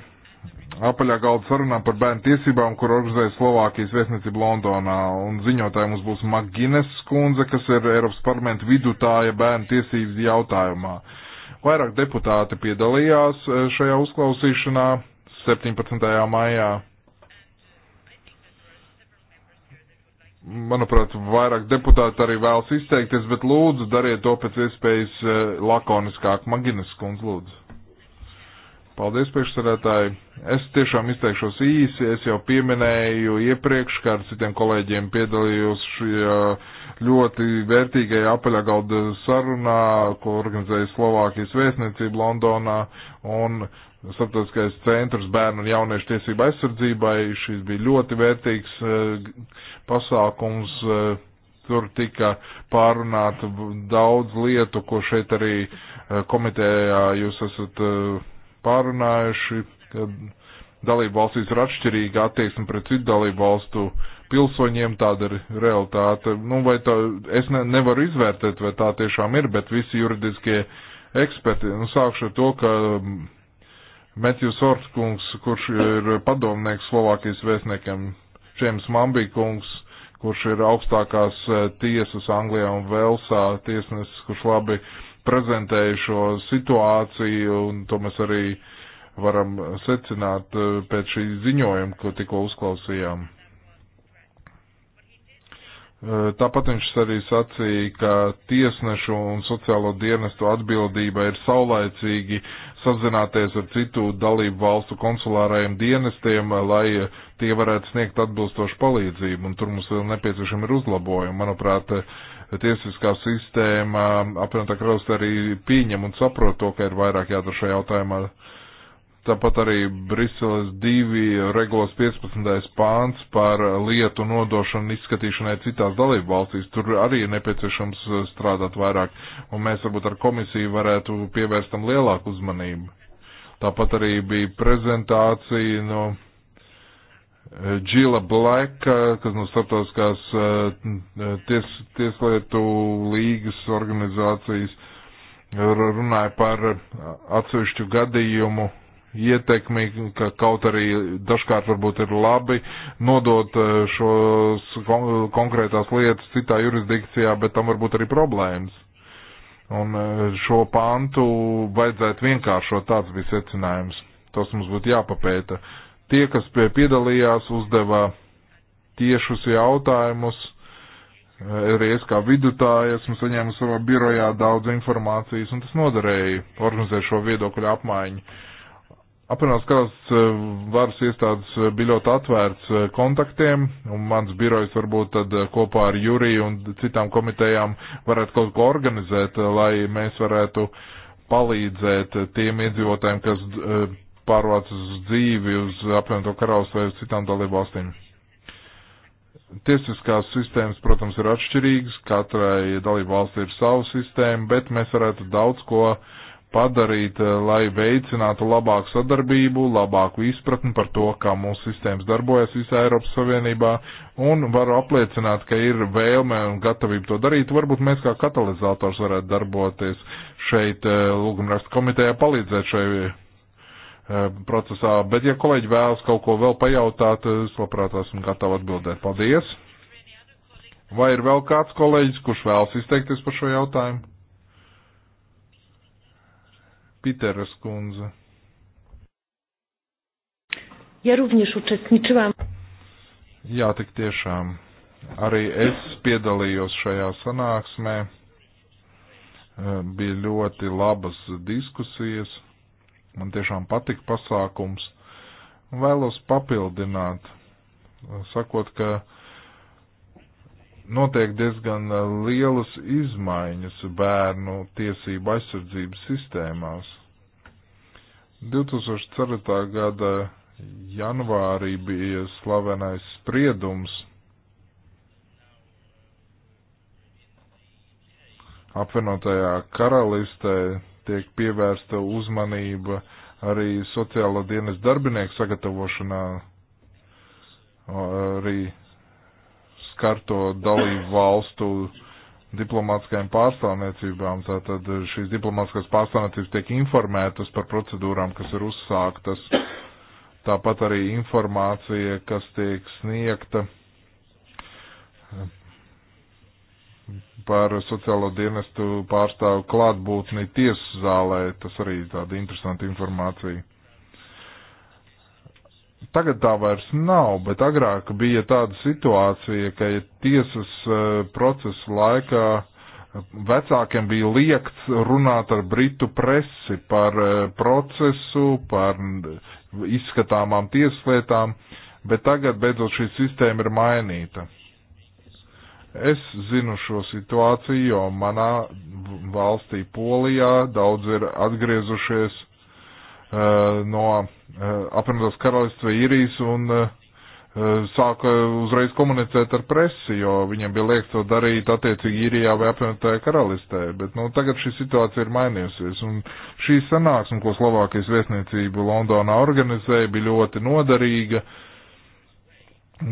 Speaker 2: apaļā galda sarunām par bērnu tiesībām, kur organizēja Slovākijas vēstniecība Londonā. Un ziņotāja mums būs Magines skundze, kas ir Eiropas parlamenta vidutāja bērnu tiesības jautājumā. Vairāk deputāti piedalījās eh, šajā uzklausīšanā 17. maijā. Manuprāt, vairāk deputāti arī vēlas izteikties, bet lūdzu dariet to pēc iespējas eh, lakoniskāk. Magines skundze, lūdzu. Paldies, priekšsarētāji. Es tiešām izteikšos īsi. Es jau pieminēju iepriekš, kā ar citiem kolēģiem piedalījos šajā ļoti vērtīgajā apaļagalda sarunā, ko organizēja Slovākijas vēstniecība Londonā un starptautiskais centrs bērnu un jauniešu tiesību aizsardzībai. Šis bija ļoti vērtīgs eh, pasākums. Eh, tur tika pārunāta daudz lietu, ko šeit arī eh, komitējā jūs esat pārunājuši, ka dalību valstīs ir atšķirīga attieksme pret citu dalību valstu pilsoņiem, tāda ir realitāte. Nu, vai tā, es ne, nevaru izvērtēt, vai tā tiešām ir, bet visi juridiskie eksperti, nu, sākšu ar to, ka Metjus mm, Ortskungs, kurš ir padomnieks Slovākijas vēstniekam, Čēms Mambikungs, kurš ir augstākās eh, tiesas Anglijā un Velsā tiesnesis, kurš labi uh, prezentēja šo situāciju, un to mēs arī varam secināt eh, pēc šī ziņojuma, ko tikko uzklausījām. Eh, tāpat viņš arī sacīja, ka tiesnešu un sociālo dienestu atbildība ir saulaicīgi sazināties ar citu dalību valstu konsulārajiem dienestiem, lai tie varētu sniegt atbilstošu palīdzību, un tur mums vēl nepieciešami ir uzlabojumi. Manuprāt, uh, tiesiskā sistēma apvienotā karalistē arī pieņem un saprot to, ka ir vairāk jādara šajā jautājumā. Tāpat arī Briseles 2 regulas 15. pāns par lietu nodošanu izskatīšanai citās dalību valstīs. Tur arī ir nepieciešams strādāt vairāk, un mēs varbūt ar komisiju varētu pievērstam lielāku uzmanību. Tāpat arī bija prezentācija no. Nu, Džila Bleka, kas no starptautiskās eh, ties, tieslietu līgas organizācijas runāja par atsevišķu gadījumu ietekmi, ka kaut arī dažkārt varbūt ir labi nodot eh, šos kon konkrētās lietas citā jurisdikcijā, bet tam varbūt arī problēmas. Un eh, šo pantu vajadzētu vienkāršot, tāds bija secinājums. Tas mums būtu jāpapēta. Uh, Tie, kas piedalījās, uzdevā tiešus jautājumus, arī es kā vidutāja esmu saņēmis savā birojā daudz informācijas, un tas noderēja organizēt šo viedokļu apmaiņu. Apvienotās karalists eh, varas iestādes eh, bija ļoti atvērts eh, kontaktiem, un mans birojs varbūt tad kopā ar Juriju un citām komitejām varētu kaut ko organizēt, lai mēs varētu palīdzēt tiem iedzīvotājiem, kas pārvāc uz dzīvi uz apvienoto karalstu vai uz citām dalībvalstīm. Tiesiskās sistēmas, protams, ir atšķirīgas, katrai dalībvalstī ir savu sistēmu, bet mēs varētu daudz ko padarīt, eh, lai veicinātu labāku sadarbību, labāku izpratni par to, kā mūsu sistēmas darbojas visā Eiropas Savienībā, un varu apliecināt, ka ir vēlme un gatavība to darīt. Varbūt mēs kā katalizators varētu darboties šeit, eh, lūgumrakstu komitejā, palīdzēt šai Eh, procesā, bet ja kolēģi vēlas kaut ko vēl pajautāt, eh, es labprāt esmu gatavs atbildēt. Paldies! Vai ir vēl kāds kolēģis, kurš vēlas izteikties par šo jautājumu? Piteras kundze.
Speaker 1: Ja również uczestniczyłam.
Speaker 2: Jā, tik tiešām. Arī es piedalījos šajā sanāksmē. Eh, bija ļoti labas diskusijas. Man tiešām patika pasākums. Vēlos papildināt, sakot, ka notiek diezgan uh, lielas izmaiņas bērnu tiesību aizsardzības sistēmās. 2004. gada janvārī bija slavenais spriedums apvienotajā karalistē tiek pievērsta uzmanība arī sociāla dienas darbinieku sagatavošanā, arī skarto dalību valstu diplomātskajām pārstāvniecībām. Tātad šīs diplomātskās pārstāvniecības tiek informētas par procedūrām, kas ir uzsāktas. Tāpat arī informācija, kas tiek sniegta par sociālo dienestu pārstāvu klātbūtni tiesu zālē. Tas arī tāda interesanta informācija. Tagad tā vairs nav, bet agrāk bija tāda situācija, ka tiesas e, procesa laikā vecākiem bija liekts runāt ar britu presi par e, procesu, par izskatāmām tieslietām, bet tagad beidzot šī sistēma ir mainīta Es zinu šo situāciju, jo manā valstī Polijā daudz ir atgriezušies uh, no uh, apvienotās karalists vai īrijas un uh, sāka uzreiz komunicēt ar presi, jo viņiem bija liekas to darīt attiecīgi īrijā vai apvienotajā karalistē. Bet nu, tagad šī situācija ir mainījusies. Un šī sanāksme, ko Slovākijas vēstniecība Londonā organizēja, bija ļoti noderīga. Uh,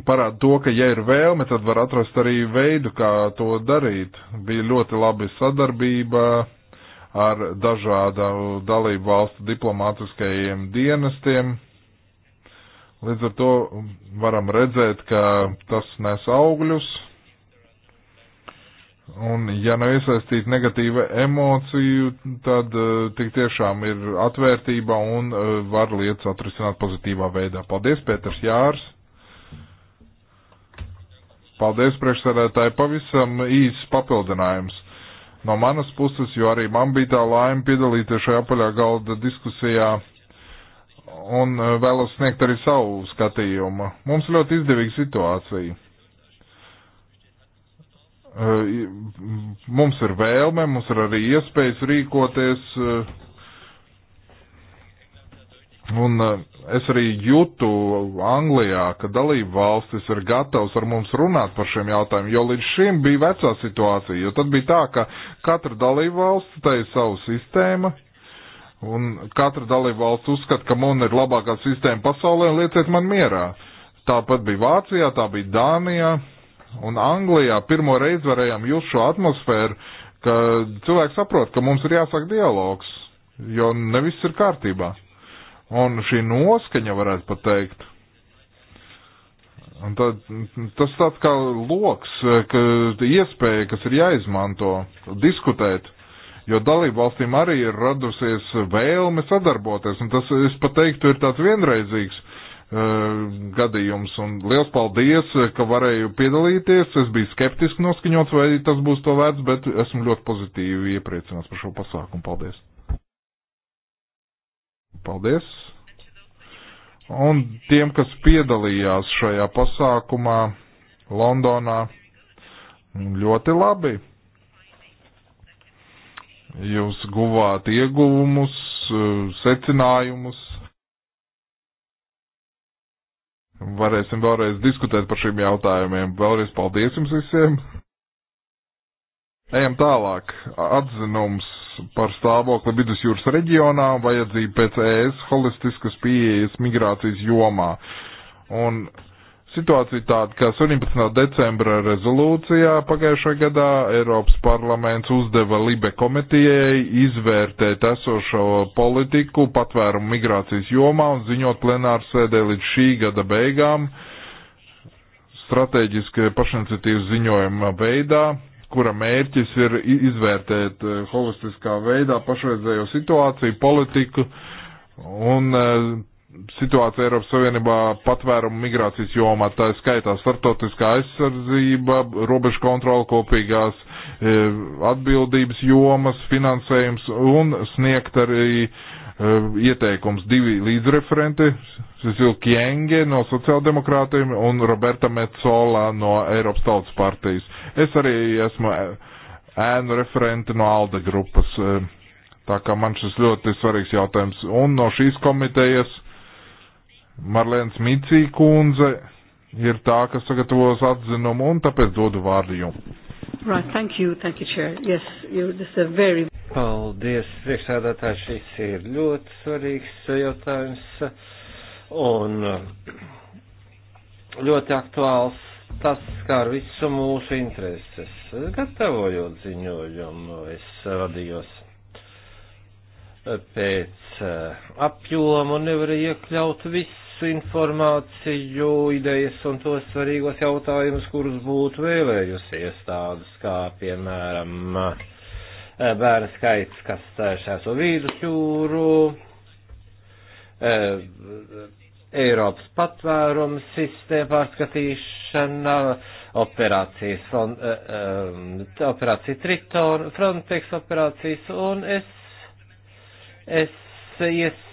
Speaker 2: parāda to, ka, ja ir vēlme, tad var atrast arī veidu, kā to darīt. Bija ļoti labi sadarbība ar dažādu dalību valstu diplomātiskajiem dienestiem. Līdz ar to varam redzēt, ka tas nes augļus. Un, ja nav iesaistīta negatīva emociju, tad eh, tik tiešām ir atvērtība un eh, var lietas atrisināt pozitīvā veidā. Paldies, Pēters Jārs! Paldies, priekšsēdētāji, pavisam īsts papildinājums. No manas puses, jo arī man bija tā laime piedalīties šajā apaļā galda diskusijā un e, vēlos sniegt arī savu skatījumu. Mums ļoti izdevīga situācija. E, mums ir vēlme, mums ir arī iespējas rīkoties e, Un eh, es arī jūtu Anglijā, ka dalība valstis ir gatavs ar mums runāt par šiem jautājumiem, jo līdz šim bija vecā situācija, jo tad bija tā, ka katra dalība valsts, tai ir savu sistēma, un katra dalība valsts uzskata, ka man ir labākā sistēma pasaulē, un lieciet man mierā. Tāpat bija Vācijā, tā bija Dānijā, un Anglijā pirmo reizi varējām just šo atmosfēru, ka cilvēki saprot, ka mums ir jāsāk dialogs, jo neviss ir kārtībā. Un šī noskaņa, varētu pateikt, un tad, tas tāds kā loks, ka iespēja, kas ir jāizmanto, diskutēt, jo dalību valstīm arī ir radusies vēlme sadarboties, un tas, es pateiktu, ir tāds vienreizīgs uh, gadījums, un liels paldies, ka varēju piedalīties, es biju skeptiski noskaņots, vai tas būs to vērts, bet esmu ļoti pozitīvi iepriecināts par šo pasākumu, paldies! Paldies! Un tiem, kas piedalījās šajā pasākumā Londonā, ļoti labi. Jūs guvāt ieguvumus, secinājumus. Varēsim vēlreiz diskutēt par šiem jautājumiem. Vēlreiz paldies jums visiem! Ejam tālāk. Atzinums par stāvokli vidusjūras reģionā un vajadzību pēc ES holistiskas pieejas migrācijas jomā. Un situācija tāda, ka 17. decembra rezolūcijā pagājušajā gadā Eiropas parlaments uzdeva Libe komitijai izvērtēt esošo politiku patvērumu migrācijas jomā un ziņot plenāru sēdē līdz šī gada beigām stratēģiski pašiniciatīvas ziņojuma veidā kura mērķis ir izvērtēt eh, holistiskā veidā pašreizējo situāciju, politiku un eh, situāciju Eiropas Savienībā patvērumu migrācijas jomā, tā skaitā startautiskā aizsardzība, robežu kontrola, kopīgās eh, atbildības jomas, finansējums un sniegt arī uh, Eh, ieteikums divi līdzreferenti, Cecil Kienge no sociāldemokrātiem un Roberta Metzola no Eiropas tautas partijas. Es arī esmu eh, ēnu referenti no Alde grupas, eh, tā kā man šis ļoti svarīgs jautājums. Un no šīs komitejas Marlēns Micī kundze ir tā, kas sagatavos atzinumu, un tāpēc dodu vārdu jums.
Speaker 1: Right, thank you, thank you, Chair. Yes, you, this is a very...
Speaker 3: Paldies, priekšsēdētāji, šis ir ļoti svarīgs jautājums un uh, ļoti aktuāls. Tas skar visu mūsu intereses. Gatavojot ziņojumu, es vadījos uh, pēc uh, apjoma un nevarēja iekļaut visu informāciju, idejas un tos svarīgos jautājumus, kurus būtu vēlējusies tādas kā, piemēram, bērnu skaits, kas šēso vīrus jūru, e, Eiropas patvērumu sistēma pārskatīšana, operācijas, front, e, e, operācija Triton, Frontex operācijas, un es, es ies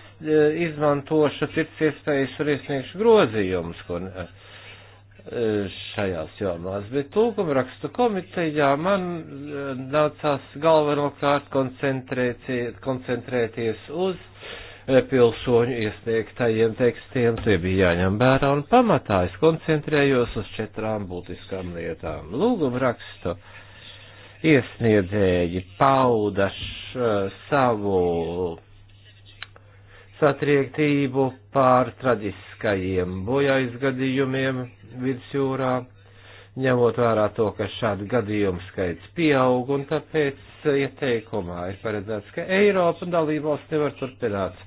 Speaker 3: izmantošu cits iespējas un iesniegšu grozījumus e, šajās jomās, bet tūkumrakstu komitejā man e, nācās galvenokārt koncentrēties uz e, pilsoņu iesniegtajiem tekstiem, tie bija jāņem vērā un pamatā es koncentrējos uz četrām būtiskām lietām. Lūgumrakstu iesniedzēji pauda š, savu satriektību pār traģiskajiem bojāizgadījumiem vidusjūrā, ņemot vērā to, ka šādu gadījumu skaits pieaug, un tāpēc ieteikumā ir paredzēts, ka Eiropa un dalībvalsts nevar turpināt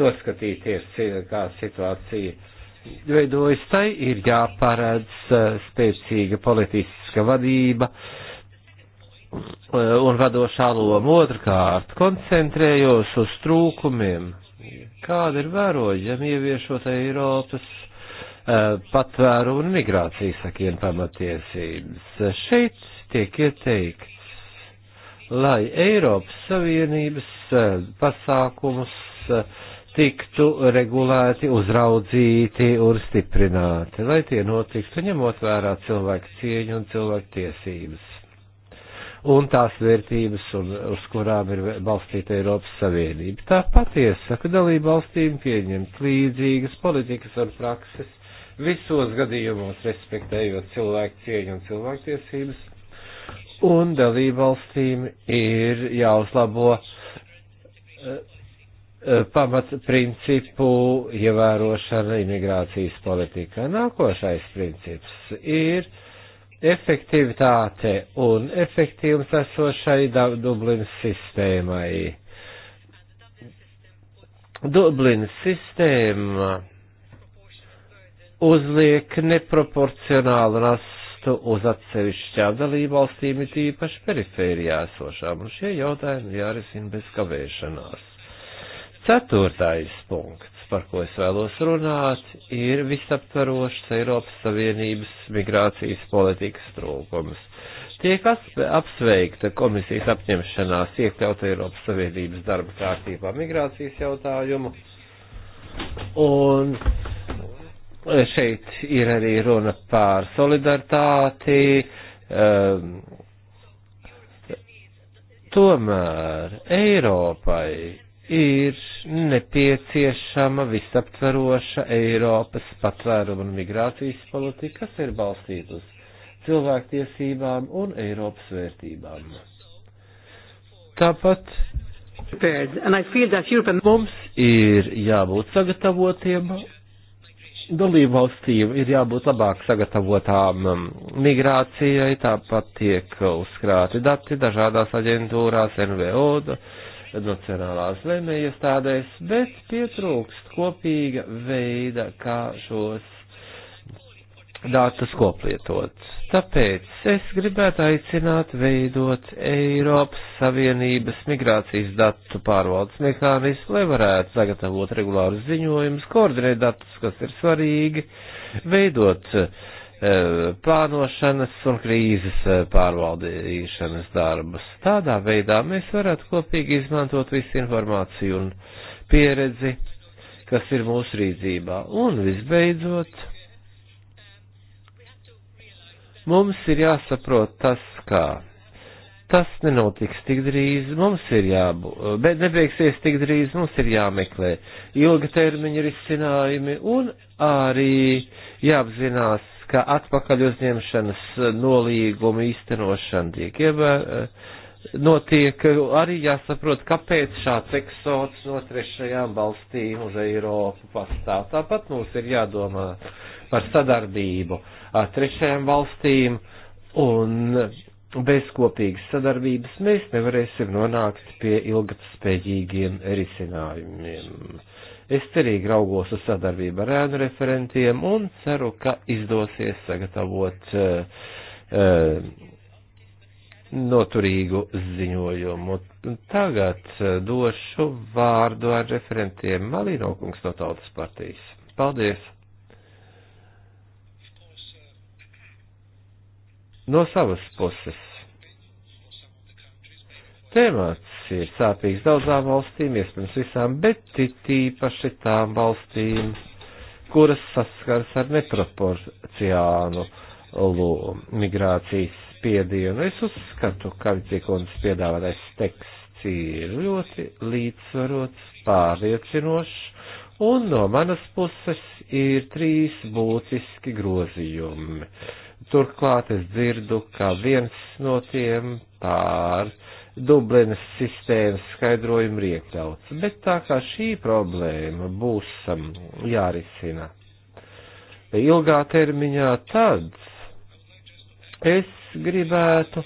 Speaker 3: noskatīties, kā situācija veidojas. Tai ir jāparedz eh, spēcīga politiska vadība eh, un vadošā loma. Otrkārt, koncentrējos uz trūkumiem kāda ir vērojama ieviešot Eiropas uh, patvērumu un migrācijas sakienu pamatiesības. Šeit tiek ieteikts, lai Eiropas Savienības uh, pasākumus uh, tiktu regulēti, uzraudzīti un stiprināti, lai tie notiktu ņemot vērā cilvēku cieņu un cilvēku tiesības un tās vērtības, un, uz kurām ir balstīta Eiropas Savienība. Tāpat iesaka dalību valstīm pieņemt līdzīgas politikas un prakses, visos gadījumos respektējot cilvēku cieņu un cilvēktiesības, un dalību valstīm ir jāuzlabo uh, pamatprincipu ievērošana imigrācijas politikā. Nākošais princips ir efektivitāte un efektīvums esošai Dublinas sistēmai. Dublinas sistēma uzliek neproporcionālu rastu uz atsevišķām dalībvalstīm, it īpaši perifērijā esošām, un šie jautājumi jārisina bez kavēšanās. Ceturtais punkts par ko es vēlos runāt, ir visaptvarošs Eiropas Savienības migrācijas politikas trūkums. Tiek apsveikta komisijas apņemšanās iekļaut Eiropas Savienības darba kārtībā migrācijas jautājumu. Un šeit ir arī runa par solidaritāti. Um, tomēr Eiropai ir nepieciešama visaptveroša Eiropas patvēruma un migrācijas politika, kas ir balstīta uz cilvēktiesībām un Eiropas vērtībām. Tāpat mums ir jābūt sagatavotiem, dalību valstīm ir jābūt labāk sagatavotām um, migrācijai, tāpat tiek uzkrāti dati dažādās aģentūrās, NVO nacionālās lēmējiestādēs, bet pietrūkst kopīga veida, kā šos datus koplietot. Tāpēc es gribētu aicināt veidot Eiropas Savienības migrācijas datu pārvaldes mehānismu, lai varētu sagatavot regulārus ziņojumus, koordinēt datus, kas ir svarīgi, veidot uh, E, plānošanas un krīzes e, pārvaldīšanas darbus. Tādā veidā mēs varētu kopīgi izmantot visu informāciju un pieredzi, kas ir mūsu rīcībā. Un visbeidzot, mums ir jāsaprot tas, kā. Tas nenotiks tik drīz, mums ir jābūt, bet nebeigsies tik drīz, mums ir jāmeklē ilga termiņa risinājumi un arī jāapzinās ka atpakaļ uzņemšanas eh, nolīguma īstenošana tiek ievērta. Eh, notiek arī jāsaprot, kāpēc šāds eksots no trešajām valstīm uz Eiropu pastāv. Tāpat mums ir jādomā par sadarbību ar trešajām valstīm un bez kopīgas sadarbības mēs nevarēsim nonākt pie ilgatspējīgiem risinājumiem. Es cerīgi raugos uz sadarbību ar ēnu referentiem un ceru, ka izdosies sagatavot uh, uh, noturīgu ziņojumu. Tagad uh, došu vārdu ar referentiem Malinokungs no Tautas partijas. Paldies! No savas puses. Tēmāts ir sāpīgs daudzām valstīm, iespējams visām, bet ir tīpaši tām valstīm, kuras saskars ar neproporciānu migrācijas spiedienu. Es uzskatu, ka Vicekundas piedāvātais teksts ir ļoti līdzsvarots, pārliecinošs, un no manas puses ir trīs būtiski grozījumi. Turklāt es dzirdu, ka viens no tiem pār uh, Dublinas sistēmas skaidrojumu ir iekļauts. Bet tā kā šī problēma būs um, jārisina ilgā termiņā, tad es gribētu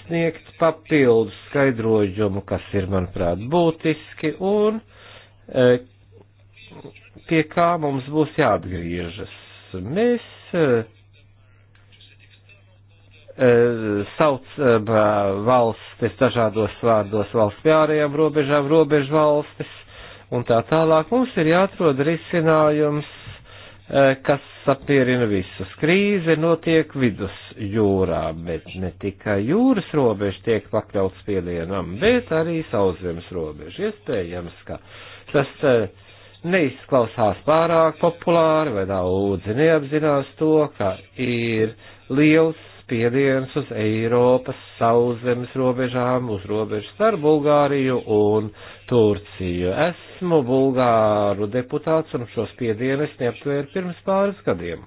Speaker 3: sniegt papildu skaidrojumu, kas ir, manuprāt, būtiski un e, pie kā mums būs jāatgriežas. Mēs e, Eh, sauc eh, valstis dažādos vārdos valsts ārējām robežām, robežu valstis un tā tālāk. Mums ir jāatrod risinājums, eh, kas apmierina visus. Krīze notiek vidus jūrā, bet ne tikai jūras robeža tiek pakļauts spiedienam, bet arī sauszemes robeža. Iespējams, ka tas neizklausās pārāk populāri vai daudzi neapzinās to, ka ir liels spiediens uz Eiropas sauszemes robežām, uz robežas ar Bulgāriju un Turciju. Esmu bulgāru deputāts un šo spiedienu es neaptvēru pirms pāris gadiem.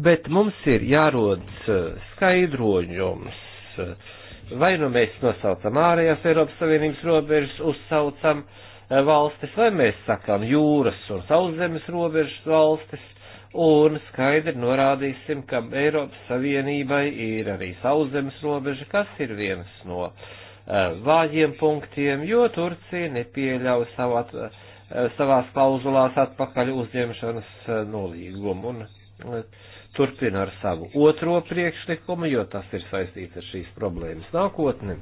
Speaker 3: Bet mums ir jārod eh, skaidroņums. Vai nu mēs nosaucam ārējās Eiropas Savienības robežas, uzsaucam eh, valstis, vai mēs sakām jūras un sauszemes robežas valstis un skaidri norādīsim, ka Eiropas Savienībai ir arī sauszemes robeža, kas ir viens no uh, vājiem punktiem, jo Turcija nepieļauj savu at, uh, savās klauzulās atpakaļ uzņemšanas uh, nolīgumu. Un, uh, Turpina ar savu otro priekšlikumu, jo tas ir saistīts ar šīs problēmas nākotni.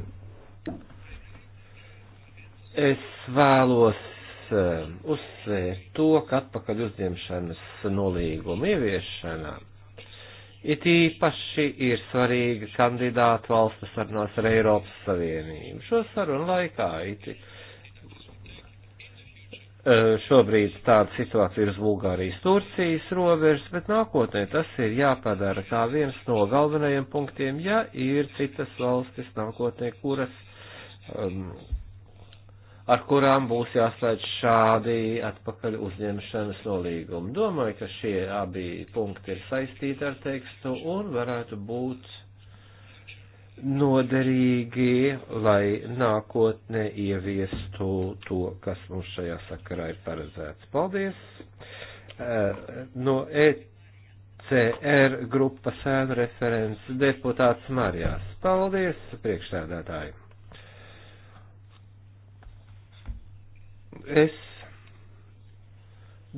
Speaker 3: Es vēlos Eh, uzsvērt to, ka atpakaļ uzņemšanas nolīguma ieviešanā it īpaši ir svarīga kandidātu valstu sarunās ar Eiropas Savienību. Šo sarunu laikā it eh, šobrīd tāda situācija ir uz Bulgārijas Turcijas robežas, bet nākotnē tas ir jāpadara kā viens no galvenajiem punktiem, ja ir citas valstis nākotnē, kuras um, ar kurām būs jāslēdz šādi atpakaļ uzņemšanas nolīgumi. Domāju, ka šie abi punkti ir saistīti ar tekstu un varētu būt noderīgi, lai nākotnē ieviestu to, kas mums šajā sakarā ir paredzēts. Paldies! Eh, no ECR grupas sēna referents deputāts Marijās. Paldies, priekšsēdētāji! Es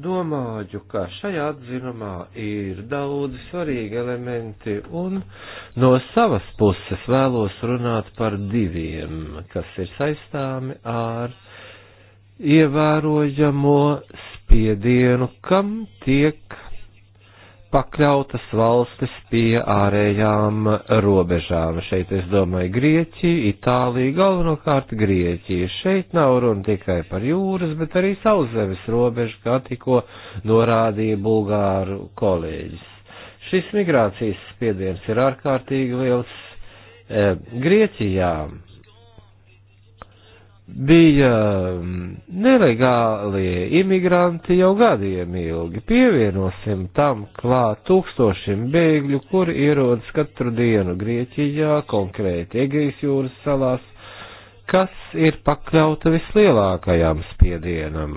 Speaker 3: domāju, ka šajā atzinumā ir daudz svarīgi elementi, un no savas puses vēlos runāt par diviem, kas ir saistāmi ar ievērojamo spiedienu, kam tiek pakļautas valstis pie ārējām robežām. Šeit es domāju Grieķiju, Itāliju, galvenokārt Grieķiju. Šeit nav runa tikai par jūras, bet arī sauszemes robežu, kā tikko norādīja Bulgāru kolēģis. Šis migrācijas spiediens ir ārkārtīgi liels e, eh, Grieķijām bija mm, nelegālie imigranti jau gadiem ilgi. Pievienosim tam klāt tūkstošiem bēgļu, kuri ierodas katru dienu Grieķijā, konkrēti Egejas jūras salās, kas ir pakļauta vislielākajām spiedienam.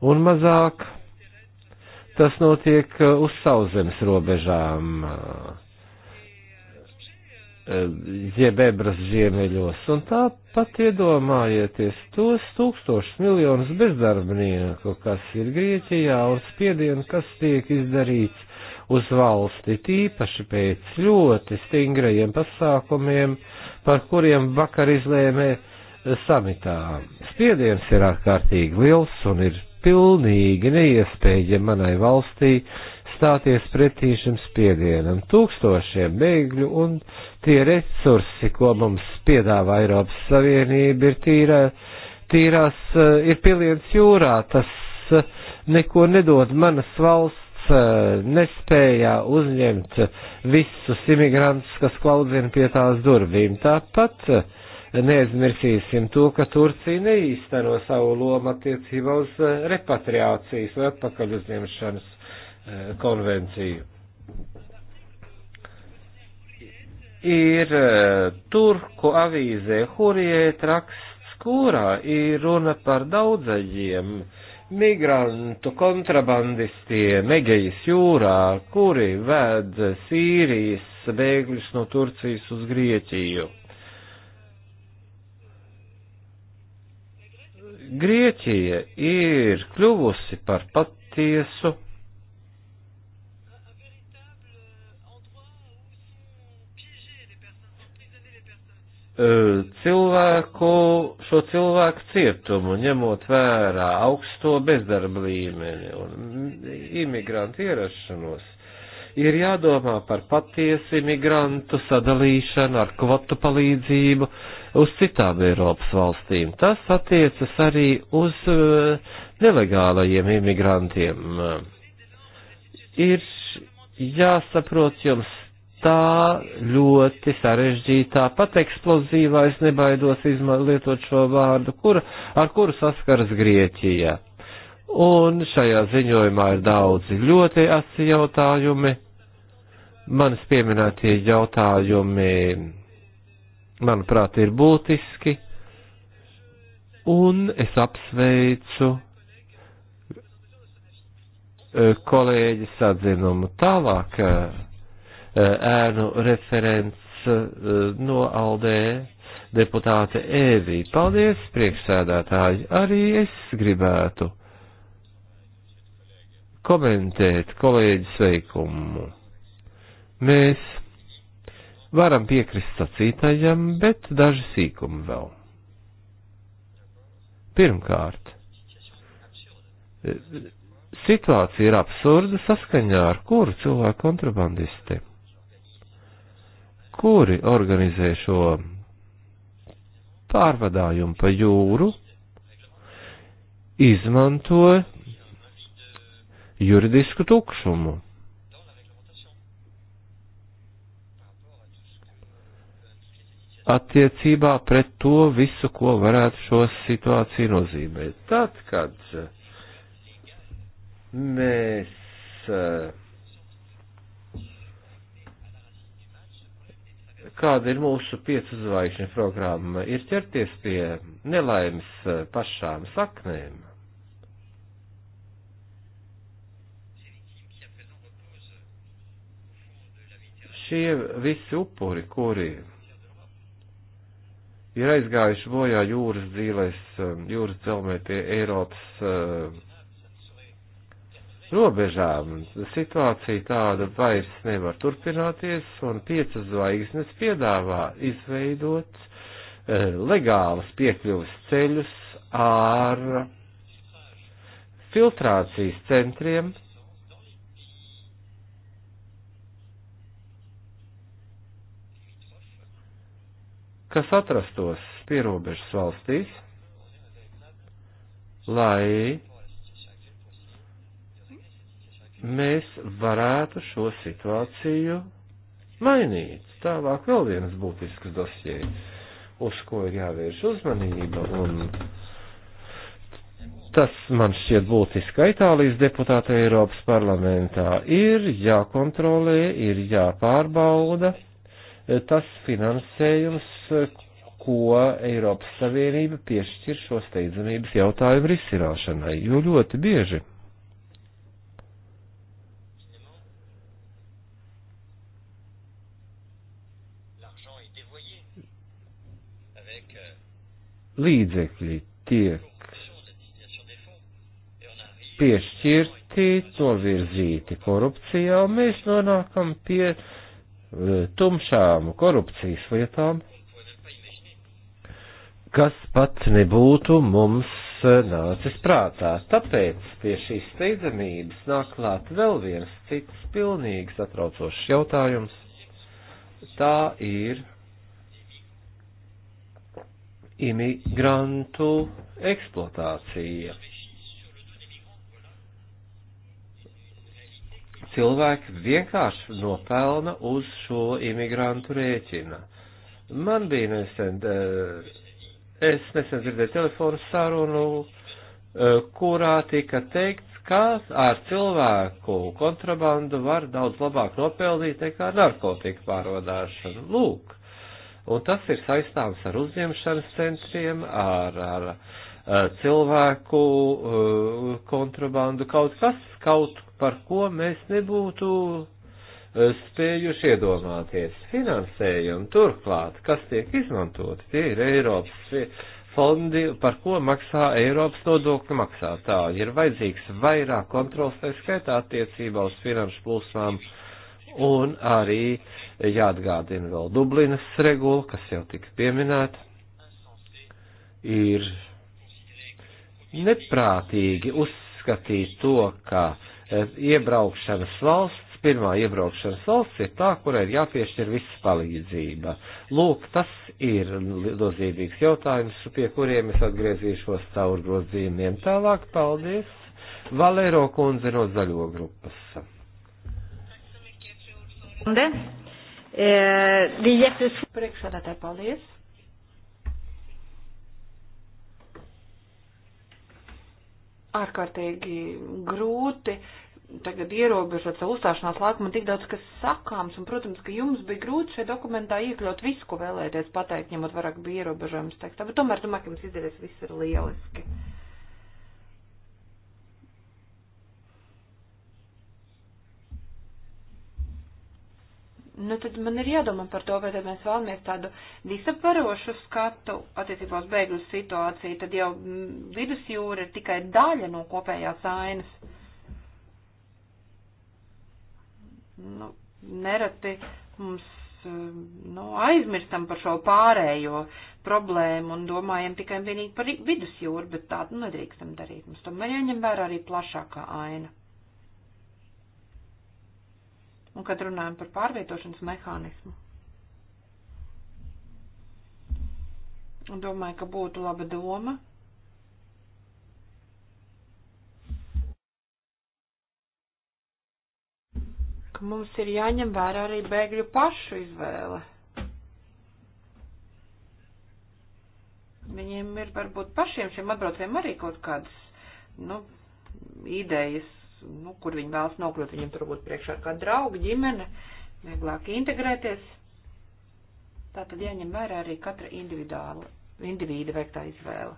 Speaker 3: Un mazāk tas notiek uh, uz sauszemes robežām jeb ebras ziemeļos. Un tāpat iedomājieties tos tūkstošus miljonus bezdarbnieku, kas ir Grieķijā un spiedienu, kas tiek izdarīts uz valsti, tīpaši pēc ļoti stingrajiem pasākumiem, par kuriem vakar izlēmē samitā. Spiediens ir ārkārtīgi liels un ir pilnīgi neiespējami manai valstī stāties pretī šim spiedienam. Tūkstošiem bēgļu un uh, tie resursi, ko mums piedāvā Eiropas Savienība, ir tīrā, tīrās, eh, ir piliens jūrā, tas eh, neko nedod manas valsts eh, nespējā uzņemt visus imigrantus, kas klaudzina pie tās durvīm. Tāpat neaizmirsīsim to, ka Turcija neīsteno savu lomu attiecībā uz repatriācijas vai atpakaļ uzņemšanas konvenciju. ir eh, turku avīzē Huriet raksts, kurā ir runa par daudzajiem migrantu kontrabandistiem Egejas jūrā, kuri ved Sīrijas bēgļus no Turcijas uz Grieķiju. Grieķija ir kļuvusi par patiesu E, cilvēku, šo cilvēku cietumu, ņemot vērā augsto bezdarba līmeni un imigrantu ierašanos, ir jādomā par patiesi imigrantu sadalīšanu ar kvotu palīdzību uz citām Eiropas valstīm. Tas attiecas arī uz e, nelegālajiem imigrantiem. Ir jāsaprot jums tā ļoti sarežģītā, pat eksplozīvā, es nebaidos izmantot šo vārdu, kur, ar kuru saskaras Grieķija. Un šajā ziņojumā ir daudzi ļoti asi jautājumi. Manis pieminētie jautājumi, manuprāt, ir būtiski. Un es apsveicu eh, kolēģis atzinumu tālāk eh, Eh, ēnu referents eh, no Aldē deputāte Ēvī. Paldies, priekšsēdētāji. Arī es gribētu komentēt kolēģi sveikumu. Mēs varam piekrist sacītajam, bet daži sīkumi vēl. Pirmkārt, eh, situācija ir absurda saskaņā ar kuru cilvēku kontrabandisti kuri organizē šo pārvadājumu pa jūru, izmanto juridisku tukšumu. Attiecībā pret to visu, ko varētu šo situāciju nozīmēt. Tad, kad mēs uh, kāda ir mūsu piecu zvaigžņu programma, ir ķerties pie nelaimes eh, pašām saknēm. Šie visi upuri, kuri ir aizgājuši bojā jūras dzīvēs, eh, jūras dzelmē pie Eiropas eh, robežām. Situācija tāda vairs nevar turpināties, un piecas zvaigznes piedāvā izveidot eh, legālas piekļuvas ceļus ar filtrācijas centriem, kas atrastos pierobežas valstīs, lai mēs varētu šo situāciju mainīt. Tālāk vēl viens būtisks dosie, uz ko ir jāvērš uzmanība, un tas man šķiet būtiski Itālijas deputāta Eiropas parlamentā, ir jākontrolē, ir jāpārbauda e, tas finansējums, ko Eiropas Savienība piešķir šo steidzamības jautājumu risināšanai, jo ļoti bieži līdzekļi tiek piešķirti, novirzīti korupcijā, un mēs nonākam pie e, tumšām korupcijas lietām, kas pat nebūtu mums e, nācis prātā. Tāpēc pie šīs steidzamības nāk klāt vēl viens cits pilnīgi satraucošs jautājums. Tā ir imigrantu eksploatācija. Cilvēki vienkārši nopelna uz šo imigrantu rēķina. Man bija nesen, eh, es nesen dzirdēju telefonu sarunu, eh, kurā tika teikts, ka ar cilvēku kontrabandu var daudz labāk nopelnīt nekā narkotiku pārvadāšanu. Lūk, un tas ir saistāms ar uzņemšanas centriem, ar, ar, ar cilvēku uh, kontrabandu, kaut kas, kaut par ko mēs nebūtu uh, spējuši iedomāties. Finansējumi turklāt, kas tiek izmantoti, tie ir Eiropas fondi, par ko maksā Eiropas nodokļu maksātāji. Ir vajadzīgs vairāk kontrols, tā skaitā attiecībā uz finanšu plūsmām. Uh, Un arī jāatgādina vēl Dublinas regula, kas jau tika pieminēta, ir neprātīgi uzskatīt to, ka eh, iebraukšanas valsts pirmā iebraukšanas valsts ir tā, kurai ir jāpiešķir viss palīdzība. Lūk, tas ir nozīmīgs jautājums, pie kuriem es atgriezīšos caur grozījumiem. Tālāk, paldies, Valero kundze no zaļo grupas.
Speaker 1: E, Priekšsēdētāji, paldies!
Speaker 4: Ārkārtīgi grūti tagad ierobežot savu uzstāšanās laiku, man tik daudz kas sakāms, un, protams, ka jums bija grūti šajā dokumentā iekļaut visu, ko vēlēties pateikt, ņemot vairāk bija ierobežojums tekstā, bet tomēr, domāju, ka jums izdevies viss ir lieliski. Uh, nu tad man ir jādomā par to, vai tad mēs vēlamies tādu visaparošu skatu attiecībā uz bēgļu situāciju, tad jau mm, vidusjūra ir tikai daļa no kopējās ainas. Nu, nereti mums mm, nu, aizmirstam par šo pārējo problēmu un domājam tikai un vienīgi par vidusjūru, bet tādu nu, nedrīkstam darīt. Mums tomēr jāņem vērā arī plašākā aina. Un kad runājam par pārvietošanas mehānismu, domāju, ka būtu laba doma ka mums ir jāņem vērā arī bēgļu pašu izvēle. Viņiem ir varbūt pašiem šiem atbraucējiem arī kaut kādas, nu, idejas nu, kur viņi vēlas nokļūt, viņiem tur būtu priekšā kā draugi, ģimene, vieglāk integrēties. Tātad jāņem vērā arī katra individuāla, individu veiktā izvēle.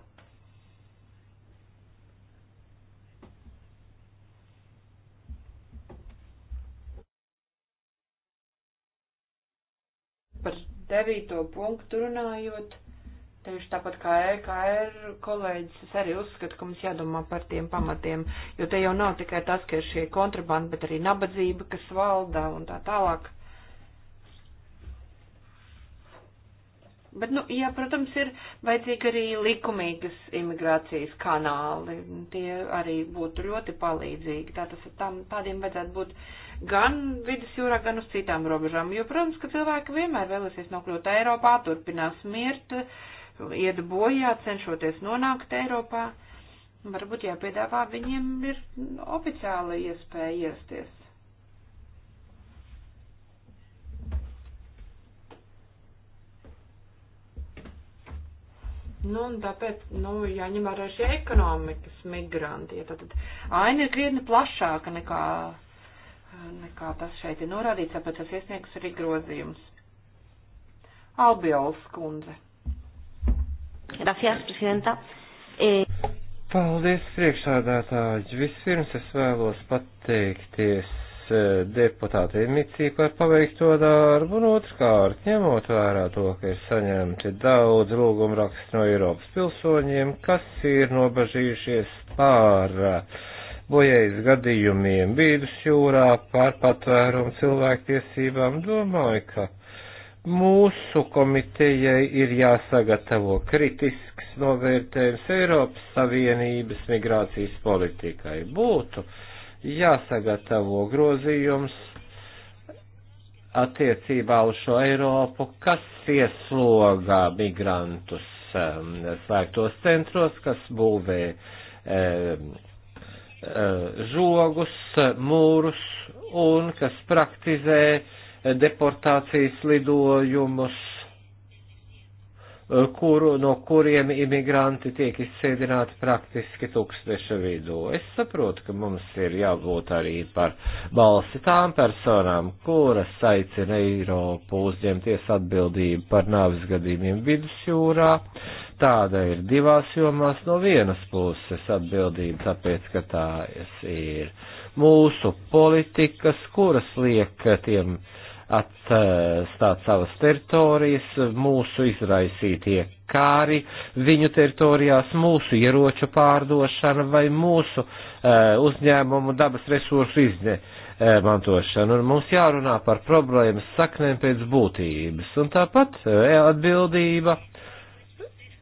Speaker 4: Par devīto punktu runājot Tieši tāpat kā EKR kolēģis, es arī uzskatu, ka mums jādomā par tiem pamatiem, jo te jau nav tikai tas, ka ir šie kontrabandi, bet arī nabadzība, kas valda un tā tālāk. Bet, nu, jā, protams, ir vajadzīgi arī likumīgas imigrācijas kanāli. Tie arī būtu ļoti palīdzīgi. Tā tas tam, tādiem vajadzētu būt gan vidus jūrā, gan uz citām robežām. Jo, protams, ka cilvēki vienmēr vēlēsies nokļūt Eiropā, turpinās mirt. Uh, iet bojā, cenšoties nonākt Eiropā. Varbūt jāpiedāvā viņiem ir oficiāla iespēja iesties. Nu, un tāpēc, nu, jāņem vērā šie ekonomikas migranti. Ja tad aina ir krietni plašāka nekā, nekā tas šeit ir norādīts, tāpēc es iesniegšu arī grozījumus. Albiols kundze. Gracias, prezidenta.
Speaker 3: E... Eh, Paldies, priekšsādātāji. Vispirms es vēlos pateikties eh, deputātei Micī par paveikto darbu, un otrkārt, ņemot vērā to, ka ir saņemti daudz lūgumrakstu no Eiropas pilsoņiem, kas ir nobažījušies pār eh, bojējas gadījumiem vīdus jūrā, pār patvērumu cilvēktiesībām, domāju, ka Mūsu komitejai ir jāsagatavo kritisks novērtējums Eiropas Savienības migrācijas politikai. Būtu jāsagatavo grozījums attiecībā uz šo Eiropu, kas ieslogā migrantus um, slēgtos centros, kas būvē um, uh, žogus, mūrus un kas praktizē uh, deportācijas lidojumus, kuru, no kuriem imigranti tiek izsēdināti praktiski tūkstneša vidū. Es saprotu, ka mums ir jābūt arī par balsi tām personām, kuras aicina Eiropu uzņemties atbildību par nāvis gadījumiem vidusjūrā. Tāda ir divās jomās no vienas puses atbildība, tāpēc, ka tā ir mūsu politikas, kuras liek tiem uh, atstāt savas teritorijas, mūsu izraisītie kāri viņu teritorijās, mūsu ieroču pārdošana vai mūsu eh, uzņēmumu dabas resursu izmantošana. Eh, Un mums jārunā par problēmas saknēm pēc būtības. Un tāpat eh, atbildība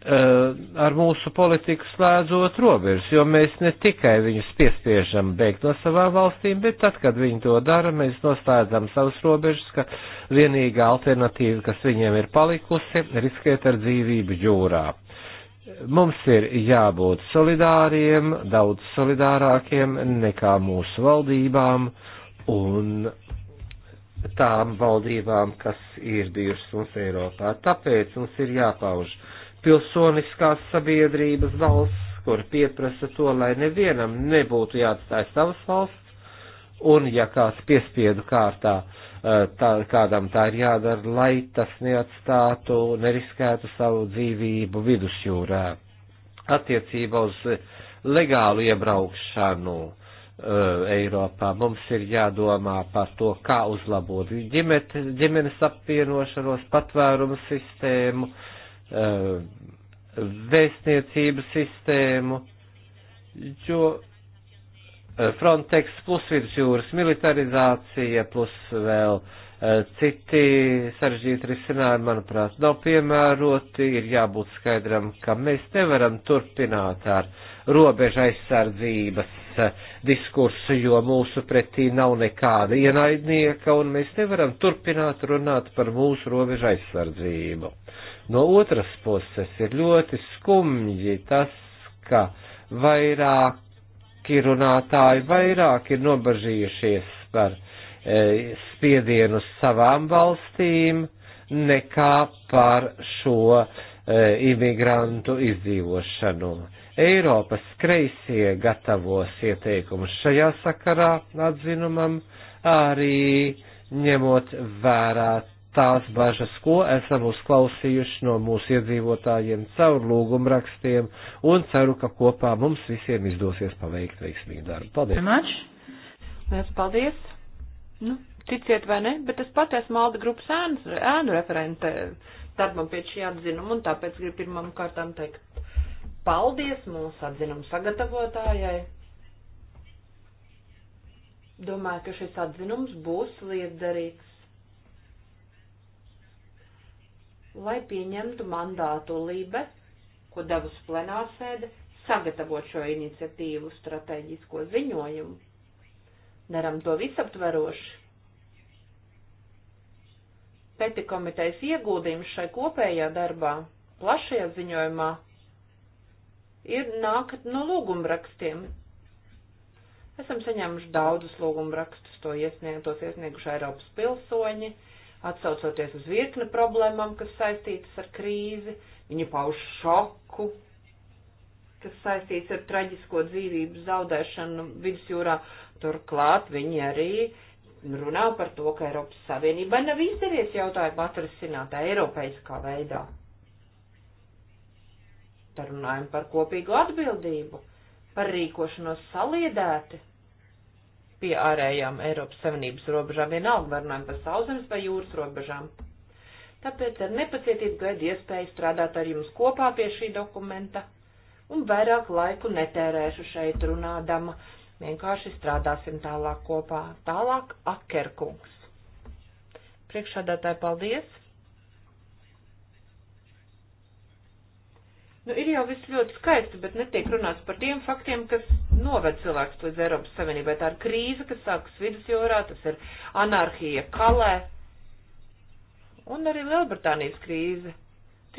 Speaker 3: Eh, ar mūsu politiku slēdzot robežas, jo mēs ne tikai viņus piespiežam bēgt no savām valstīm, bet tad, kad viņi to dara, mēs noslēdzam savas robežas, ka vienīgā alternatīva, kas viņiem ir palikusi, ir riskēt ar dzīvību jūrā. Mums ir jābūt solidāriem, daudz solidārākiem nekā mūsu valdībām un tām valdībām, kas ir bijušas mums Eiropā. Tāpēc mums ir jāpauž uh, pilsoniskās sabiedrības balss, kur pieprasa to, lai nevienam nebūtu jāatstāj savas valsts, un ja kāds piespiedu kārtā eh, tā, kādam tā ir jādara, lai tas neatstātu, neriskētu savu dzīvību vidusjūrā. Attiecībā uz legālu iebraukšanu uh, Eiropā mums ir jādomā par to, kā uzlabot ģimet, ģimenes apvienošanos, patvērumu sistēmu, uh, Uh, vēstniecības sistēmu, jo uh, Frontex plus vidusjūras militarizācija plus vēl uh, citi sarežģīti risinājumi, manuprāt, nav piemēroti, ir jābūt skaidram, ka mēs nevaram turpināt ar robeža aizsardzības diskursu, jo mūsu pretī nav nekāda ienaidnieka, un mēs nevaram turpināt runāt par mūsu robeža aizsardzību. Uh, No otras puses ir ļoti skumji tas, ka vairāki runātāji vairāk ir nobažījušies par e, spiedienu savām valstīm nekā par šo e, imigrantu izdzīvošanu. Eiropas kreisie gatavos ieteikumus šajā sakarā atzinumam, arī ņemot vērā tās bažas, ko esam uzklausījuši no mūsu iedzīvotājiem caur lūgumrakstiem, un ceru, ka kopā mums visiem izdosies paveikt veiksmīgu darbu. Paldies!
Speaker 4: Mēs paldies! Nu, ticiet vai ne, bet es pat esmu Alda grupas ēnu, ēnu referente darbam pie šī atzinuma, un tāpēc gribu pirmam kārtām teikt paldies mūsu atzinuma sagatavotājai. Domāju, ka šis atzinums būs lietderīgs lai pieņemtu mandātu Lībe, ko devus plenārsēde, sagatavot šo iniciatīvu strateģisko ziņojumu. Neram to visaptveroši. Peti komitejas ieguldījums šai kopējā darbā, plašajā ziņojumā, ir nākat no lūgumrakstiem. Esam saņēmuši daudzus lūgumrakstus, to iesniegtos iesnieguši Eiropas pilsoņi, atsaucoties uz virkni problēmām, kas saistītas ar krīzi, viņi pauž šoku, kas saistīts ar traģisko dzīvību zaudēšanu vidusjūrā. Turklāt viņi arī runā par to, ka Eiropas Savienībai nav izdevies jautājumu atrisināt Eiropaiskā veidā. Te runājam par kopīgu atbildību, par rīkošanos saliedēti pie ārējām Eiropas Savienības robežām, vienalga vai runājam par sauszemes vai jūras robežām. Tāpēc ar nepacietību gaidu iespēju strādāt ar jums kopā pie šī dokumenta un vairāk laiku netērēšu šeit runādama. Vienkārši strādāsim tālāk kopā. Tālāk Akerkungs. Priekšādātāji, paldies! Nu, ir jau viss ļoti skaisti, bet netiek runāts par tiem faktiem, kas noved cilvēks līdz Eiropas Savienībai. Tā ir krīze, kas sākas vidusjūrā, tas ir anarhija kalē un arī Lielbritānijas krīze.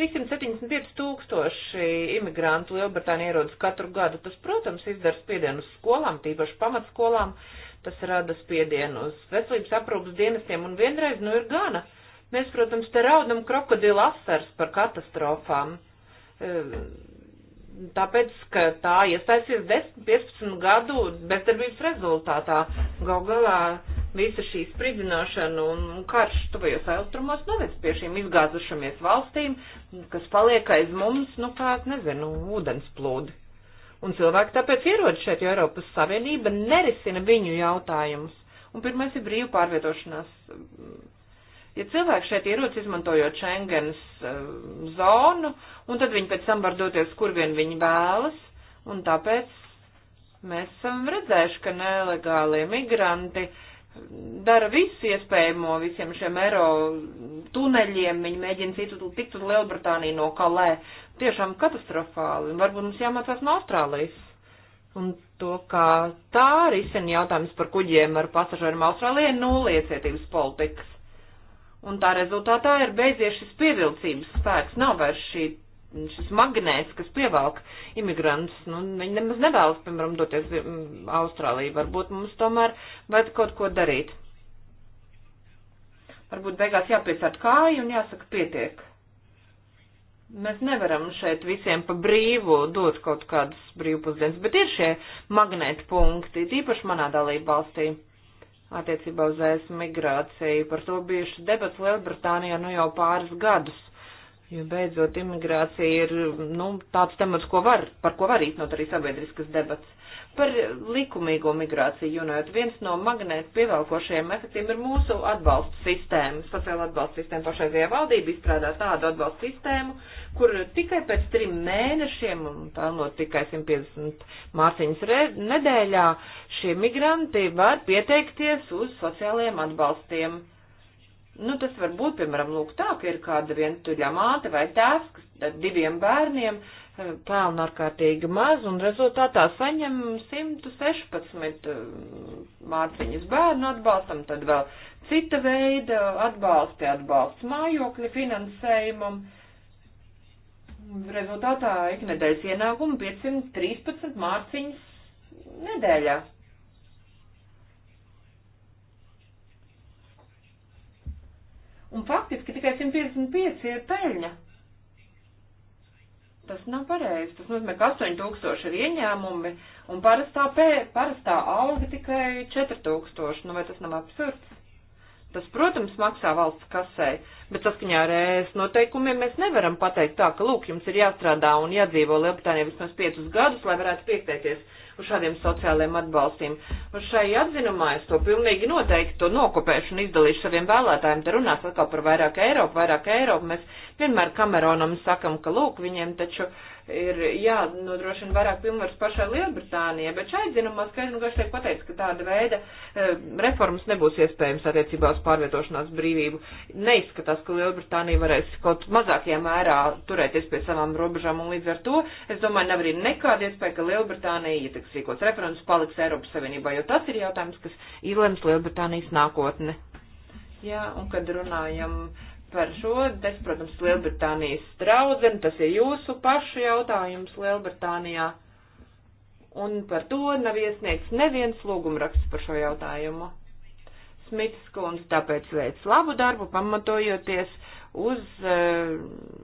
Speaker 4: 375 tūkstoši imigrantu Lielbritānija ierodas katru gadu. Tas, protams, izdara spiedienu uz skolām, tīpaši pamatskolām. Tas rada spiedienu uz veselības aprūpas dienestiem un vienreiz nu ir gana. Mēs, protams, te raudam krokodila asars par katastrofām. Ehm, tāpēc, ka tā iestāsies 10, 15 gadu bezdarbības rezultātā. Gal galā visa šī spridzināšana un karš tuvajos austrumos noved pie šīm izgāzušamies valstīm, kas paliek aiz mums, nu kā, nezinu, ūdens plūdi. Un cilvēki tāpēc ierod šeit, jo Eiropas Savienība nerisina viņu jautājumus. Un pirmais ir brīva pārvietošanās ja cilvēki šeit ierodas izmantojot Schengens uh, zonu, un tad viņi pēc tam var doties, kur vien viņi vēlas, un tāpēc mēs esam redzējuši, ka nelegālie migranti eh, dara visu iespējamo visiem šiem eiro tuneļiem, viņi mēģina citu tikt uz Lielbritāniju no Kalē. Tiešām katastrofāli, un varbūt mums jāmācās no Austrālijas. Un to, kā tā risina jautājums par kuģiem ar pasažieriem Austrālijai, nulliecietības politikas un tā rezultātā ir beidzies šis pievilcības spēks, nav vairs šī, šis magnēts, kas pievelk imigrantus, nu, viņi nemaz nevēlas, piemēram, doties mm, Austrāliju, varbūt mums tomēr vajag kaut ko darīt. Varbūt beigās jāpiecēt kāju un jāsaka pietiek. Mēs nevaram šeit visiem pa brīvu dot kaut kādas brīvpusdienas, bet ir šie magnēti punkti, tīpaši manā dalība valstī attiecībā uz ēs migrāciju. Par to bijuši debats Lielbritānijā nu jau pāris gadus. Jo beidzot imigrācija ir, nu, tāds temats, ko var, par ko var īstenot arī sabiedriskas debats. Par likumīgo migrāciju runājot, viens no magnētu pievelkošajiem efektiem ir mūsu atbalsta sistēma. Sociāla atbalsta sistēma pašreizajā valdība izstrādā tādu atbalsta sistēmu, kur tikai pēc trim mēnešiem, un tā no tikai 150 mārciņas re, nedēļā, šie migranti var pieteikties uz sociālajiem atbalstiem. Nu, tas var būt, piemēram, lūk tā, ka ir kāda vientuļa māte vai tēvs, kas ar diviem bērniem uh, pelna ārkārtīgi maz, un rezultātā saņem 116 eh, mārciņas bērnu atbalstam, tad vēl cita veida atbalsti, atbalsts mājokļa finansējumam. Rezultātā iknedēļas ienākumu 513 mārciņas nedēļā. Un faktiski tikai 155 ir peļņa. Tas nav pareizi. Tas nozīmē, ka 8000 ir ieņēmumi un parastā, pē, parastā alga tikai 4000. Nu vai tas nav absurds? Tas, protams, maksā valsts kasē, bet saskaņā ar ES noteikumiem mēs nevaram pateikt tā, ka, lūk, jums ir jāstrādā un jādzīvo Lielbritānijā vismaz piecus gadus, lai varētu piektēties uz šādiem sociālajiem atbalstiem. Un šai atzinumā es to pilnīgi noteikti to nokopēšu un izdalīšu saviem vēlētājiem. Te runās atkal par vairāk Eiropu, vairāk Eiropu. Mēs vienmēr Kameronam sakam, ka lūk, viņiem taču ir jānodrošina vairāk pilnvaras pašai Lielbritānijai, bet šai zināmā skaidru un garšu tiek pateikts, ka tāda veida eh, reformas nebūs iespējams attiecībā uz pārvietošanās brīvību. Neizskatās, ka Lielbritānija varēs kaut mazākajā mērā turēties pie savām robežām un līdz ar to, es domāju, nav arī nekāda iespēja, ka Lielbritānija, ja tiks rīkots referendums, paliks Eiropas Savienībā, jo tas ir jautājums, kas ielems Lielbritānijas nākotni. Jā, un kad runājam par šo. Es, protams, Lielbritānijas draudzene, tas ir jūsu pašu jautājums Lielbritānijā. Un par to nav iesniegts neviens lūgumraksts par šo jautājumu. Smits kundze tāpēc veic labu darbu, pamatojoties uz uh,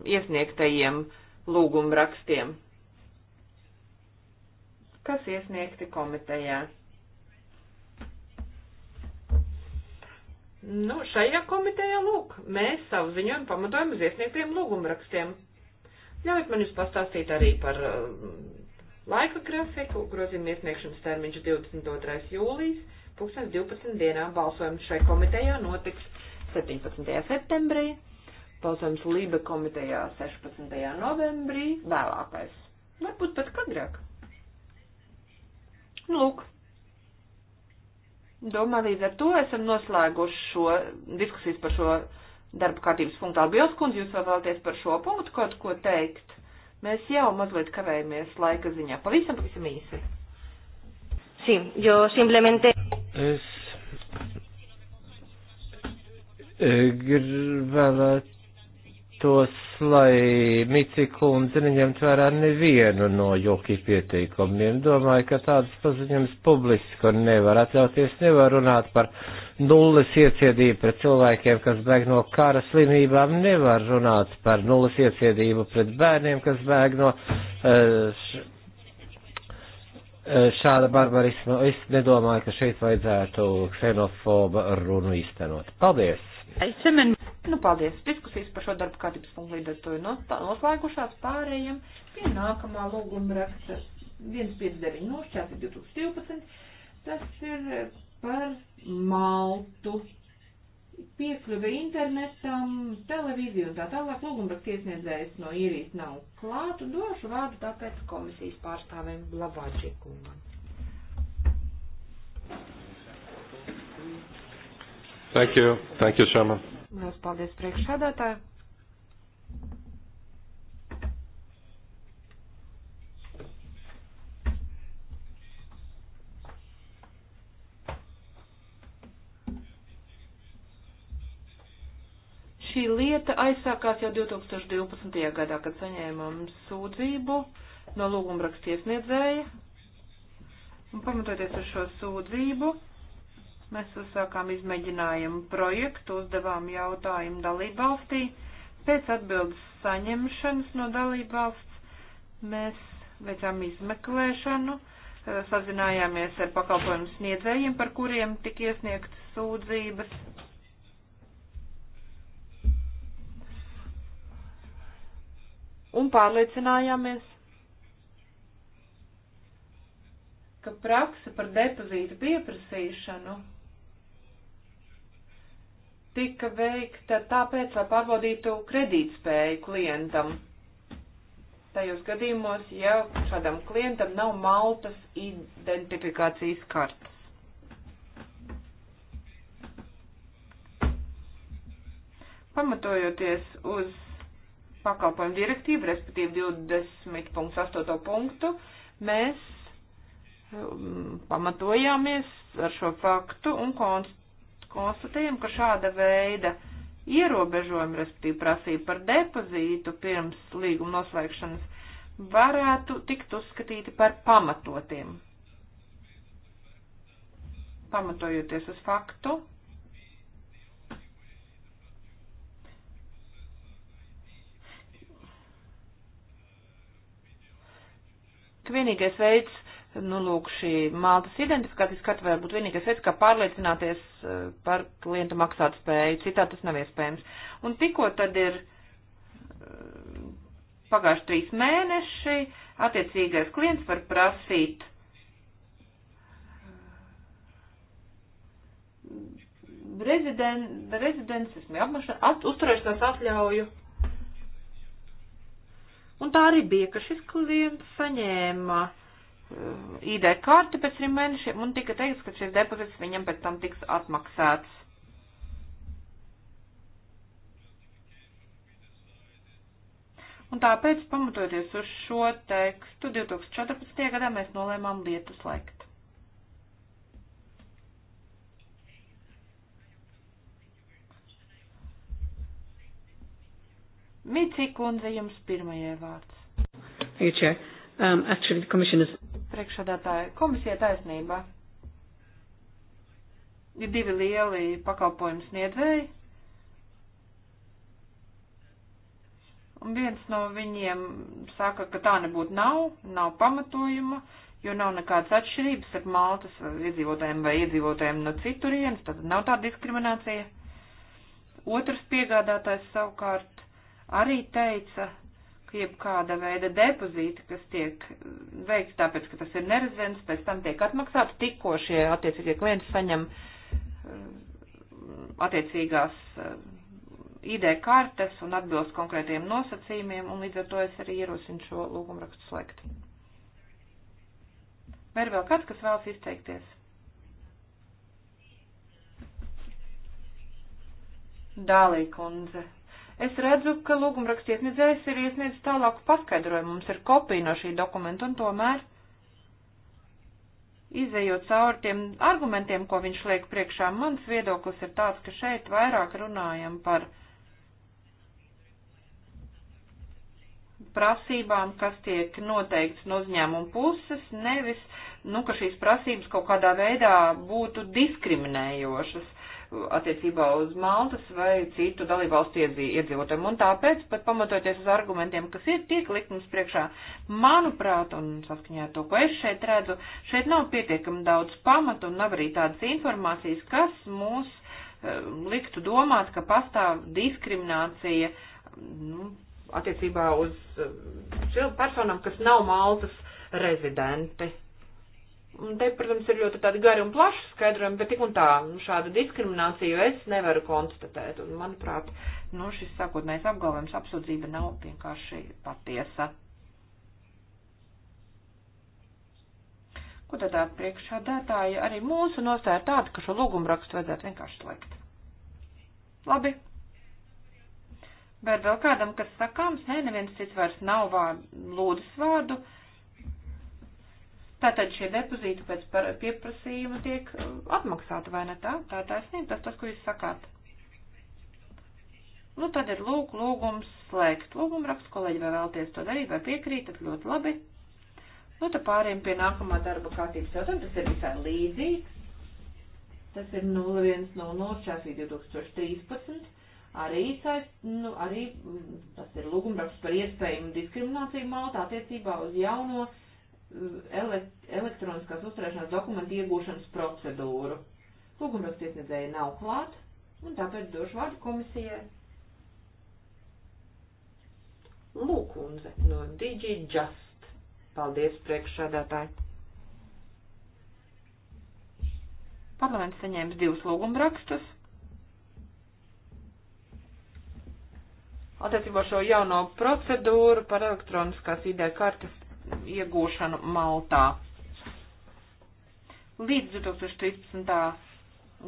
Speaker 4: iesniegtajiem lūgumrakstiem, kas iesniegti komitejā. Nu, šajā komitejā, lūk, mēs savu ziņojumu pamatojam uz iesniegtiem lūgumrakstiem. Ļaujiet man jūs pastāstīt arī par uh, laika grafiku. Grozījuma iesniegšanas termiņš 22. jūlijas, 2012. dienā balsojums šai komitejā notiks 17. septembrī, balsojums Lība komitejā 16. novembrī, vēlākais. Varbūt pat kadrāk. Nu, lūk, Domāju, līdz ar to esam noslēguši šo diskusijas par šo darba kārtības punktu. Albios kundze, jūs vēl vēlaties par šo punktu kaut ko teikt? Mēs jau mazliet kavējamies laika ziņā. Pavisam, pavisam īsi.
Speaker 1: Sí, yo simplemente... Es
Speaker 3: eh, gribētu vēlētos, lai Micikundze neņemt vērā nevienu no joki pieteikumiem. Domāju, ka tādas paziņojums publiski un nevar atļauties, nevar runāt par nulles ieciedību pret cilvēkiem, kas bēg no kara slimībām, nevar runāt par nulles ieciedību pret bērniem, kas bēg no eh, eh, šāda barbarisma. Es nedomāju, ka šeit vajadzētu ksenofoba runu īstenot. Paldies!
Speaker 1: Aicemen. Nu, paldies. Diskusijas par šo darbu kārtības
Speaker 4: punktu līdz ar to ir noslēgušās pārējiem pie nākamā lūguma raksta 159 nošķērta 2012. Tas ir eh, par Maltu. Piekļuve internetam, televīziju un tā tālāk lūgumraksts iesniedzējs no īrijas nav klāt un došu vārdu tāpēc komisijas pārstāvēm Lavāģikungam.
Speaker 3: Thank you. Thank you, Chairman.
Speaker 4: Lielas paldies priekšsēdētāju.
Speaker 1: šī lieta aizsākās jau
Speaker 4: 2012. gadā, kad saņēmām sūdzību no lūgumrakstiesniedzēja. Un pamatoties uz šo sūdzību, Mēs uzsākām izmēģinājumu projektu, uzdevām jautājumu dalībvalstī. Pēc atbildes saņemšanas no dalībvalsts mēs veicām izmeklēšanu, eh, sazinājāmies ar pakalpojumu sniedzējiem, par kuriem tika iesniegtas sūdzības. Un pārliecinājāmies, ka praksa par depozītu pieprasīšanu tika veikta tāpēc, lai pārbaudītu kredītspēju klientam. Tajos gadījumos, ja šādam klientam nav maltas identifikācijas kartas. Pamatojoties uz pakalpojumu direktīvu, respektīvi 20.8. punktu, mēs um, pamatojāmies ar šo faktu un konstatējām, konstatējam, ka šāda veida ierobežojumi, respektīvi prasība par depozītu pirms līguma noslēgšanas, varētu tikt uzskatīti par pamatotiem. Pamatojoties uz faktu, ka vienīgais veids, nu, lūk, šī maltas identifikācijas karta varētu būt vienīgais veids, kā pārliecināties eh, par klientu maksāt spēju. Citā tas nav iespējams. Un tikko tad ir eh, pagājuši trīs mēneši, attiecīgais klients var prasīt rezident, rezidences, at, uzturēšanās atļauju. Un tā arī bija, ka šis klients saņēma Uh, ID karti pēc trim mēnešiem un tika teikts, ka šis depozits viņam pēc tam tiks atmaksāts. Un tāpēc, pamatoties uz šo tekstu, 2014. gadā mēs nolēmām lietu slēgt. Mīcī kundze, jums pirmajai vārds.
Speaker 1: Thank you, Chair. Um, actually, the Commission is
Speaker 4: Priekšādātāja komisija taisnība. Ir divi lieli pakalpojumu sniedzēji. Un viens no viņiem saka, ka tā nebūtu nav, nav pamatojuma, jo nav nekādas atšķirības starp Maltas iedzīvotājiem vai iedzīvotājiem no citurienes, tad nav tāda diskriminācija. Otrs piegādātājs savukārt arī teica, jebkāda veida depozīti, kas tiek veikts tāpēc, ka tas ir nerezidents, pēc tam tiek atmaksāts tikko šie attiecīgie klienti saņem eh, attiecīgās eh, ID kartes un atbilst konkrētiem nosacījumiem, un līdz ar to es arī ierosinu šo lūgumrakstu slēgt. Vai ir vēl kāds, kas vēlas izteikties? Dālī kundze es redzu, ka lūgumraksts iesniedzējs ir iesniedzis tālāku paskaidrojumu. Mums ir kopija no šī dokumenta, un tomēr, izējot cauri tiem argumentiem, ko viņš liek priekšā, mans viedoklis ir tāds, ka šeit vairāk runājam par prasībām, kas tiek noteikts no uzņēmuma puses, nevis, nu, ka šīs prasības kaut kādā veidā būtu diskriminējošas attiecībā uz Maltas vai citu dalībvalstu iedzīvotājiem. Un tāpēc, pat pamatoties uz argumentiem, kas ir tiek likt mums priekšā, manuprāt, un saskaņā ar to, ko es šeit redzu, šeit nav pietiekami daudz pamatu un nav arī tādas informācijas, kas mūs uh, liktu domāt, ka pastāv diskriminācija nu, attiecībā uz uh, personām, kas nav Maltas rezidenti. Un te, protams, ir ļoti tādi gari un plaši skaidrojumi, bet tik un tā, nu, šāda diskriminācija es nevaru konstatēt. Un, manuprāt, nu, šis sākotnējs apgalvojums apsūdzība nav vienkārši patiesa. Ko tad tā priekšādātāja arī mūsu nostāja tāda, ka šo lūgumu rakstu vajadzētu vienkārši slēgt? Labi. Bet vēl kādam, kas sakāms, nē, neviens cits vairs nav vārdu, lūdus vārdu. Uh, Tātad šie depozīti pēc pieprasījuma tiek uh, atmaksāti, vai ne tā? Tā taisnība, tas tas, ko jūs sakāt. Nu, tad ir lūk, lūgums slēgt. Lūgumu rakstu kolēģi, vai vēlties to darīt, vai piekrīt, tad ļoti labi. Nu, tad pāriem pie nākamā darba kārtības jautājuma, tas ir visai līdzīgs. Tas ir 01.04.2013. Arī, saist, nu, arī mm, tas ir lūgumraksts par iespējumu diskrimināciju Maltā attiecībā uz jauno elektroniskās uzturēšanās dokumentu iegūšanas procedūru. Lūgumrakstu iesniedzēja nav klāt, un tāpēc došu vārdu komisijai. Lūkundze no DigiJust. Paldies, priekšsādātāji. Parlaments saņēma divus lūgumrakstus. Attiecībā šo jauno procedūru par elektroniskās ID kartes iegūšanu Maltā. Līdz 2013.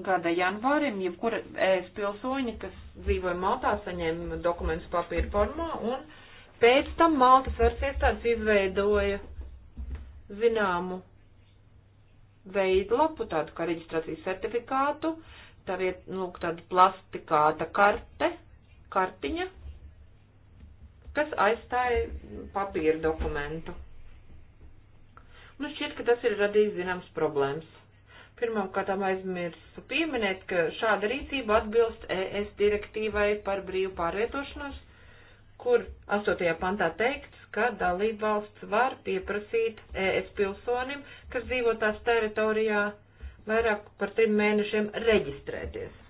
Speaker 4: gada janvārim jebkura ES pilsoņi, kas dzīvoja Maltā, saņēma dokumentus papīra formā un pēc tam Maltas varas iestādes izveidoja zināmu veidu lapu, tādu kā reģistrācijas certifikātu, tā viet, nu, tāda plastikāta karte, kartiņa, kas aizstāja papīra dokumentu. Nu, šķiet, ka tas ir radījis zināms problēmas. Pirmkārt, aizmirsu pieminēt, ka šāda rīcība atbilst ES direktīvai par brīvu pārvietošanos, kur 8. pantā teikts, ka dalībvalsts var pieprasīt ES pilsonim, kas dzīvo tās teritorijā, vairāk par trim mēnešiem reģistrēties.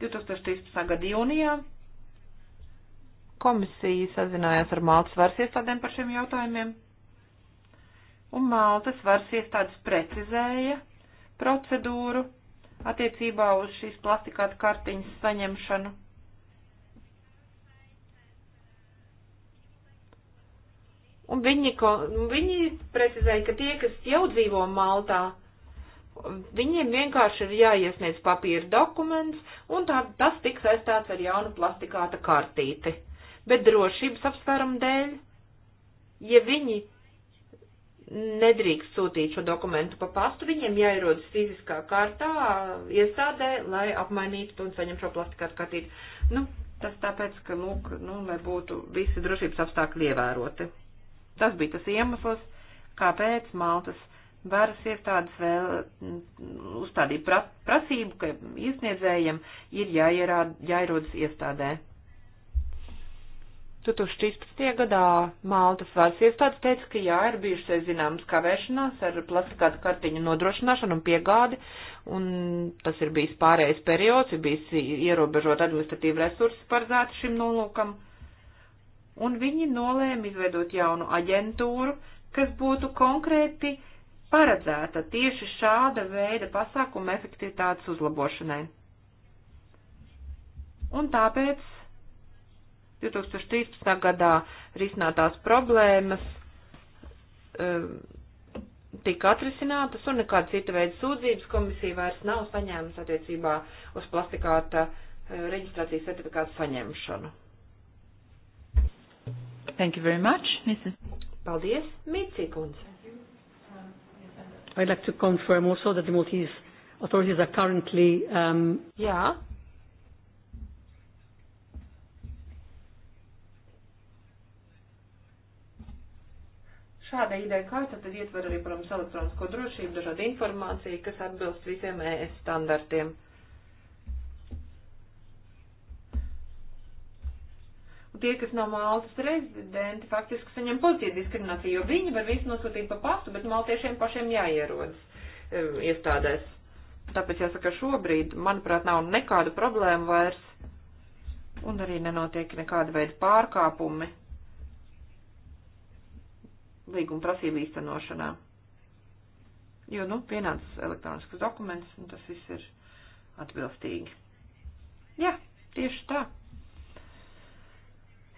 Speaker 4: 2013. gada jūnijā Komisija sazinājās ar Maltas varas iestādēm par šiem jautājumiem, un Maltas varas iestādes precizēja procedūru attiecībā uz šīs plastikāta kartiņas saņemšanu. Un viņi, viņi precizēja, ka tie, kas jau dzīvo Maltā, viņiem vienkārši ir jāiesniedz papīra dokuments, un tā, tas tiks aizstāts ar jaunu plastikāta kartīti bet drošības apsvērumu dēļ, ja viņi nedrīkst sūtīt šo dokumentu pa pastu, viņiem jāierodas fiziskā kārtā iestādē, lai apmainītu un saņemtu šo plastikā skatīt. Nu, tas tāpēc, ka, lūk, nu, lai būtu visi drošības apstākļi ievēroti. Tas bija tas iemesls, kāpēc Maltas varas iestādes vēl mm, uzstādīja prasību, ka iesniedzējiem ir jāierād, jāierodas iestādē. 2013. gadā Maltas varas iestādes teica, ka jā, ir bijušas zināmas kavēšanās ar plastikāta kartiņu nodrošināšanu un piegādi, un tas ir bijis pārējais periods, ir bijis ierobežot administratīvu resursu paredzētu šim nolūkam. Un viņi nolēma izveidot jaunu aģentūru, kas būtu konkrēti paredzēta tieši šāda veida pasākuma efektivitātes uzlabošanai. Un tāpēc 2013. gadā risinātās problēmas um, tika atrisinātas un nekāda cita veida sūdzības komisija vairs nav saņēmusi attiecībā uz plastikāta uh, reģistrācijas certifikātu saņemšanu.
Speaker 1: Thank you very much, Mrs.
Speaker 4: Paldies, Mitsi kundze.
Speaker 1: I'd like to confirm also that the Maltese authorities are currently... Um... Jā,
Speaker 4: Šāda ideja kārta tad ietver arī, protams, elektronisko drošību, dažādu informāciju, kas atbilst visiem ES standartiem. Un tie, kas nav Maltas rezidenti, faktiski saņem pozitīvu diskrimināciju, jo viņi var visu nosūtīt pa pastu, bet maltiešiem pašiem jāierodas e, iestādēs. Tāpēc jāsaka, šobrīd, manuprāt, nav nekādu problēmu vairs, un arī nenotiek nekāda veida pārkāpumi līguma prasību īstenošanā. Jo, nu, pienācis elektronisks dokuments, un tas viss ir atbilstīgi. Jā, tieši tā.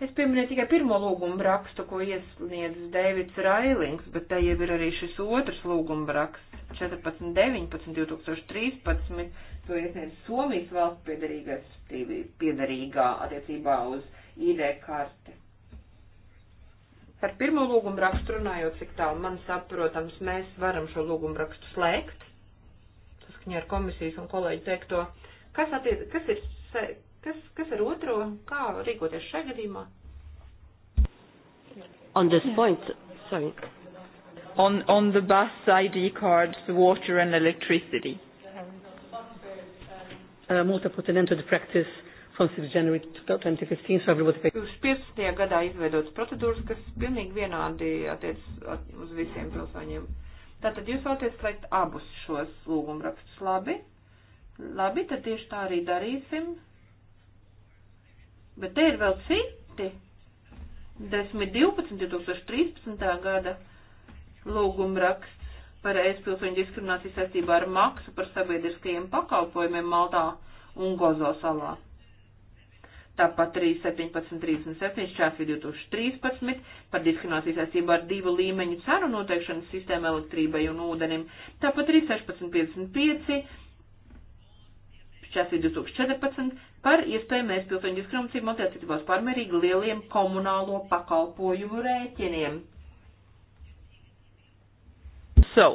Speaker 4: Es pieminēju tikai pirmo lūgumu rakstu, ko iesniedz Dēvids Railings, bet te jau ir arī šis otrs lūgumu raksts 14, 19, 2013, to iesniedz Somijas valsts piedarīgā attiecībā uz ID karti. Ar pirmo lūgumu rakstu runājot, cik tālu man saprotams, mēs varam šo lūgumu rakstu slēgt, saskaņā ar komisijas un kolēģi teikto. Kas, attiec, kas, ir, kas, kas ar otro, kā rīkoties šajā gadījumā?
Speaker 1: On this point, sorry. On, on the bus ID cards, water and electricity. Uh, multiple tenanted practice since January 2015, so everybody paid.
Speaker 4: 2015. gadā izveidotas procedūras, kas pilnīgi vienādi attiec uz visiem pilsoņiem. Tātad jūs vēlaties slēgt abus šos lūgumrakstus. Labi, labi, tad tieši tā arī darīsim. Bet te ir vēl citi 10, 12, 2013. gada lūgumraksts par ēstpilsoņu diskrimināciju saistībā ar maksu par sabiedriskajiem pakalpojumiem Maltā un Gozo salā tāpat arī 1737 šķērsvi 2013 par diskriminācijas aizsību ar divu līmeņu cenu noteikšanas sistēmu elektrībai un ūdenim, tāpat arī 1655 šķērsvi 2014 par iespējamu mēs pilsoņu diskrimināciju attiecībās pārmērīgi lieliem komunālo pakalpojumu rēķiniem.
Speaker 1: So,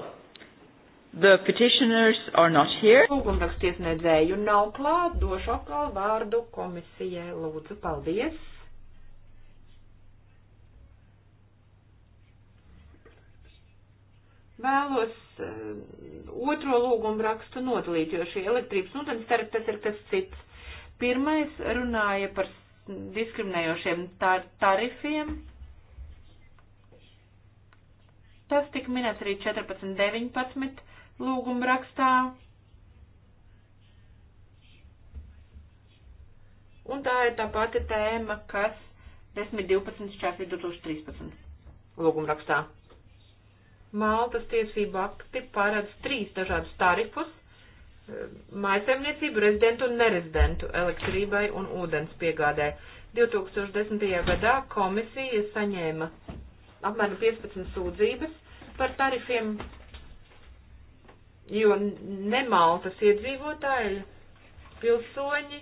Speaker 1: The
Speaker 4: petitioners are not here. Lūgumrakstiesniedzēju nav klāt, došu atkal vārdu komisijai. Lūdzu, paldies. Vēlos uh, otro lūgumu rakstu nodalīt, jo šī elektrības nodalījums starp tas ir kas cits. Pirmais runāja par diskriminējošiem tar tarifiem tas tika minēts arī 14.19 lūguma rakstā. Un tā ir tā pati tēma, kas 10.12. 2013. lūguma rakstā. Maltas tiesību akti paredz trīs dažādus tarifus eh, - mājasemniecību, rezidentu un nerezidentu elektrībai un ūdens piegādē. 2010. gadā komisija saņēma apmēram 15 sūdzības par tarifiem jo ne Maltas iedzīvotāji pilsoņi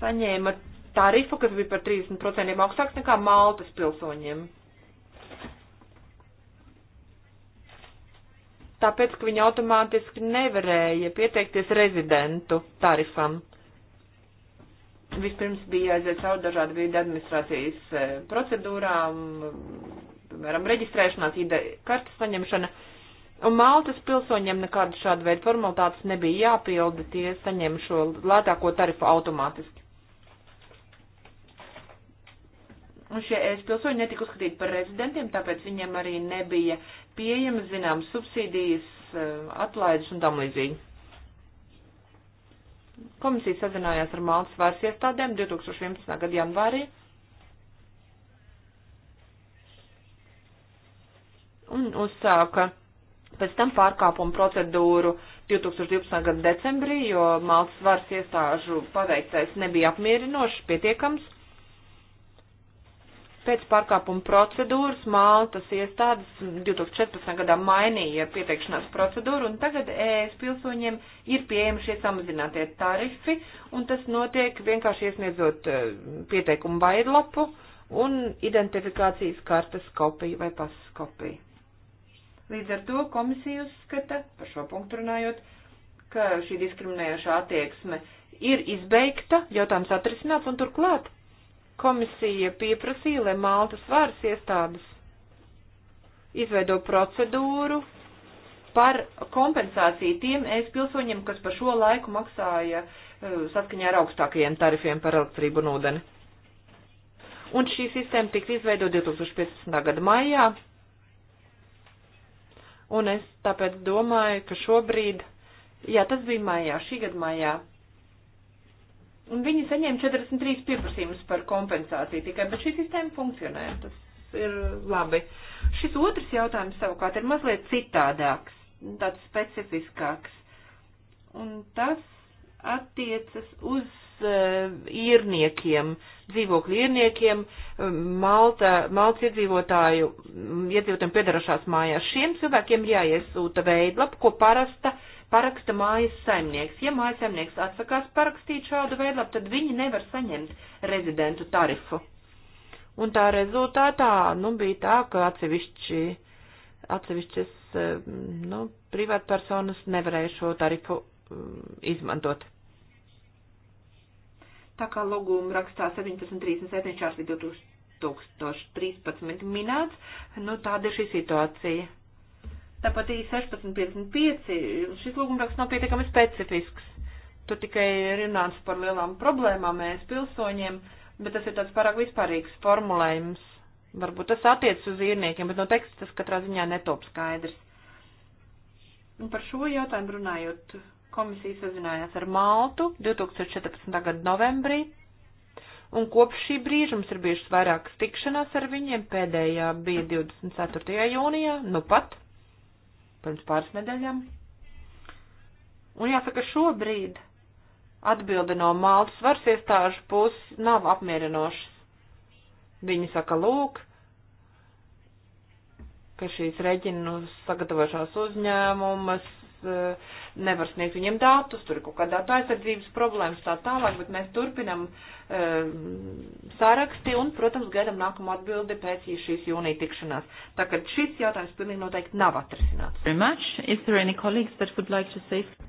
Speaker 4: saņēma tarifu, kas bija par 30% augstāks nekā Maltas pilsoņiem. Tāpēc, ka viņi automātiski nevarēja pieteikties rezidentu tarifam. Vispirms bija jāiziet cauri dažādu veidu administrācijas eh, procedūrām, piemēram, reģistrēšanās, ID kartes saņemšana. Un Maltas pilsoņiem nekāda šāda veida formalitātes nebija jāpilda, tie saņem šo lētāko tarifu automātiski. Un šie es pilsoņi netika uzskatīti par rezidentiem, tāpēc viņiem arī nebija pieejama, zinām, subsīdijas, eh, atlaides un tam līdzīgi. Komisija sazinājās ar Maltas vairs iestādēm 2011. gada janvārī un uzsāka pēc tam pārkāpumu procedūru 2012. gada decembrī, jo Maltas varas iestāžu paveicais nebija apmierinošs, pietiekams. Pēc pārkāpuma procedūras Maltas iestādes 2014. gadā mainīja pieteikšanās procedūru, un tagad ES pilsoņiem ir pieejami šie samazinātie tarifi, un tas notiek vienkārši iesniedzot e, pieteikumu vaidlapu un identifikācijas kartes kopiju vai pasas kopiju. Līdz ar to komisija uzskata, par šo punktu runājot, ka šī diskriminējošā attieksme ir izbeigta, jautājums atrisināts un turklāt komisija pieprasīja, lai Maltas varas iestādes izveido procedūru par kompensāciju tiem es pilsoņiem, kas par šo laiku maksāja eh, saskaņā ar augstākajiem tarifiem par elektrību un ūdeni. Un šī sistēma tika izveidota 2015. gada maijā Un es tāpēc domāju, ka šobrīd, jā, tas bija maijā, šī gada maijā. Un viņi saņēma 43 pieprasījumus par kompensāciju tikai, bet šī sistēma funkcionē. Tas ir labi. Šis otrs jautājums savukārt ir mazliet citādāks, tāds specifiskāks. Un tas attiecas uz uh, eh, īrniekiem, dzīvokļu īrniekiem, eh, Malta, Maltas iedzīvotāju, mm, iedzīvotājiem piedarošās mājās. Šiem cilvēkiem jāiesūta veidlapa, ko parasta paraksta mājas saimnieks. Ja mājas saimnieks atsakās parakstīt šādu veidlapu, tad viņi nevar saņemt rezidentu tarifu. Un tā rezultātā, nu, bija tā, ka atsevišķi, atsevišķas, eh, nu, privātpersonas nevarēja šo tarifu Mm, izmantot. Tā kā logūma rakstā 17.37. 2013 minēts, nu tāda ir šī situācija. Tāpat arī 16.55 šis lūgumraksts nav pietiekami specifisks. Tur tikai runāts par lielām problēmām mēs pilsoņiem, bet tas ir tāds pārāk vispārīgs formulējums. Varbūt tas attiec uz īrniekiem, bet no teksta tas katrā ziņā netop skaidrs. Un par šo jautājumu runājot, Komisija sazinājās ar Maltu 2014. gada novembrī, un kopš šī brīža mums ir bijušas vairākas tikšanās ar viņiem. Pēdējā bija 24. jūnijā, nu pat, pirms pāris nedēļām. Un jāsaka, šobrīd atbilde no Maltas varas iestāžu puses nav apmierinošas. Viņi saka, lūk, ka šīs reģinu sagatavošās uzņēmumas E, nevar sniegt viņiem datus, tur ir kaut kāda datu aizsardzības problēmas tā tālāk, bet mēs turpinam e, saraksti un, protams, gaidam nākamu atbildi pēc šīs jūnija tikšanās. Tā kā šis jautājums pilnīgi noteikti nav atrisināts.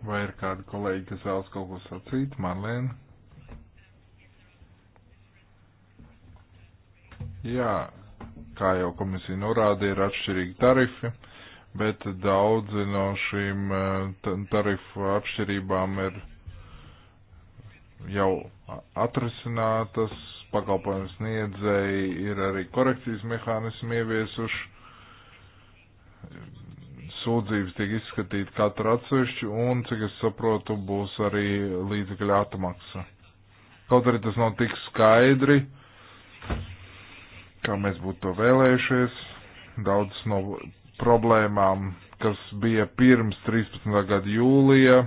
Speaker 2: Vai ir kādi kolēģi, kas vēlas kaut ko sacīt? Marlēna? Jā, kā jau komisija norāda, ir atšķirīgi tarifi bet daudzi no šīm eh, tarifu atšķirībām ir jau atrisinātas, pakalpojums niedzēji ir arī korekcijas mehānismi ieviesuši, sūdzības tiek izskatīt katru atsevišķu un, cik es saprotu, būs arī līdzekļa atmaksa. Kaut arī tas nav tik skaidri, kā mēs būtu to vēlējušies, daudz no problēmām, kas bija pirms 13. gada jūlija.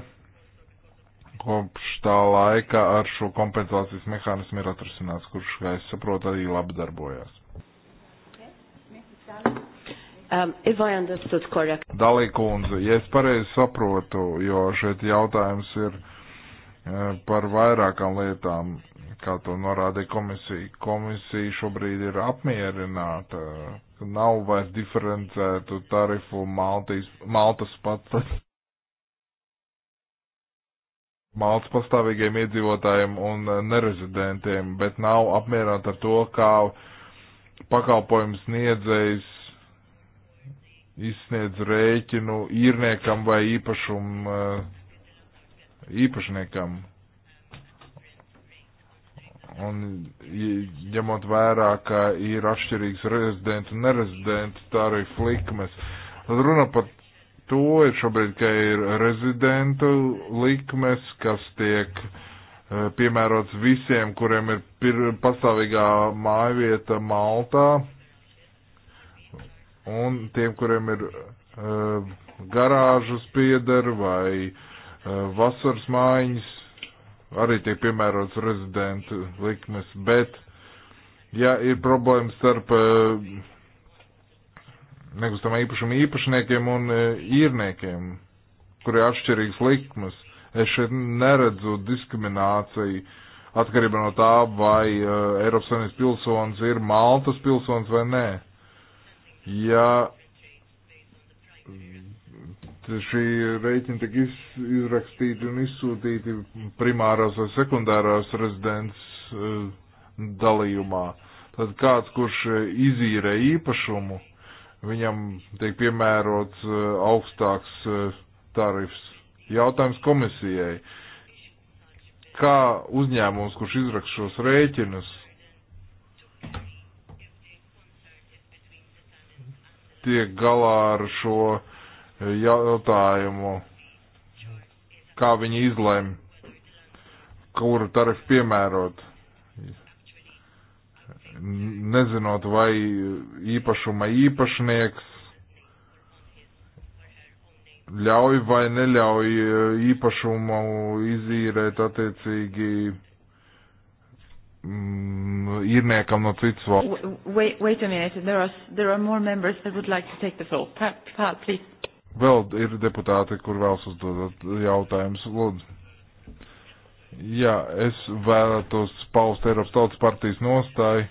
Speaker 2: Kopš tā laika ar šo kompensācijas mehānismu ir atrisināts, kurš, kā es saprotu, arī labi darbojās. Um, Dalīkundze, ja es pareizi saprotu, jo šeit jautājums ir eh, par vairākām lietām, kā to norādīja komisija. Komisija šobrīd ir apmierināta, ka nav vairs diferencētu tarifu Maltijas, Maltas pats. Maltas pastāvīgiem iedzīvotājiem un nerezidentiem, bet nav apmierināta ar to, kā pakalpojums sniedzējs izsniedz rēķinu īrniekam vai īpašum, eh, īpašniekam Un ņemot vērā, ka ir atšķirīgs rezidentu un nerezidentu tarifu likmes, tad runa par to ir šobrīd, ka ir rezidentu likmes, kas tiek e, piemērots visiem, kuriem ir pir, pastāvīgā mājvieta Maltā, un tiem, kuriem ir uh, garāžas pieder vai uh, vasaras mājiņas arī tiek piemērots rezidentu likmes, bet, ja ir problēmas starp eh, nekustamā īpašuma īpašniekiem un eh, īrniekiem, kuri atšķirīgs likmes, es šeit neredzu diskrimināciju atkarībā no tā, vai eh, Eiropas Savienības pilsonis ir Maltas pilsonis vai nē. Ja šī rēķina tiek izrakstīti un izsūtīti primārās vai sekundārās rezidents eh, dalījumā. Tad kāds, kurš eh, izīrē īpašumu, viņam tiek piemērots eh, augstāks tarifs. Jautājums komisijai. Kā uzņēmums, kurš izrakst šos rēķinus, tiek galā ar šo jautājumu, kā viņi izlēm, kuru tarifu piemērot, nezinot, vai īpašuma īpašnieks ļauj vai neļauj īpašumu izīrēt attiecīgi mm, īrniekam no citas valsts.
Speaker 1: Wait, wait a minute, there are, there are more members that would like to take the floor. Pa, pa, please.
Speaker 2: Vēl ir deputāti, kur vēlas uzdot jautājumus. Lūdzu. Jā, es vēlētos paust Eiropas Tautas partijas nostāju.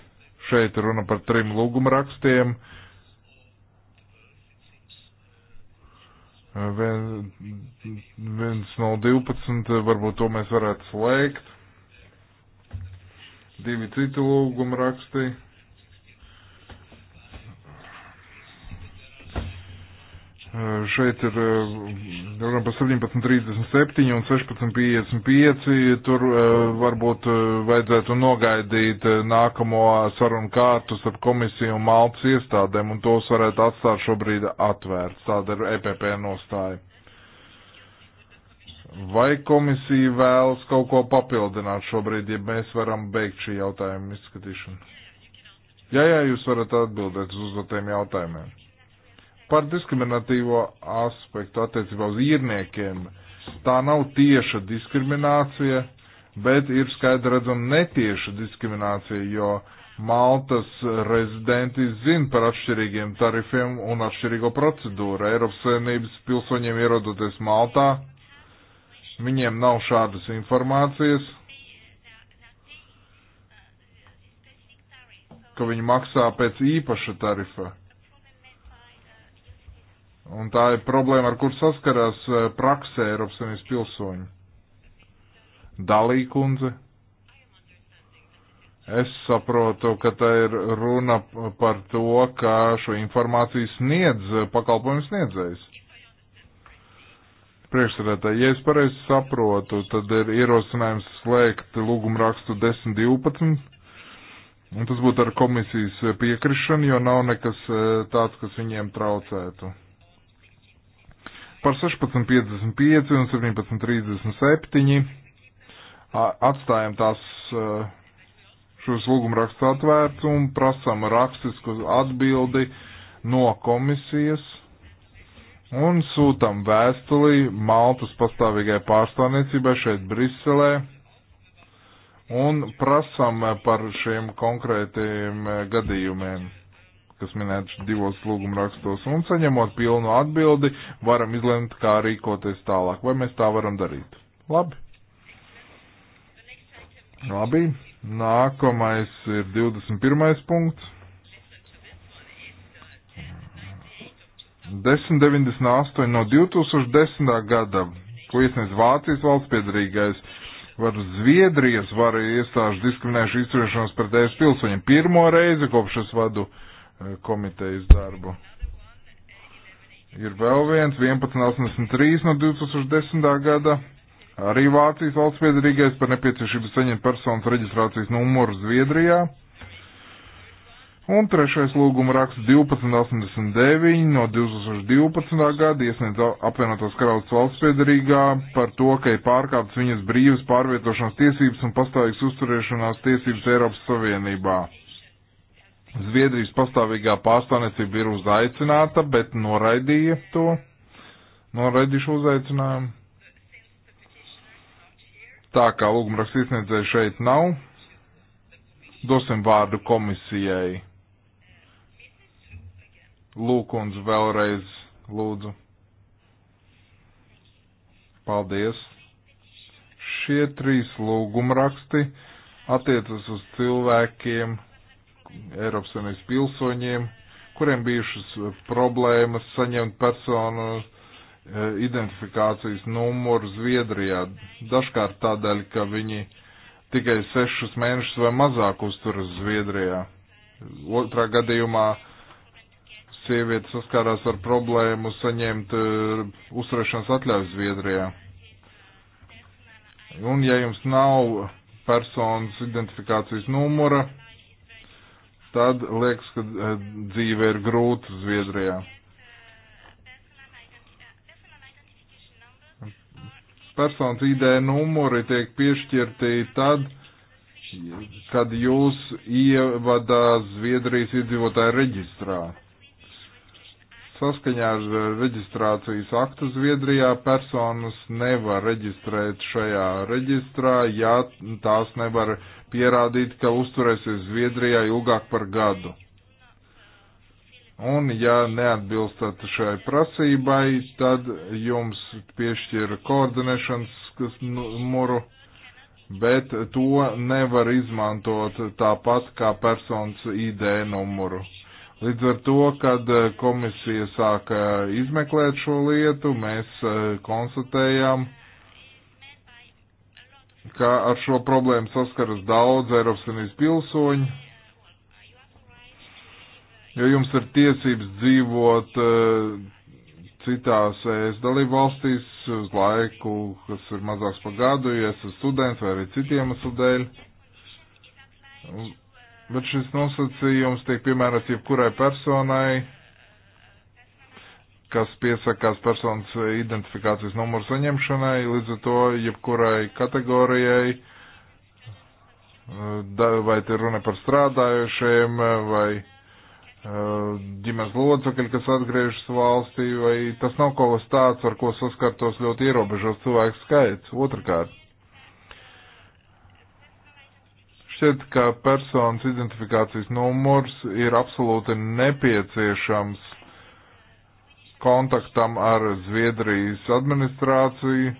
Speaker 2: Šeit runa par trim lūgumrakstiem. Vien, viens no 12, varbūt to mēs varētu slēgt. Divi citu lūgumu raksti. Šeit ir eh, runa par 17.37 un 16.55. Tur eh, varbūt eh, vajadzētu nogaidīt nākamo sarunu kārtu starp komisiju un Maltas iestādēm, un tos varētu atstāt šobrīd atvērts. Tāda ir EPP nostāja. Vai komisija vēlas kaut ko papildināt šobrīd, ja mēs varam beigt šī jautājuma izskatīšanu? Jā, jā, jūs varat atbildēt uz uzdotiem jautājumiem. Par diskriminatīvo aspektu attiecībā uz īrniekiem. Tā nav tieša diskriminācija, bet ir skaidri redzama netieša diskriminācija, jo Maltas rezidenti zina par atšķirīgiem tarifiem un atšķirīgo procedūru. Eiropas Savienības pilsoņiem ierodoties Maltā, viņiem nav šādas informācijas, ka viņi maksā pēc īpaša tarifa. Un tā ir problēma, ar kur saskarās eh, praksē Eiropas Savienības pilsoņi. Dalī kundze. Es saprotu, ka tā ir runa par to, ka šo informāciju sniedz eh, pakalpojumu sniedzējs. Priekšsēdētāji, ja es pareizi saprotu, tad ir ierosinājums slēgt lūgumrakstu 10.12. Un tas būtu ar komisijas piekrišanu, jo nav nekas eh, tāds, kas viņiem traucētu. Par 16.55 un 17.37 atstājam tās e, šos lūgumrakstus atvērts un prasam rakstisku atbildi no komisijas un sūtam vēstuli Maltas pastāvīgai pārstāvniecībai šeit Briselē un prasam par šiem konkrētiem e, gadījumiem kas minēts divos lūguma rakstos, un saņemot pilnu atbildi, varam izlemt, kā rīkoties tālāk, vai mēs tā varam darīt. Labi. Labi. Nākamais ir 21. punkts. 1098 no 2010. gada, ko iesniedz Vācijas valsts piedarīgais var Zviedrijas varu iestāžu diskriminējuši izturēšanos pret ES pilsoņiem. Pirmo reizi kopš es vadu komitejas darbu. Ir vēl viens 1183 no 2010. gada. Arī Vācijas valsts piedarīgais par nepieciešību saņemt personas reģistrācijas numuru Zviedrijā. Un trešais lūguma raksts 1289 no 2012. gada iesniedz apvienotās karalists valsts piedarīgā par to, ka ir pārkāptas viņas brīvas pārvietošanās tiesības un pastāvīgas uzturēšanās tiesības Eiropas Savienībā. Zviedrijas pastāvīgā pārstāvniecība ir uzaicināta, bet noraidīja to, noraidīšu uzaicinājumu. Tā kā lūgumraksts izniedzēja šeit nav, dosim vārdu komisijai. Lūkums vēlreiz lūdzu. Paldies. Šie trīs lūgumraksti attiecas uz cilvēkiem, Eiropas Savienības pilsoņiem, kuriem bijušas eh, problēmas saņemt personu eh, identifikācijas numuru Zviedrijā. Dažkārt tādēļ, ka viņi tikai sešus mēnešus vai mazāk uzturas Zviedrijā. Otrā gadījumā sieviete saskārās ar problēmu saņemt eh, uzturēšanas atļauju Zviedrijā. Un ja jums nav personas identifikācijas numura, tad liekas, ka e, dzīve ir grūta Zviedrijā. Personas ID numuri tiek piešķirti tad, kad jūs ievadā Zviedrijas iedzīvotāju reģistrā. Saskaņā ar reģistrācijas aktu Zviedrijā personas nevar reģistrēt šajā reģistrā, ja tās nevar uh, pierādīt, ka uzturēsies Zviedrijā ilgāk par gadu. Un, ja neatbilstat šai prasībai, tad jums piešķir koordinēšanas numuru, bet to nevar izmantot tāpat kā personas ID numuru. Līdz ar to, kad komisija sāka izmeklēt šo lietu, mēs eh, konstatējām, ka ar šo problēmu saskaras daudz Eiropas Savienības pilsoņu, jo jums ir tiesības dzīvot eh, citās ES dalību valstīs uz laiku, kas ir mazāks par gadu, ja esat students vai arī citiem asudēļ. Bet šis nosacījums tiek piemērots jebkurai personai, kas piesakās personas identifikācijas numuru saņemšanai, līdz ar to jebkurai kategorijai, vai te runa par strādājušiem, vai e, ģimenes locekļi, kas atgriežas valstī, vai tas nav kaut kas tāds, ar ko saskartos ļoti ierobežots cilvēku skaits. Otrakārt, šķiet, ka personas identifikācijas numurs ir absolūti nepieciešams kontaktam ar Zviedrijas administrāciju,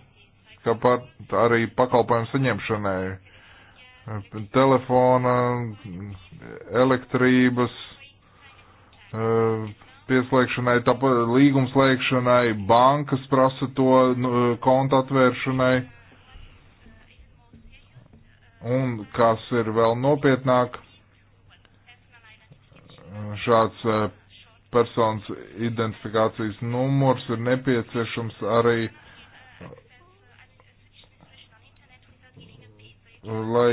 Speaker 2: kā arī pakalpojumu saņemšanai. Telefona, elektrības, e, pieslēgšanai, līgumslēgšanai, bankas prasa to nu, e, konta atvēršanai. Un kas ir vēl nopietnāk, šāds e, personas identifikācijas numurs ir nepieciešams arī, lai.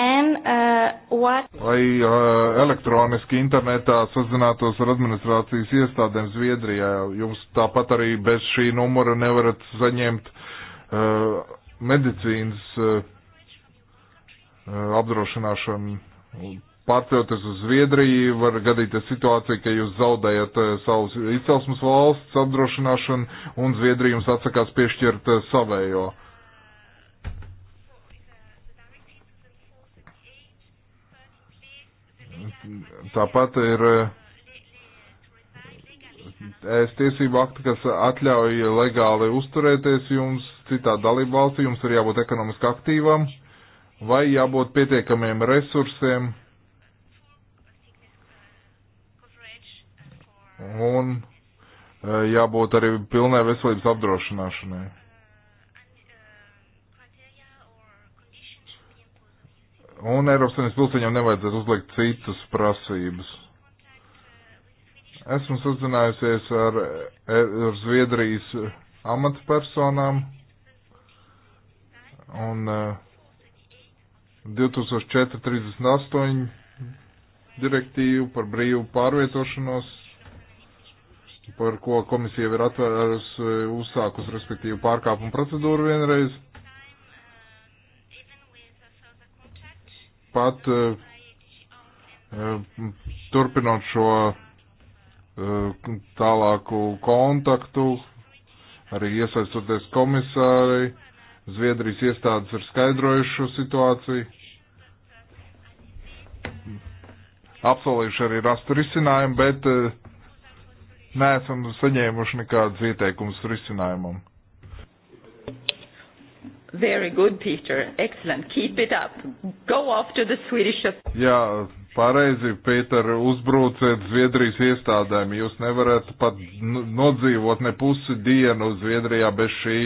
Speaker 1: And, uh, what...
Speaker 2: Lai uh, elektroniski internetā sazinātos ar administrācijas iestādēm Zviedrijā, jums tāpat arī bez šī numura nevarat saņemt uh, medicīnas uh, Eh, apdrošināšanu pārceļoties uz Zviedriju, var gadīties situācija, ka jūs zaudējat eh, savus izcelsmes valsts apdrošināšanu un Zviedrija jums atsakās piešķirt eh, savējo. Tāpat ir es tiesību akti, kas atļauj legāli uzturēties jums citā dalību valstī, jums ir jābūt ekonomiski aktīvam vai jābūt pietiekamiem resursiem un e, jābūt arī pilnai veselības apdrošināšanai. Un Eiropas Savienības pilsēņiem nevajadzētu uzlikt citas prasības. Esmu sazinājusies ar, ar Zviedrijas amatpersonām un uh, 2004-38 direktīvu par brīvu pārvietošanos, par ko komisija ir atvērusi, uzsākus, respektīvi, pārkāpumu procedūru vienreiz. Pat eh, turpinot šo eh, tālāku kontaktu, arī iesaistoties komisārai, Zviedrijas iestādes ir skaidrojuši šo situāciju. Apsolījuši arī rastu risinājumu, bet eh, neesam saņēmuši nekādas ieteikumus risinājumam.
Speaker 1: Very good, Peter. Excellent. Keep it up. Go after the Swedish.
Speaker 2: Jā, pareizi, Pēter, uzbruciet Zviedrijas iestādēm. Jūs nevarat pat nodzīvot ne pusi dienu Zviedrijā bez šī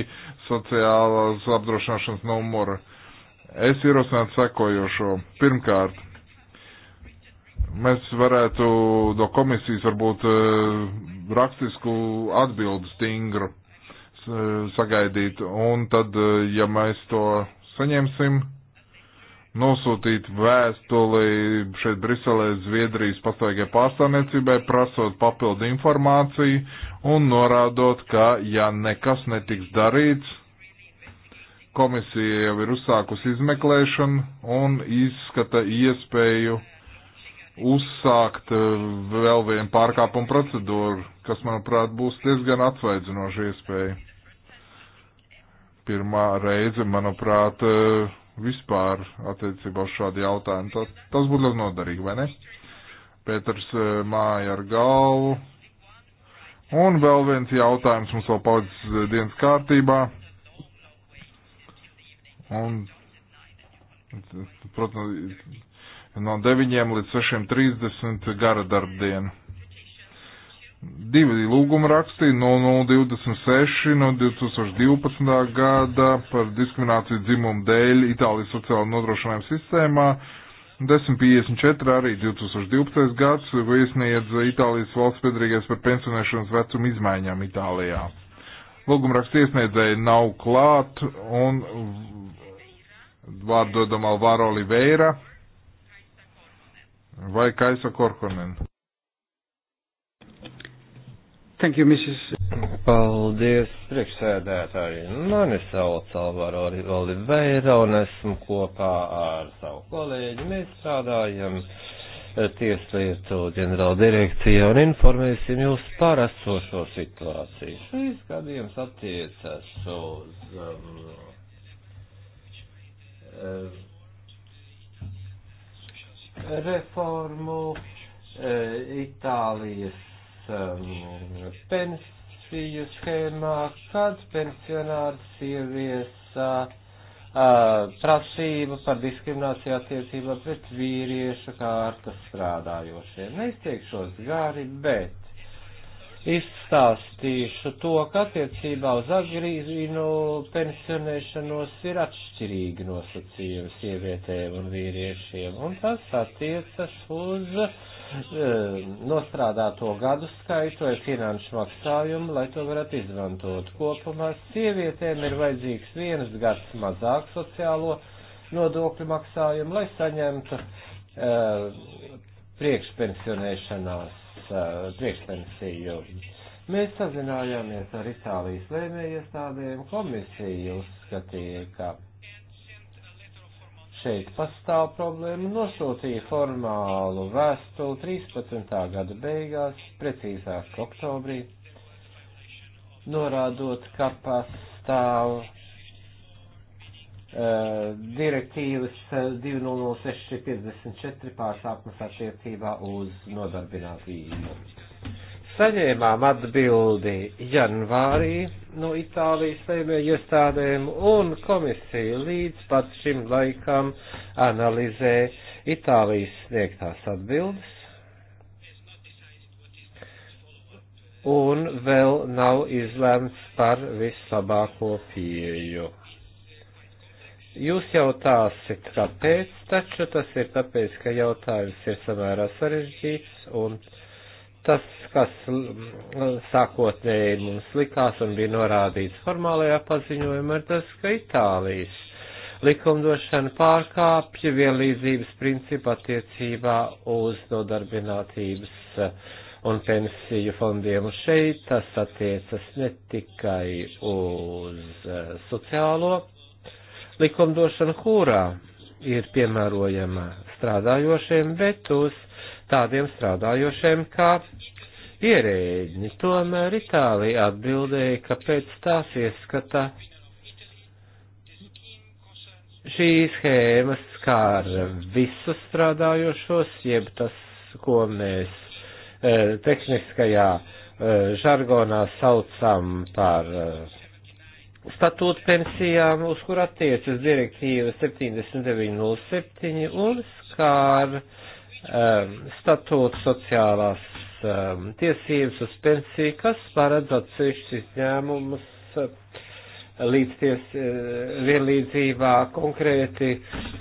Speaker 2: sociālās apdrošināšanas numura. Es ierosinātu sekojošo. Pirmkārt, mēs varētu no komisijas varbūt eh, rakstisku atbildu stingru Eh, sagaidīt, un tad, eh, ja mēs to saņemsim, nosūtīt vēstuli šeit Briselē Zviedrijas pastāvīgajai pārstāvniecībai, prasot papildu informāciju un norādot, ka ja nekas netiks darīts, komisija jau ir uzsākusi izmeklēšanu un izskata iespēju uzsākt eh, vēl vienu pārkāpumu procedūru, kas, manuprāt, būs diezgan atsvaidzinoša iespēja pirmā reize, manuprāt, eh, vispār attiecībā uz šādu jautājumu. Tas, tas būtu ļoti noderīgi, vai ne? Pēters eh, māja ar galvu. Un vēl viens jautājums mums vēl palicis eh, dienas kārtībā. Un, protams, no 9 līdz 6.30 gara darbdiena divi lūguma raksti no 026 no 2012. gada par diskrimināciju dzimumu dēļ Itālijas sociāla nodrošinājuma sistēmā. 1054 arī 2012. gads iesniedz Itālijas valsts piedarīgais par pensionēšanas vecumu izmaiņām Itālijā. Lūguma raksts iesniedzēji nav klāt un vārdu dodam Alvaro Oliveira vai Kaisa Korkonen. Thank you, Mrs. Paldies, priekšsēdētāji.
Speaker 3: Mani sauc Alvaro Oliveira un esmu kopā ar savu kolēģi. Mēs strādājam tieslietu ģenerāla direkcijā un informēsim jūs par esošo situāciju. Šīs gadījums attiecas uz um, um reformu uh, Itālijas um, pensiju schēmā, kad pensionārs ieviesā uh, uh, prasību par diskrimināciju attiecībā pret vīriešu kārtas strādājošiem. Neizteikšos gari, bet izstāstīšu to, ka attiecībā uz agrīnu pensionēšanos ir atšķirīgi nosacījumi sievietēm un vīriešiem, un tas attiecas uz uh, Eh, nostrādāto gadu skaitu vai finanšu maksājumu, lai to varētu izmantot. Kopumā sievietēm ir vajadzīgs viens gads mazāk sociālo nodokļu maksājumu, lai saņemtu uh, priekšpensionēšanās, uh, priekšpensiju. Mēs sazinājāmies ar Itālijas lēmējiestādēm, komisija uzskatīja, ka šeit pastāv problēma, nosūtīja formālu vēstuli 13. gada beigās, precīzāk oktobrī, norādot, ka pastāv uh, direktīvas 200654 eh, pārsāpums attiecībā uz nodarbinātību Saņēmām atbildi janvārī no Itālijas saimē iestādēm un komisija līdz pat šim laikam analizē Itālijas sniegtās atbildes. Un vēl nav izlēmts par vislabāko pieju. Jūs jautāsit, kāpēc, taču tas ir tāpēc, ka jautājums ir samērā sarežģīts un tas, kas mm, sākotnēji mums likās un bija norādīts formālajā paziņojumā, ir tas, ka Itālijas likumdošana pārkāpja vienlīdzības principu attiecībā uz nodarbinātības eh, un pensiju fondiem. Un šeit tas attiecas ne tikai uz eh, sociālo likumdošanu, kurā ir piemērojama strādājošiem, bet uz tādiem strādājošiem kā ierēģi. Tomēr Itālija atbildēja, ka pēc tās ieskata šī schēma skār visus strādājošos, jeb tas, ko mēs eh, tehniskajā eh, žargonā saucam par eh, statūtu pensijām, uz kur attiecas direktīva 7907 un skār eh, Um, statūtu sociālās um, tiesības uz pensiju, kas paredz atsevišķus izņēmumus uh, līdzties uh, vienlīdzībā konkrēti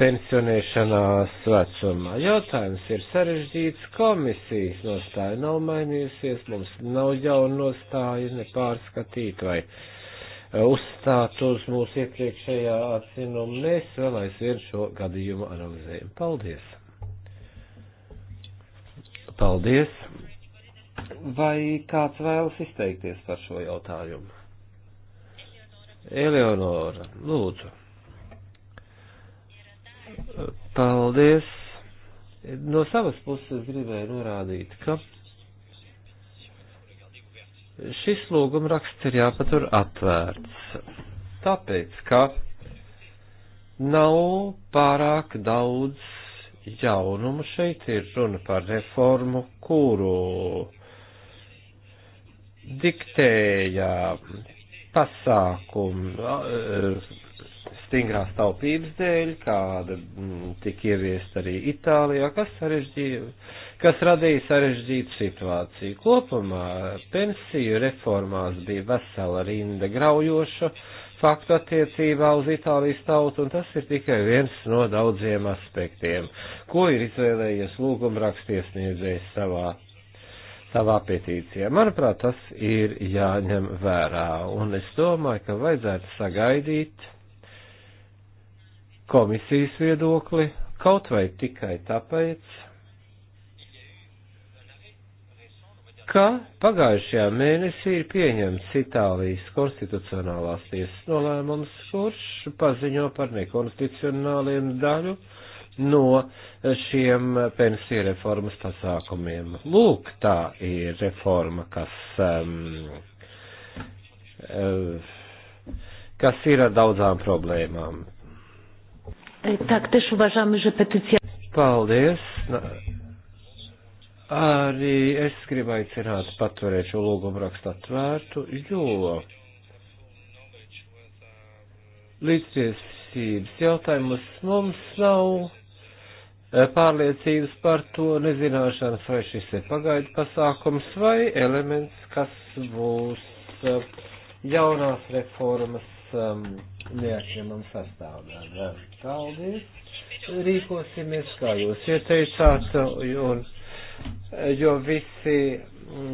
Speaker 3: pensionēšanās vecumā. Jautājums ir sarežģīts, komisijas nostāja nav mainījusies, mums nav jauna nostāja nepārskatīt vai uh, uzstāt uz mūsu iepriekšējā atzinumu. Mēs vēl aizvien šo gadījumu analizējam. Paldies! Paldies. Vai kāds vēlas izteikties par šo jautājumu? Eleonora, lūdzu. Paldies. No savas puses gribēju norādīt, ka šis lūguma raksts ir jāpatur atvērts. Tāpēc, ka nav pārāk daudz jaunumu. Šeit ir runa par reformu, kuru diktēja pasākumu eh, stingrās taupības dēļ, kāda mm, tika ieviest arī Itālijā, kas, kas radīja sarežģītu situāciju. Kopumā pensiju reformās bija vesela rinda graujoša faktu attiecībā uz Itālijas tautu, un tas ir tikai viens no daudziem aspektiem, ko ir izvēlējies lūgumrakstiesniedzējs savā, savā petīcijā. Manuprāt, tas ir jāņem vērā, un es domāju, ka vajadzētu sagaidīt komisijas viedokli, kaut vai tikai tāpēc, ka pagājušajā mēnesī ir pieņemts Itālijas konstitucionālās tiesas nolēmums, kurš paziņo par nekonstitucionāliem daļu no šiem pensiju reformas pasākumiem. Lūk, tā ir reforma, kas, um, uh, kas ir ar daudzām problēmām.
Speaker 1: E, tak, też uważamy, że petycja.
Speaker 3: Paldies. Arī es gribu aicināt paturēt šo lūgumu rakstu atvērtu, jo līdztiesības jautājumus mums nav e, pārliecības par to nezināšanas, vai šis ir pagaidu pasākums vai elements, kas būs e, jaunās reformas um, neatņemama sastāvdaļa. Paldies! Rīkosimies, kā jūs ieteicāt, un jo visi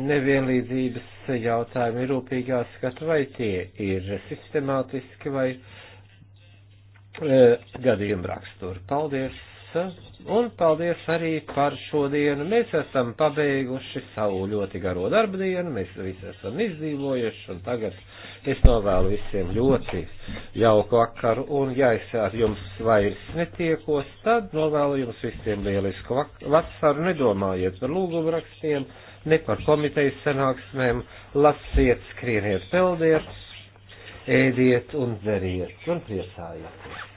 Speaker 3: nevienlīdzības jautājumi ir rūpīgi jāskata, vai tie ir sistemātiski vai e, gadījuma raksturi. Paldies! un paldies arī par šodienu. Mēs esam pabeiguši savu ļoti garo darba dienu, mēs visi esam izdzīvojuši, un tagad es novēlu visiem ļoti jauku vakaru, un ja es ar jums vairs netiekos, tad novēlu jums visiem lielisku vakaru, nedomājiet par lūgumu rakstiem, ne par komitejas sanāksmēm, lasiet, skrieniet, peldiet, ēdiet un dzeriet un priecājieties.